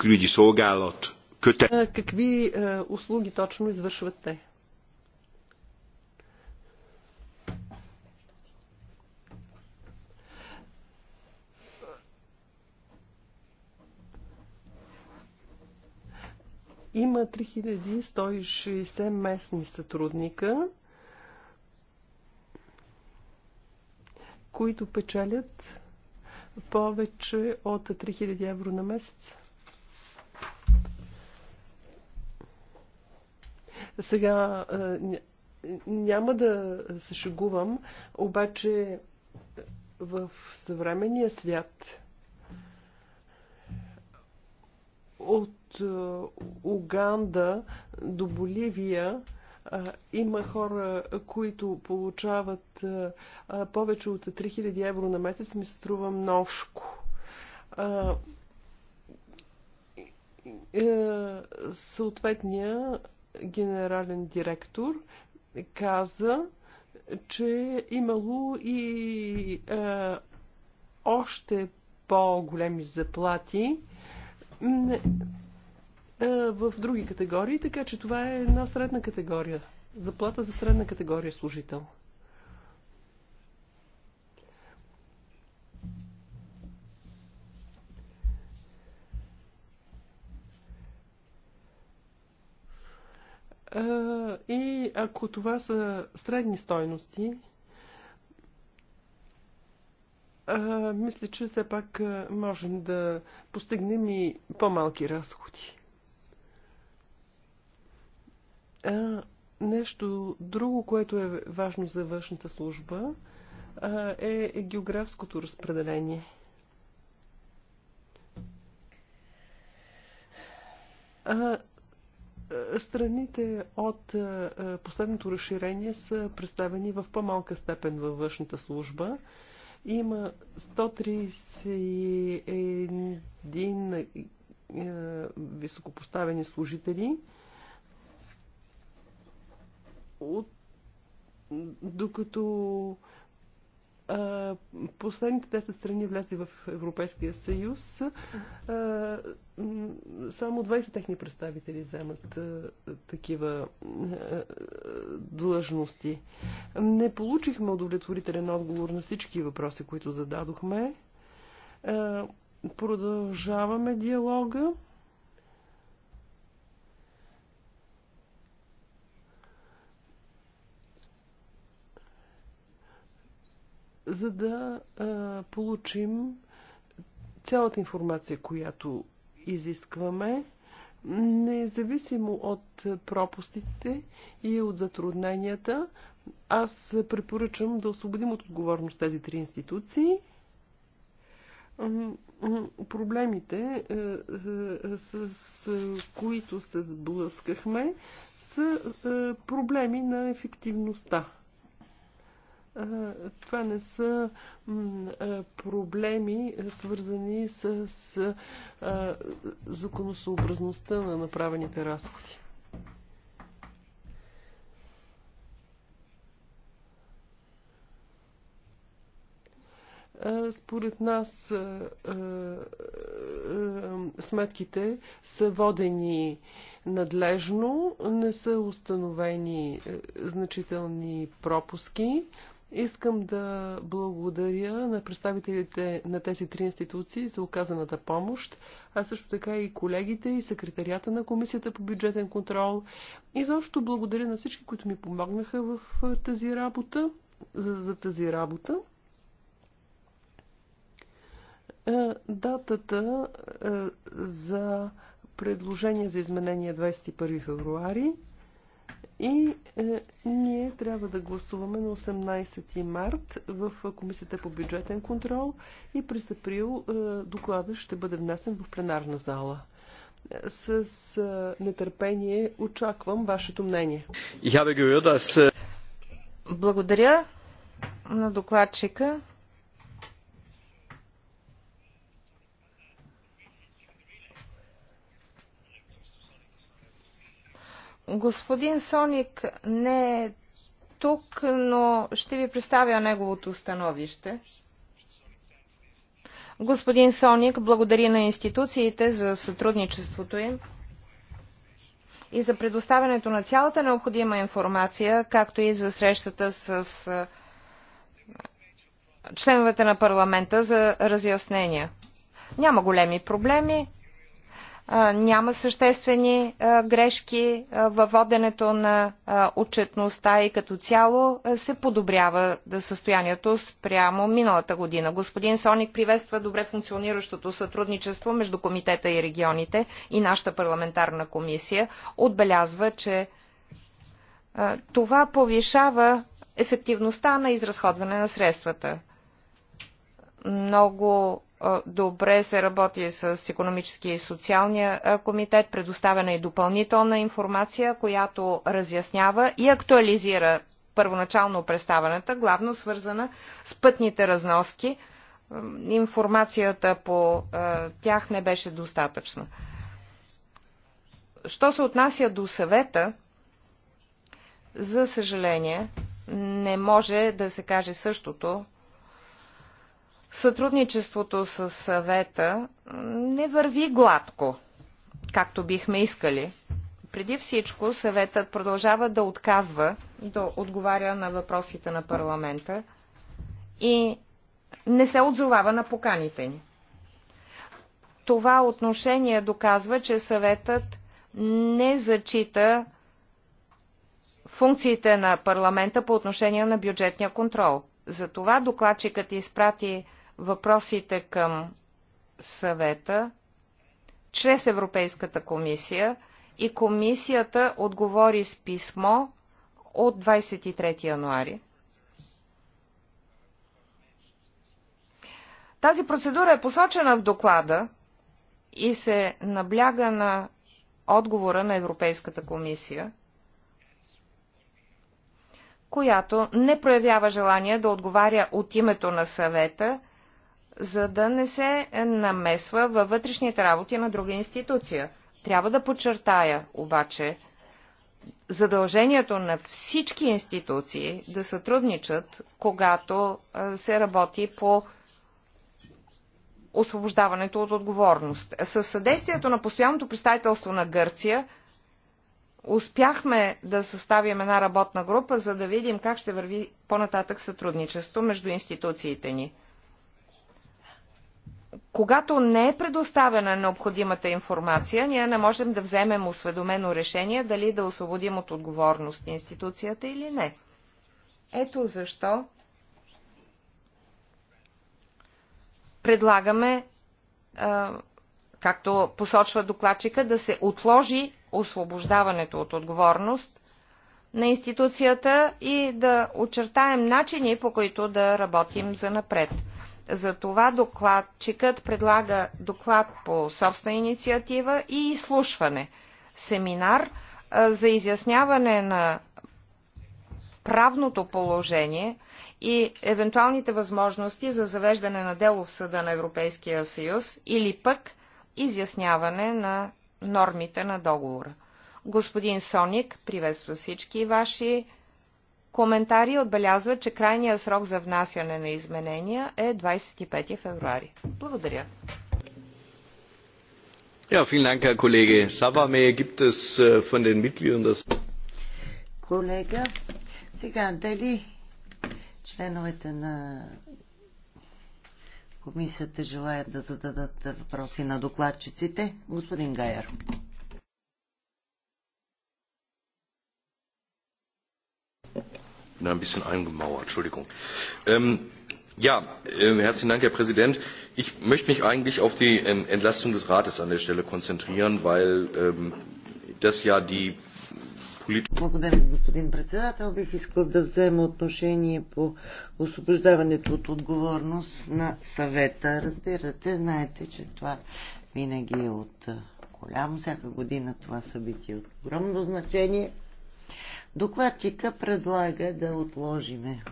Какви услуги точно извършват те? Има 3160 местни сътрудника, които печелят повече от 3000 евро на месец. Сега няма да се шегувам, обаче в съвременния свят от е, Уганда до Боливия е, има хора, които получават е, повече от 3000 евро на месец, ми се струва множко. Съответния генерален директор каза, че имало и още по-големи заплати в други категории, така че това е една средна категория. Заплата за средна категория служител. И ако това са средни стойности, мисля, че все пак можем да постигнем и по-малки разходи. А, нещо друго, което е важно за външната служба, а, е, е географското разпределение. А, Страните от последното разширение са представени в по-малка степен във външната служба. Има 131 е, високопоставени служители, от, докато Последните 10 страни влезли в Европейския съюз. Само 20 техни представители вземат такива длъжности. Не получихме удовлетворителен отговор на всички въпроси, които зададохме. Продължаваме диалога. за да а, получим цялата информация, която изискваме, независимо от пропустите и от затрудненията, аз препоръчам да освободим от отговорност тези три институции. Проблемите, с които се сблъскахме, са проблеми на ефективността. Това не са проблеми, свързани с законосъобразността на направените разходи. Според нас сметките са водени надлежно, не са установени значителни пропуски. Искам да благодаря на представителите на тези три институции за оказаната помощ, а също така и колегите и секретарията на Комисията по бюджетен контрол. И защото благодаря на всички, които ми помогнаха в тази работа, за, за тази работа. Е, датата е, за предложение за изменение 21 февруари и е, ние трябва да гласуваме на 18 март в Комисията по бюджетен контрол и през април е, доклада ще бъде внесен в пленарна зала. С е, нетърпение очаквам вашето мнение. Благодаря на докладчика. Господин Соник не е тук, но ще ви представя неговото становище. Господин Соник благодари на институциите за сътрудничеството им и за предоставянето на цялата необходима информация, както и за срещата с членовете на парламента за разяснения. Няма големи проблеми няма съществени грешки във воденето на отчетността и като цяло се подобрява състоянието спрямо миналата година. Господин Соник приветства добре функциониращото сътрудничество между Комитета и регионите и нашата парламентарна комисия. Отбелязва, че това повишава ефективността на изразходване на средствата. Много добре се работи с економическия и социалния комитет, предоставена и допълнителна информация, която разяснява и актуализира първоначално представената, главно свързана с пътните разноски. Информацията по тях не беше достатъчна. Що се отнася до съвета, за съжаление, не може да се каже същото сътрудничеството с съвета не върви гладко, както бихме искали. Преди всичко съветът продължава да отказва да отговаря на въпросите на парламента и не се отзовава на поканите ни. Това отношение доказва, че съветът не зачита функциите на парламента по отношение на бюджетния контрол. Затова докладчикът изпрати въпросите към съвета чрез Европейската комисия и комисията отговори с писмо от 23 януари. Тази процедура е посочена в доклада и се набляга на отговора на Европейската комисия, която не проявява желание да отговаря от името на съвета за да не се намесва във вътрешните работи на друга институция. Трябва да подчертая обаче задължението на всички институции да сътрудничат, когато се работи по освобождаването от отговорност. С съдействието на постоянното представителство на Гърция успяхме да съставим една работна група, за да видим как ще върви по-нататък сътрудничество между институциите ни когато не е предоставена необходимата информация, ние не можем да вземем осведомено решение дали да освободим от отговорност институцията или не. Ето защо предлагаме, както посочва докладчика, да се отложи освобождаването от отговорност на институцията и да очертаем начини, по които да работим за напред. За това докладчикът предлага доклад по собствена инициатива и изслушване, семинар за изясняване на правното положение и евентуалните възможности за завеждане на дело в Съда на Европейския съюз или пък изясняване на нормите на договора. Господин Соник, приветства всички ваши коментари отбелязва, че крайният срок за внасяне на изменения е 25 февруари. Благодаря. Ja, vielen Dank, Herr Kollege Savame. Gibt es äh, von den Mitgliedern das... Колега, сега дали членовете на комисията желаят да зададат въпроси на докладчиците? Господин Гайер. Na, ein bisschen eingemauert, Entschuldigung. Ähm, ja, äh, herzlichen Dank, Herr Präsident. Ich möchte mich eigentlich auf die ähm, Entlastung des Rates an der Stelle konzentrieren, weil ähm, das ja die Благодаря, господин председател. Бих искал да взема отношение по освобождаването от отговорност на съвета. Разбирате, знаете, че това винаги е от голямо. Всяка година това събитие е от огромно значение. Докладчика предлага да отложиме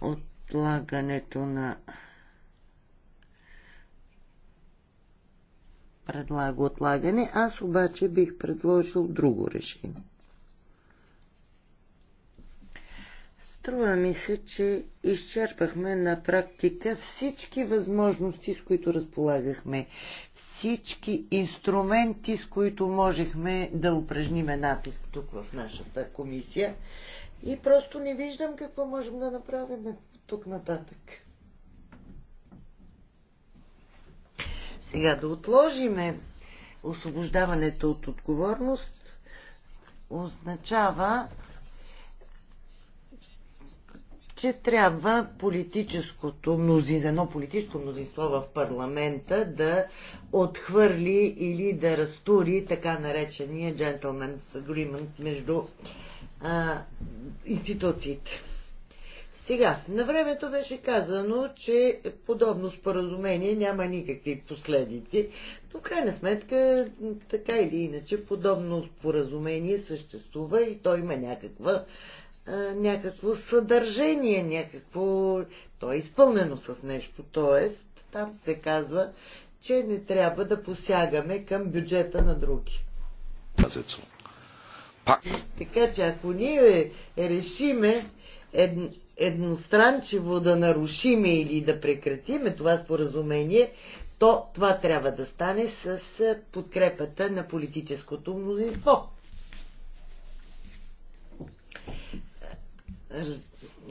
отлагането на предлага отлагане, аз обаче бих предложил друго решение. Струва ми се, че изчерпахме на практика всички възможности, с които разполагахме всички инструменти, с които можехме да упражниме натиск тук в нашата комисия. И просто не виждам какво можем да направим тук нататък. Сега да отложиме освобождаването от отговорност означава че трябва политическото мнозинство, едно политическо мнозинство в парламента да отхвърли или да разтури така наречения джентлмен's agreement между а, институциите. Сега, на времето беше казано, че подобно споразумение няма никакви последици, но в крайна сметка, така или иначе, подобно споразумение съществува и то има някаква някакво съдържание, някакво... То е изпълнено с нещо, т.е. там се казва, че не трябва да посягаме към бюджета на други. Така че ако ние е, решиме ед, едностранчиво да нарушиме или да прекратиме това споразумение, то това трябва да стане с подкрепата на политическото мнозинство.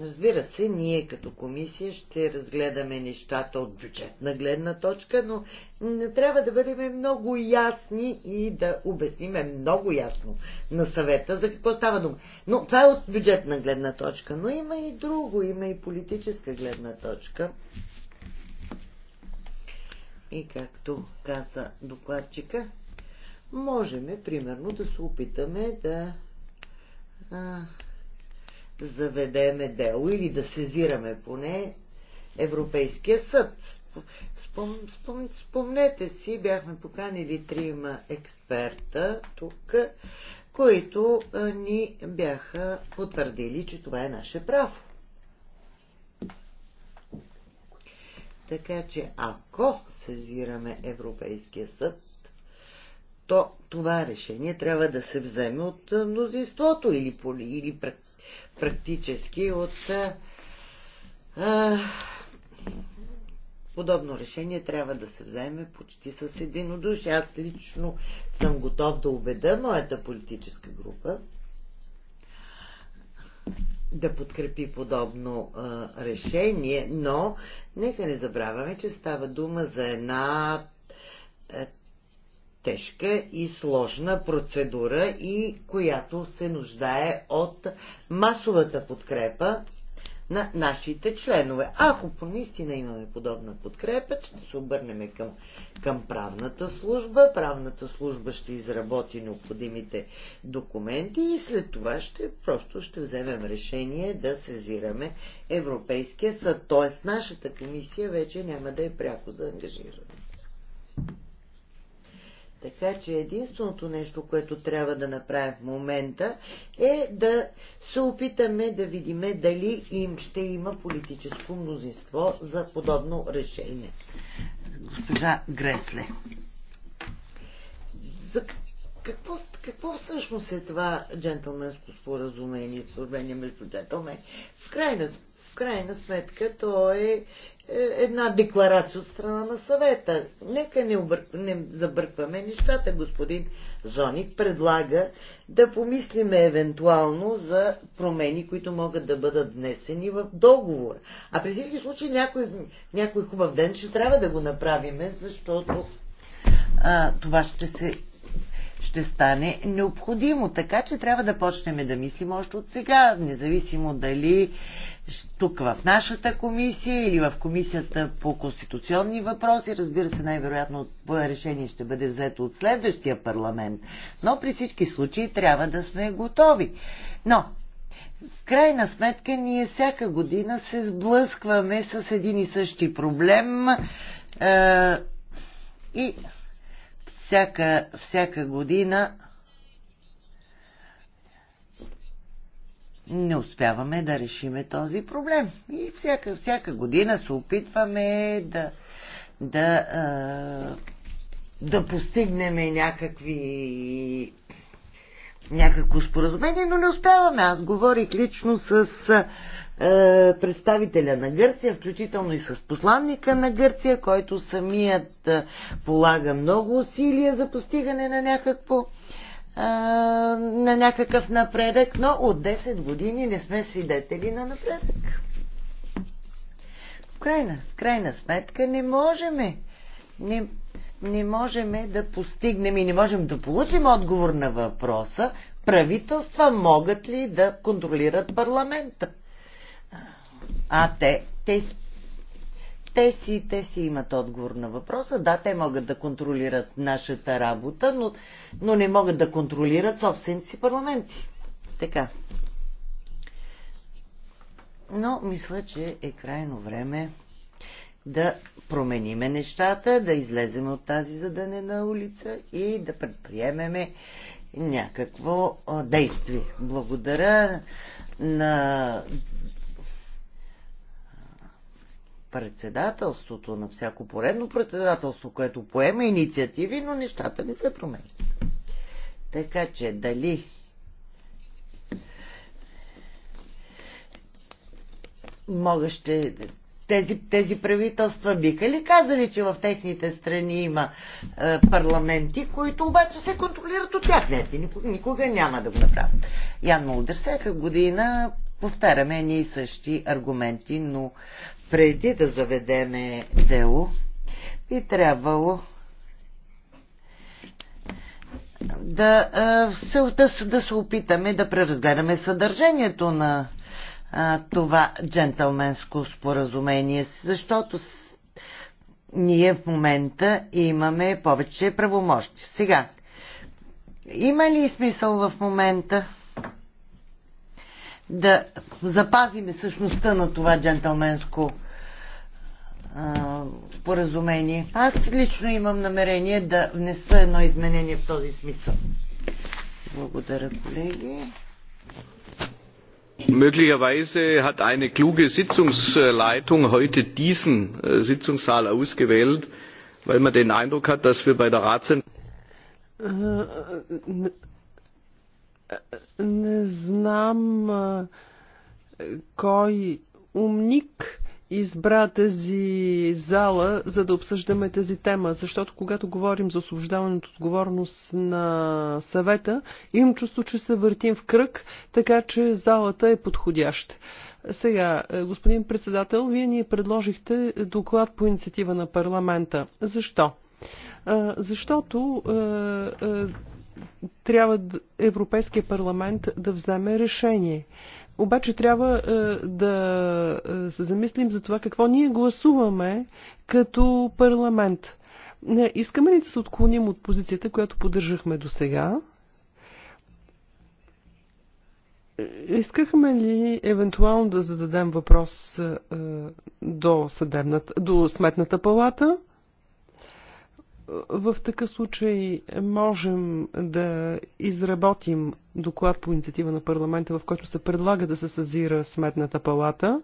Разбира се, ние като комисия ще разгледаме нещата от бюджетна гледна точка, но не трябва да бъдем много ясни и да обясниме много ясно на съвета за какво става дума. Но това е от бюджетна гледна точка, но има и друго, има и политическа гледна точка. И както каза докладчика, можеме примерно да се опитаме да заведеме дело или да сезираме поне Европейския съд. Спом, спом, спомнете си, бяхме поканили трима експерта тук, които ни бяха потвърдили, че това е наше право. Така че ако сезираме Европейския съд, то това решение трябва да се вземе от мнозинството или, или практически от а, подобно решение трябва да се вземе почти с единодушие. Аз лично съм готов да убеда моята политическа група да подкрепи подобно а, решение, но нека не забравяме, че става дума за една тежка и сложна процедура и която се нуждае от масовата подкрепа на нашите членове. Ако по наистина имаме подобна подкрепа, ще се обърнем към, към правната служба. Правната служба ще изработи необходимите документи и след това ще просто ще вземем решение да сезираме Европейския съд. Тоест нашата комисия вече няма да е пряко заангажирана. Така че единственото нещо, което трябва да направим в момента е да се опитаме да видиме дали им ще има политическо мнозинство за подобно решение. Госпожа Гресле. За какво, какво всъщност е това джентълменско споразумение, споразумение между джентълмени? В крайна в крайна сметка то е, е една декларация от страна на съвета. Нека не, обър... не забъркваме нещата. Господин Зоник предлага да помислиме евентуално за промени, които могат да бъдат внесени в договор. А при всички случаи някой, някой хубав ден ще трябва да го направиме, защото а, това ще се ще стане необходимо. Така че трябва да почнем да мислим още от сега, независимо дали тук в нашата комисия или в комисията по конституционни въпроси. Разбира се, най-вероятно решение ще бъде взето от следващия парламент. Но при всички случаи трябва да сме готови. Но, в крайна сметка, ние всяка година се сблъскваме с един и същи проблем е, и всяка, всяка година не успяваме да решиме този проблем. И всяка, всяка година се опитваме да, да, да постигнем някакви някакво споразумение, но не успяваме. Аз говорих лично с представителя на Гърция, включително и с посланника на Гърция, който самият полага много усилия за постигане на някакво на някакъв напредък, но от 10 години не сме свидетели на напредък. В крайна, в крайна сметка не можеме. Не, не можем да постигнем и не можем да получим отговор на въпроса правителства могат ли да контролират парламента. А те, те, те си, те си имат отговор на въпроса. Да, те могат да контролират нашата работа, но, но не могат да контролират собствените си парламенти. Така. Но мисля, че е крайно време да промениме нещата, да излезем от тази задънена улица и да предприемеме някакво действие. Благодаря на председателството, на всяко поредно председателство, което поема инициативи, но нещата не се променят. Така че дали мога ще тези, тези правителства биха ли казали, че в техните страни има е, парламенти, които обаче се контролират от тях? Не, никога, никога няма да го направят. Ян Молдер всяка година повтаряме едни и същи аргументи, но преди да заведеме дело, би трябвало да, да, да, се опитаме да преразгледаме съдържанието на а, това джентълменско споразумение, защото ние в момента имаме повече правомощи. Сега, има ли смисъл в момента да запазиме същността на това джентълменско а, споразумение. Аз лично имам намерение да внеса едно изменение в този смисъл. Благодаря, колеги. Möglicherweise hat eine kluge Sitzungsleitung heute diesen Sitzungssaal ausgewählt, weil man den Eindruck hat, dass wir bei der Ratsentlung не знам кой умник избра тази зала, за да обсъждаме тази тема, защото когато говорим за освобождаването от отговорност на съвета, имам чувство, че се въртим в кръг, така че залата е подходяща. Сега, е, господин председател, вие ни предложихте доклад по инициатива на парламента. Защо? Е, защото е, трябва Европейския парламент да вземе решение. Обаче трябва е, да е, се замислим за това какво ние гласуваме като парламент. Не, искаме ли да се отклоним от позицията, която поддържахме до сега? Е, искахме ли евентуално да зададем въпрос до, съдебната, до сметната палата? В такъв случай можем да изработим доклад по инициатива на парламента, в който се предлага да се съзира Сметната палата.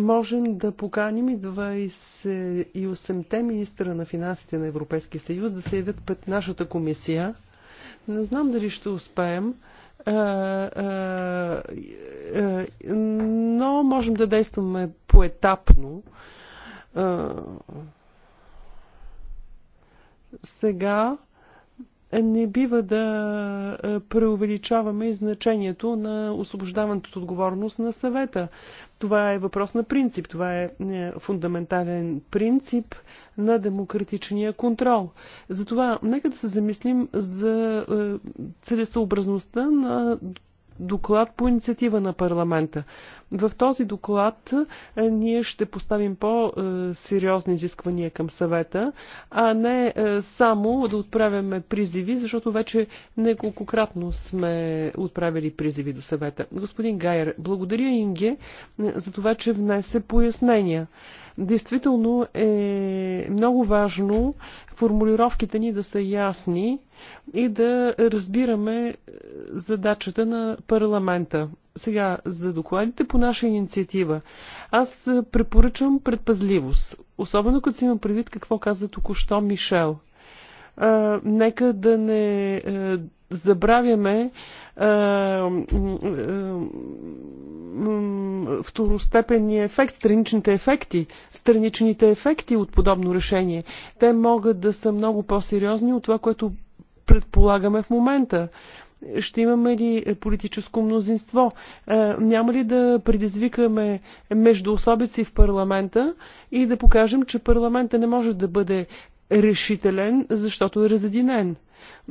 Можем да поканим и 28-те министра на финансите на Европейския съюз да се явят пред нашата комисия. Не знам дали ще успеем, но можем да действаме поетапно сега е, не бива да е, преувеличаваме значението на освобождаването от отговорност на съвета. Това е въпрос на принцип, това е, е фундаментален принцип на демократичния контрол. Затова нека да се замислим за целесообразността на доклад по инициатива на парламента. В този доклад е, ние ще поставим по-сериозни изисквания към съвета, а не е, само да отправяме призиви, защото вече неколкократно сме отправили призиви до съвета. Господин Гайер, благодаря Инге е, за това, че внесе пояснения. Действително е много важно формулировките ни да са ясни и да разбираме е, задачата на парламента. Сега, за докладите по наша инициатива, аз е, препоръчам предпазливост, особено като си има предвид какво каза току-що Мишел. А, е, нека да не а, забравяме а, а, второстепенния ефект, страничните ефекти, страничните ефекти от подобно решение. Те могат да са много по-сериозни от това, което предполагаме в момента. Ще имаме ли политическо мнозинство? Е, няма ли да предизвикаме междуособици в парламента и да покажем, че парламента не може да бъде решителен, защото е разединен?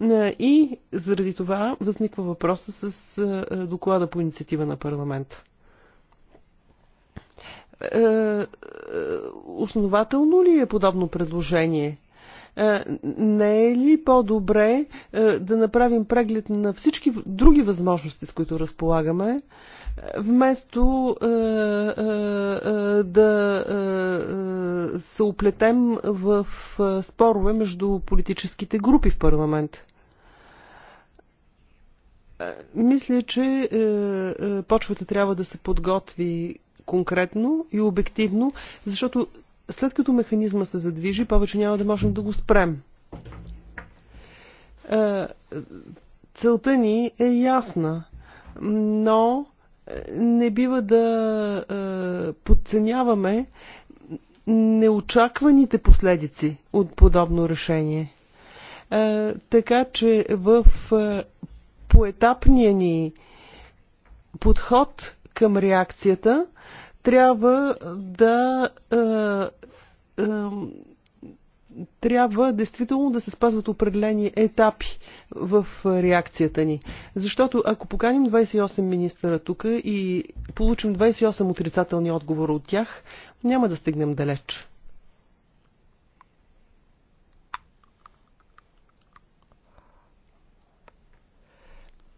Е, и заради това възниква въпроса с е, доклада по инициатива на парламента. Е, е, основателно ли е подобно предложение? Е, не е ли по-добре да направим преглед на всички други възможности, с които разполагаме, вместо да се оплетем в спорове между политическите групи в парламент? Мисля, че почвата трябва да се подготви конкретно и обективно, защото след като механизма се задвижи, повече няма да можем да го спрем. Е, целта ни е ясна, но е, не бива да е, подценяваме неочакваните последици от подобно решение. Така че в поетапния ни подход към реакцията, трябва да е, е, трябва действително да се спазват определени етапи в реакцията ни. Защото ако поканим 28 министра тук и получим 28 отрицателни отговора от тях, няма да стигнем далеч.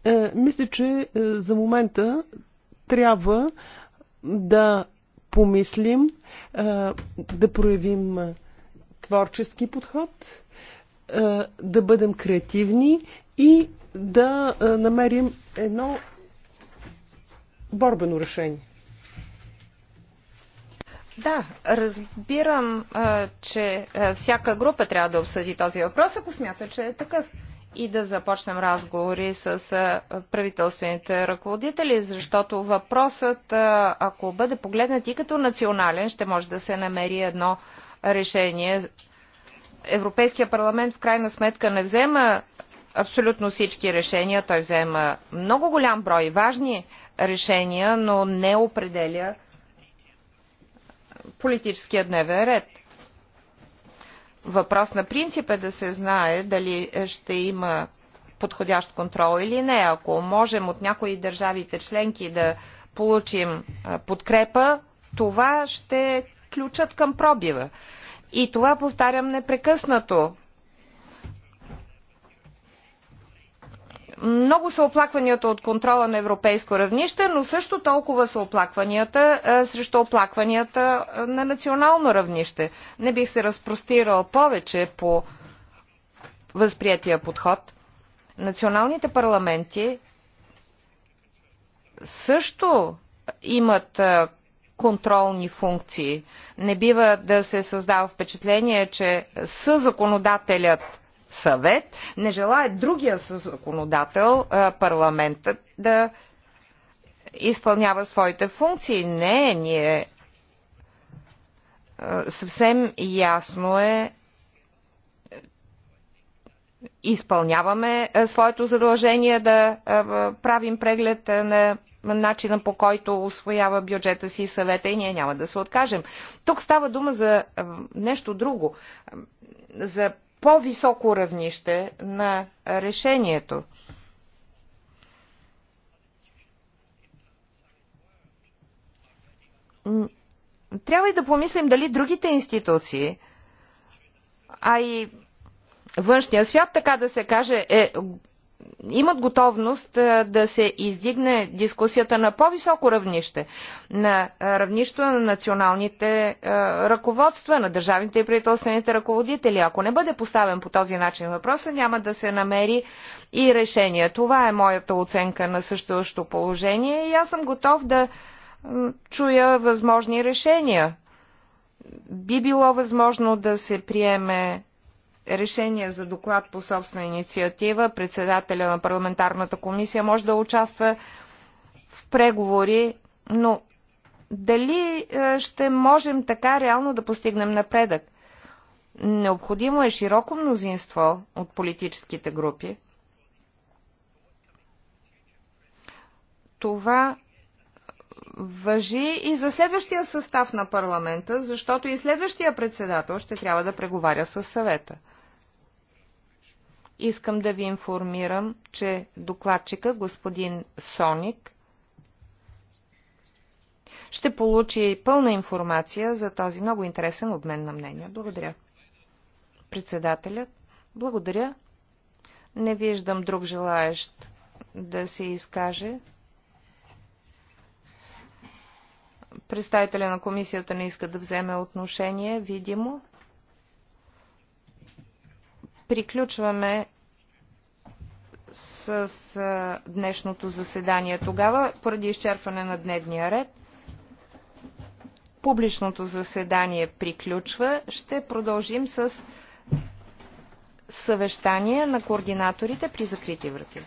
Е, мисля, че за момента трябва да помислим, да проявим творчески подход, да бъдем креативни и да намерим едно борбено решение. Да, разбирам, че всяка група трябва да обсъди този въпрос, ако смята, че е такъв и да започнем разговори с правителствените ръководители, защото въпросът, ако бъде погледнат и като национален, ще може да се намери едно решение. Европейския парламент в крайна сметка не взема абсолютно всички решения, той взема много голям брой важни решения, но не определя политическия дневен ред. Въпрос на принцип е да се знае дали ще има подходящ контрол или не. Ако можем от някои държавите членки да получим подкрепа, това ще е ключат към пробива. И това повтарям непрекъснато много са оплакванията от контрола на европейско равнище, но също толкова са оплакванията срещу оплакванията на национално равнище. Не бих се разпростирал повече по възприятия подход. Националните парламенти също имат контролни функции. Не бива да се създава впечатление, че съзаконодателят съвет, не желая другия законодател, парламентът, да изпълнява своите функции. Не, ние съвсем ясно е, изпълняваме своето задължение да правим преглед на начина по който освоява бюджета си съвета и ние няма да се откажем. Тук става дума за нещо друго. За по-високо равнище на решението. Трябва и да помислим дали другите институции, а и външния свят, така да се каже, е имат готовност да се издигне дискусията на по-високо равнище, на равнището на националните ръководства, на държавните и правителствените ръководители. Ако не бъде поставен по този начин въпроса, няма да се намери и решение. Това е моята оценка на същото положение и аз съм готов да чуя възможни решения. Би било възможно да се приеме решение за доклад по собствена инициатива, председателя на парламентарната комисия може да участва в преговори, но дали е, ще можем така реално да постигнем напредък? Необходимо е широко мнозинство от политическите групи. Това въжи и за следващия състав на парламента, защото и следващия председател ще трябва да преговаря с съвета. Искам да ви информирам, че докладчика господин Соник ще получи пълна информация за този много интересен обмен на мнения. Благодаря. Председателят, благодаря. Не виждам друг желаещ да се изкаже. Представителя на комисията не иска да вземе отношение, видимо приключваме с днешното заседание. Тогава, поради изчерпване на дневния ред, публичното заседание приключва. Ще продължим с съвещание на координаторите при закрити врати.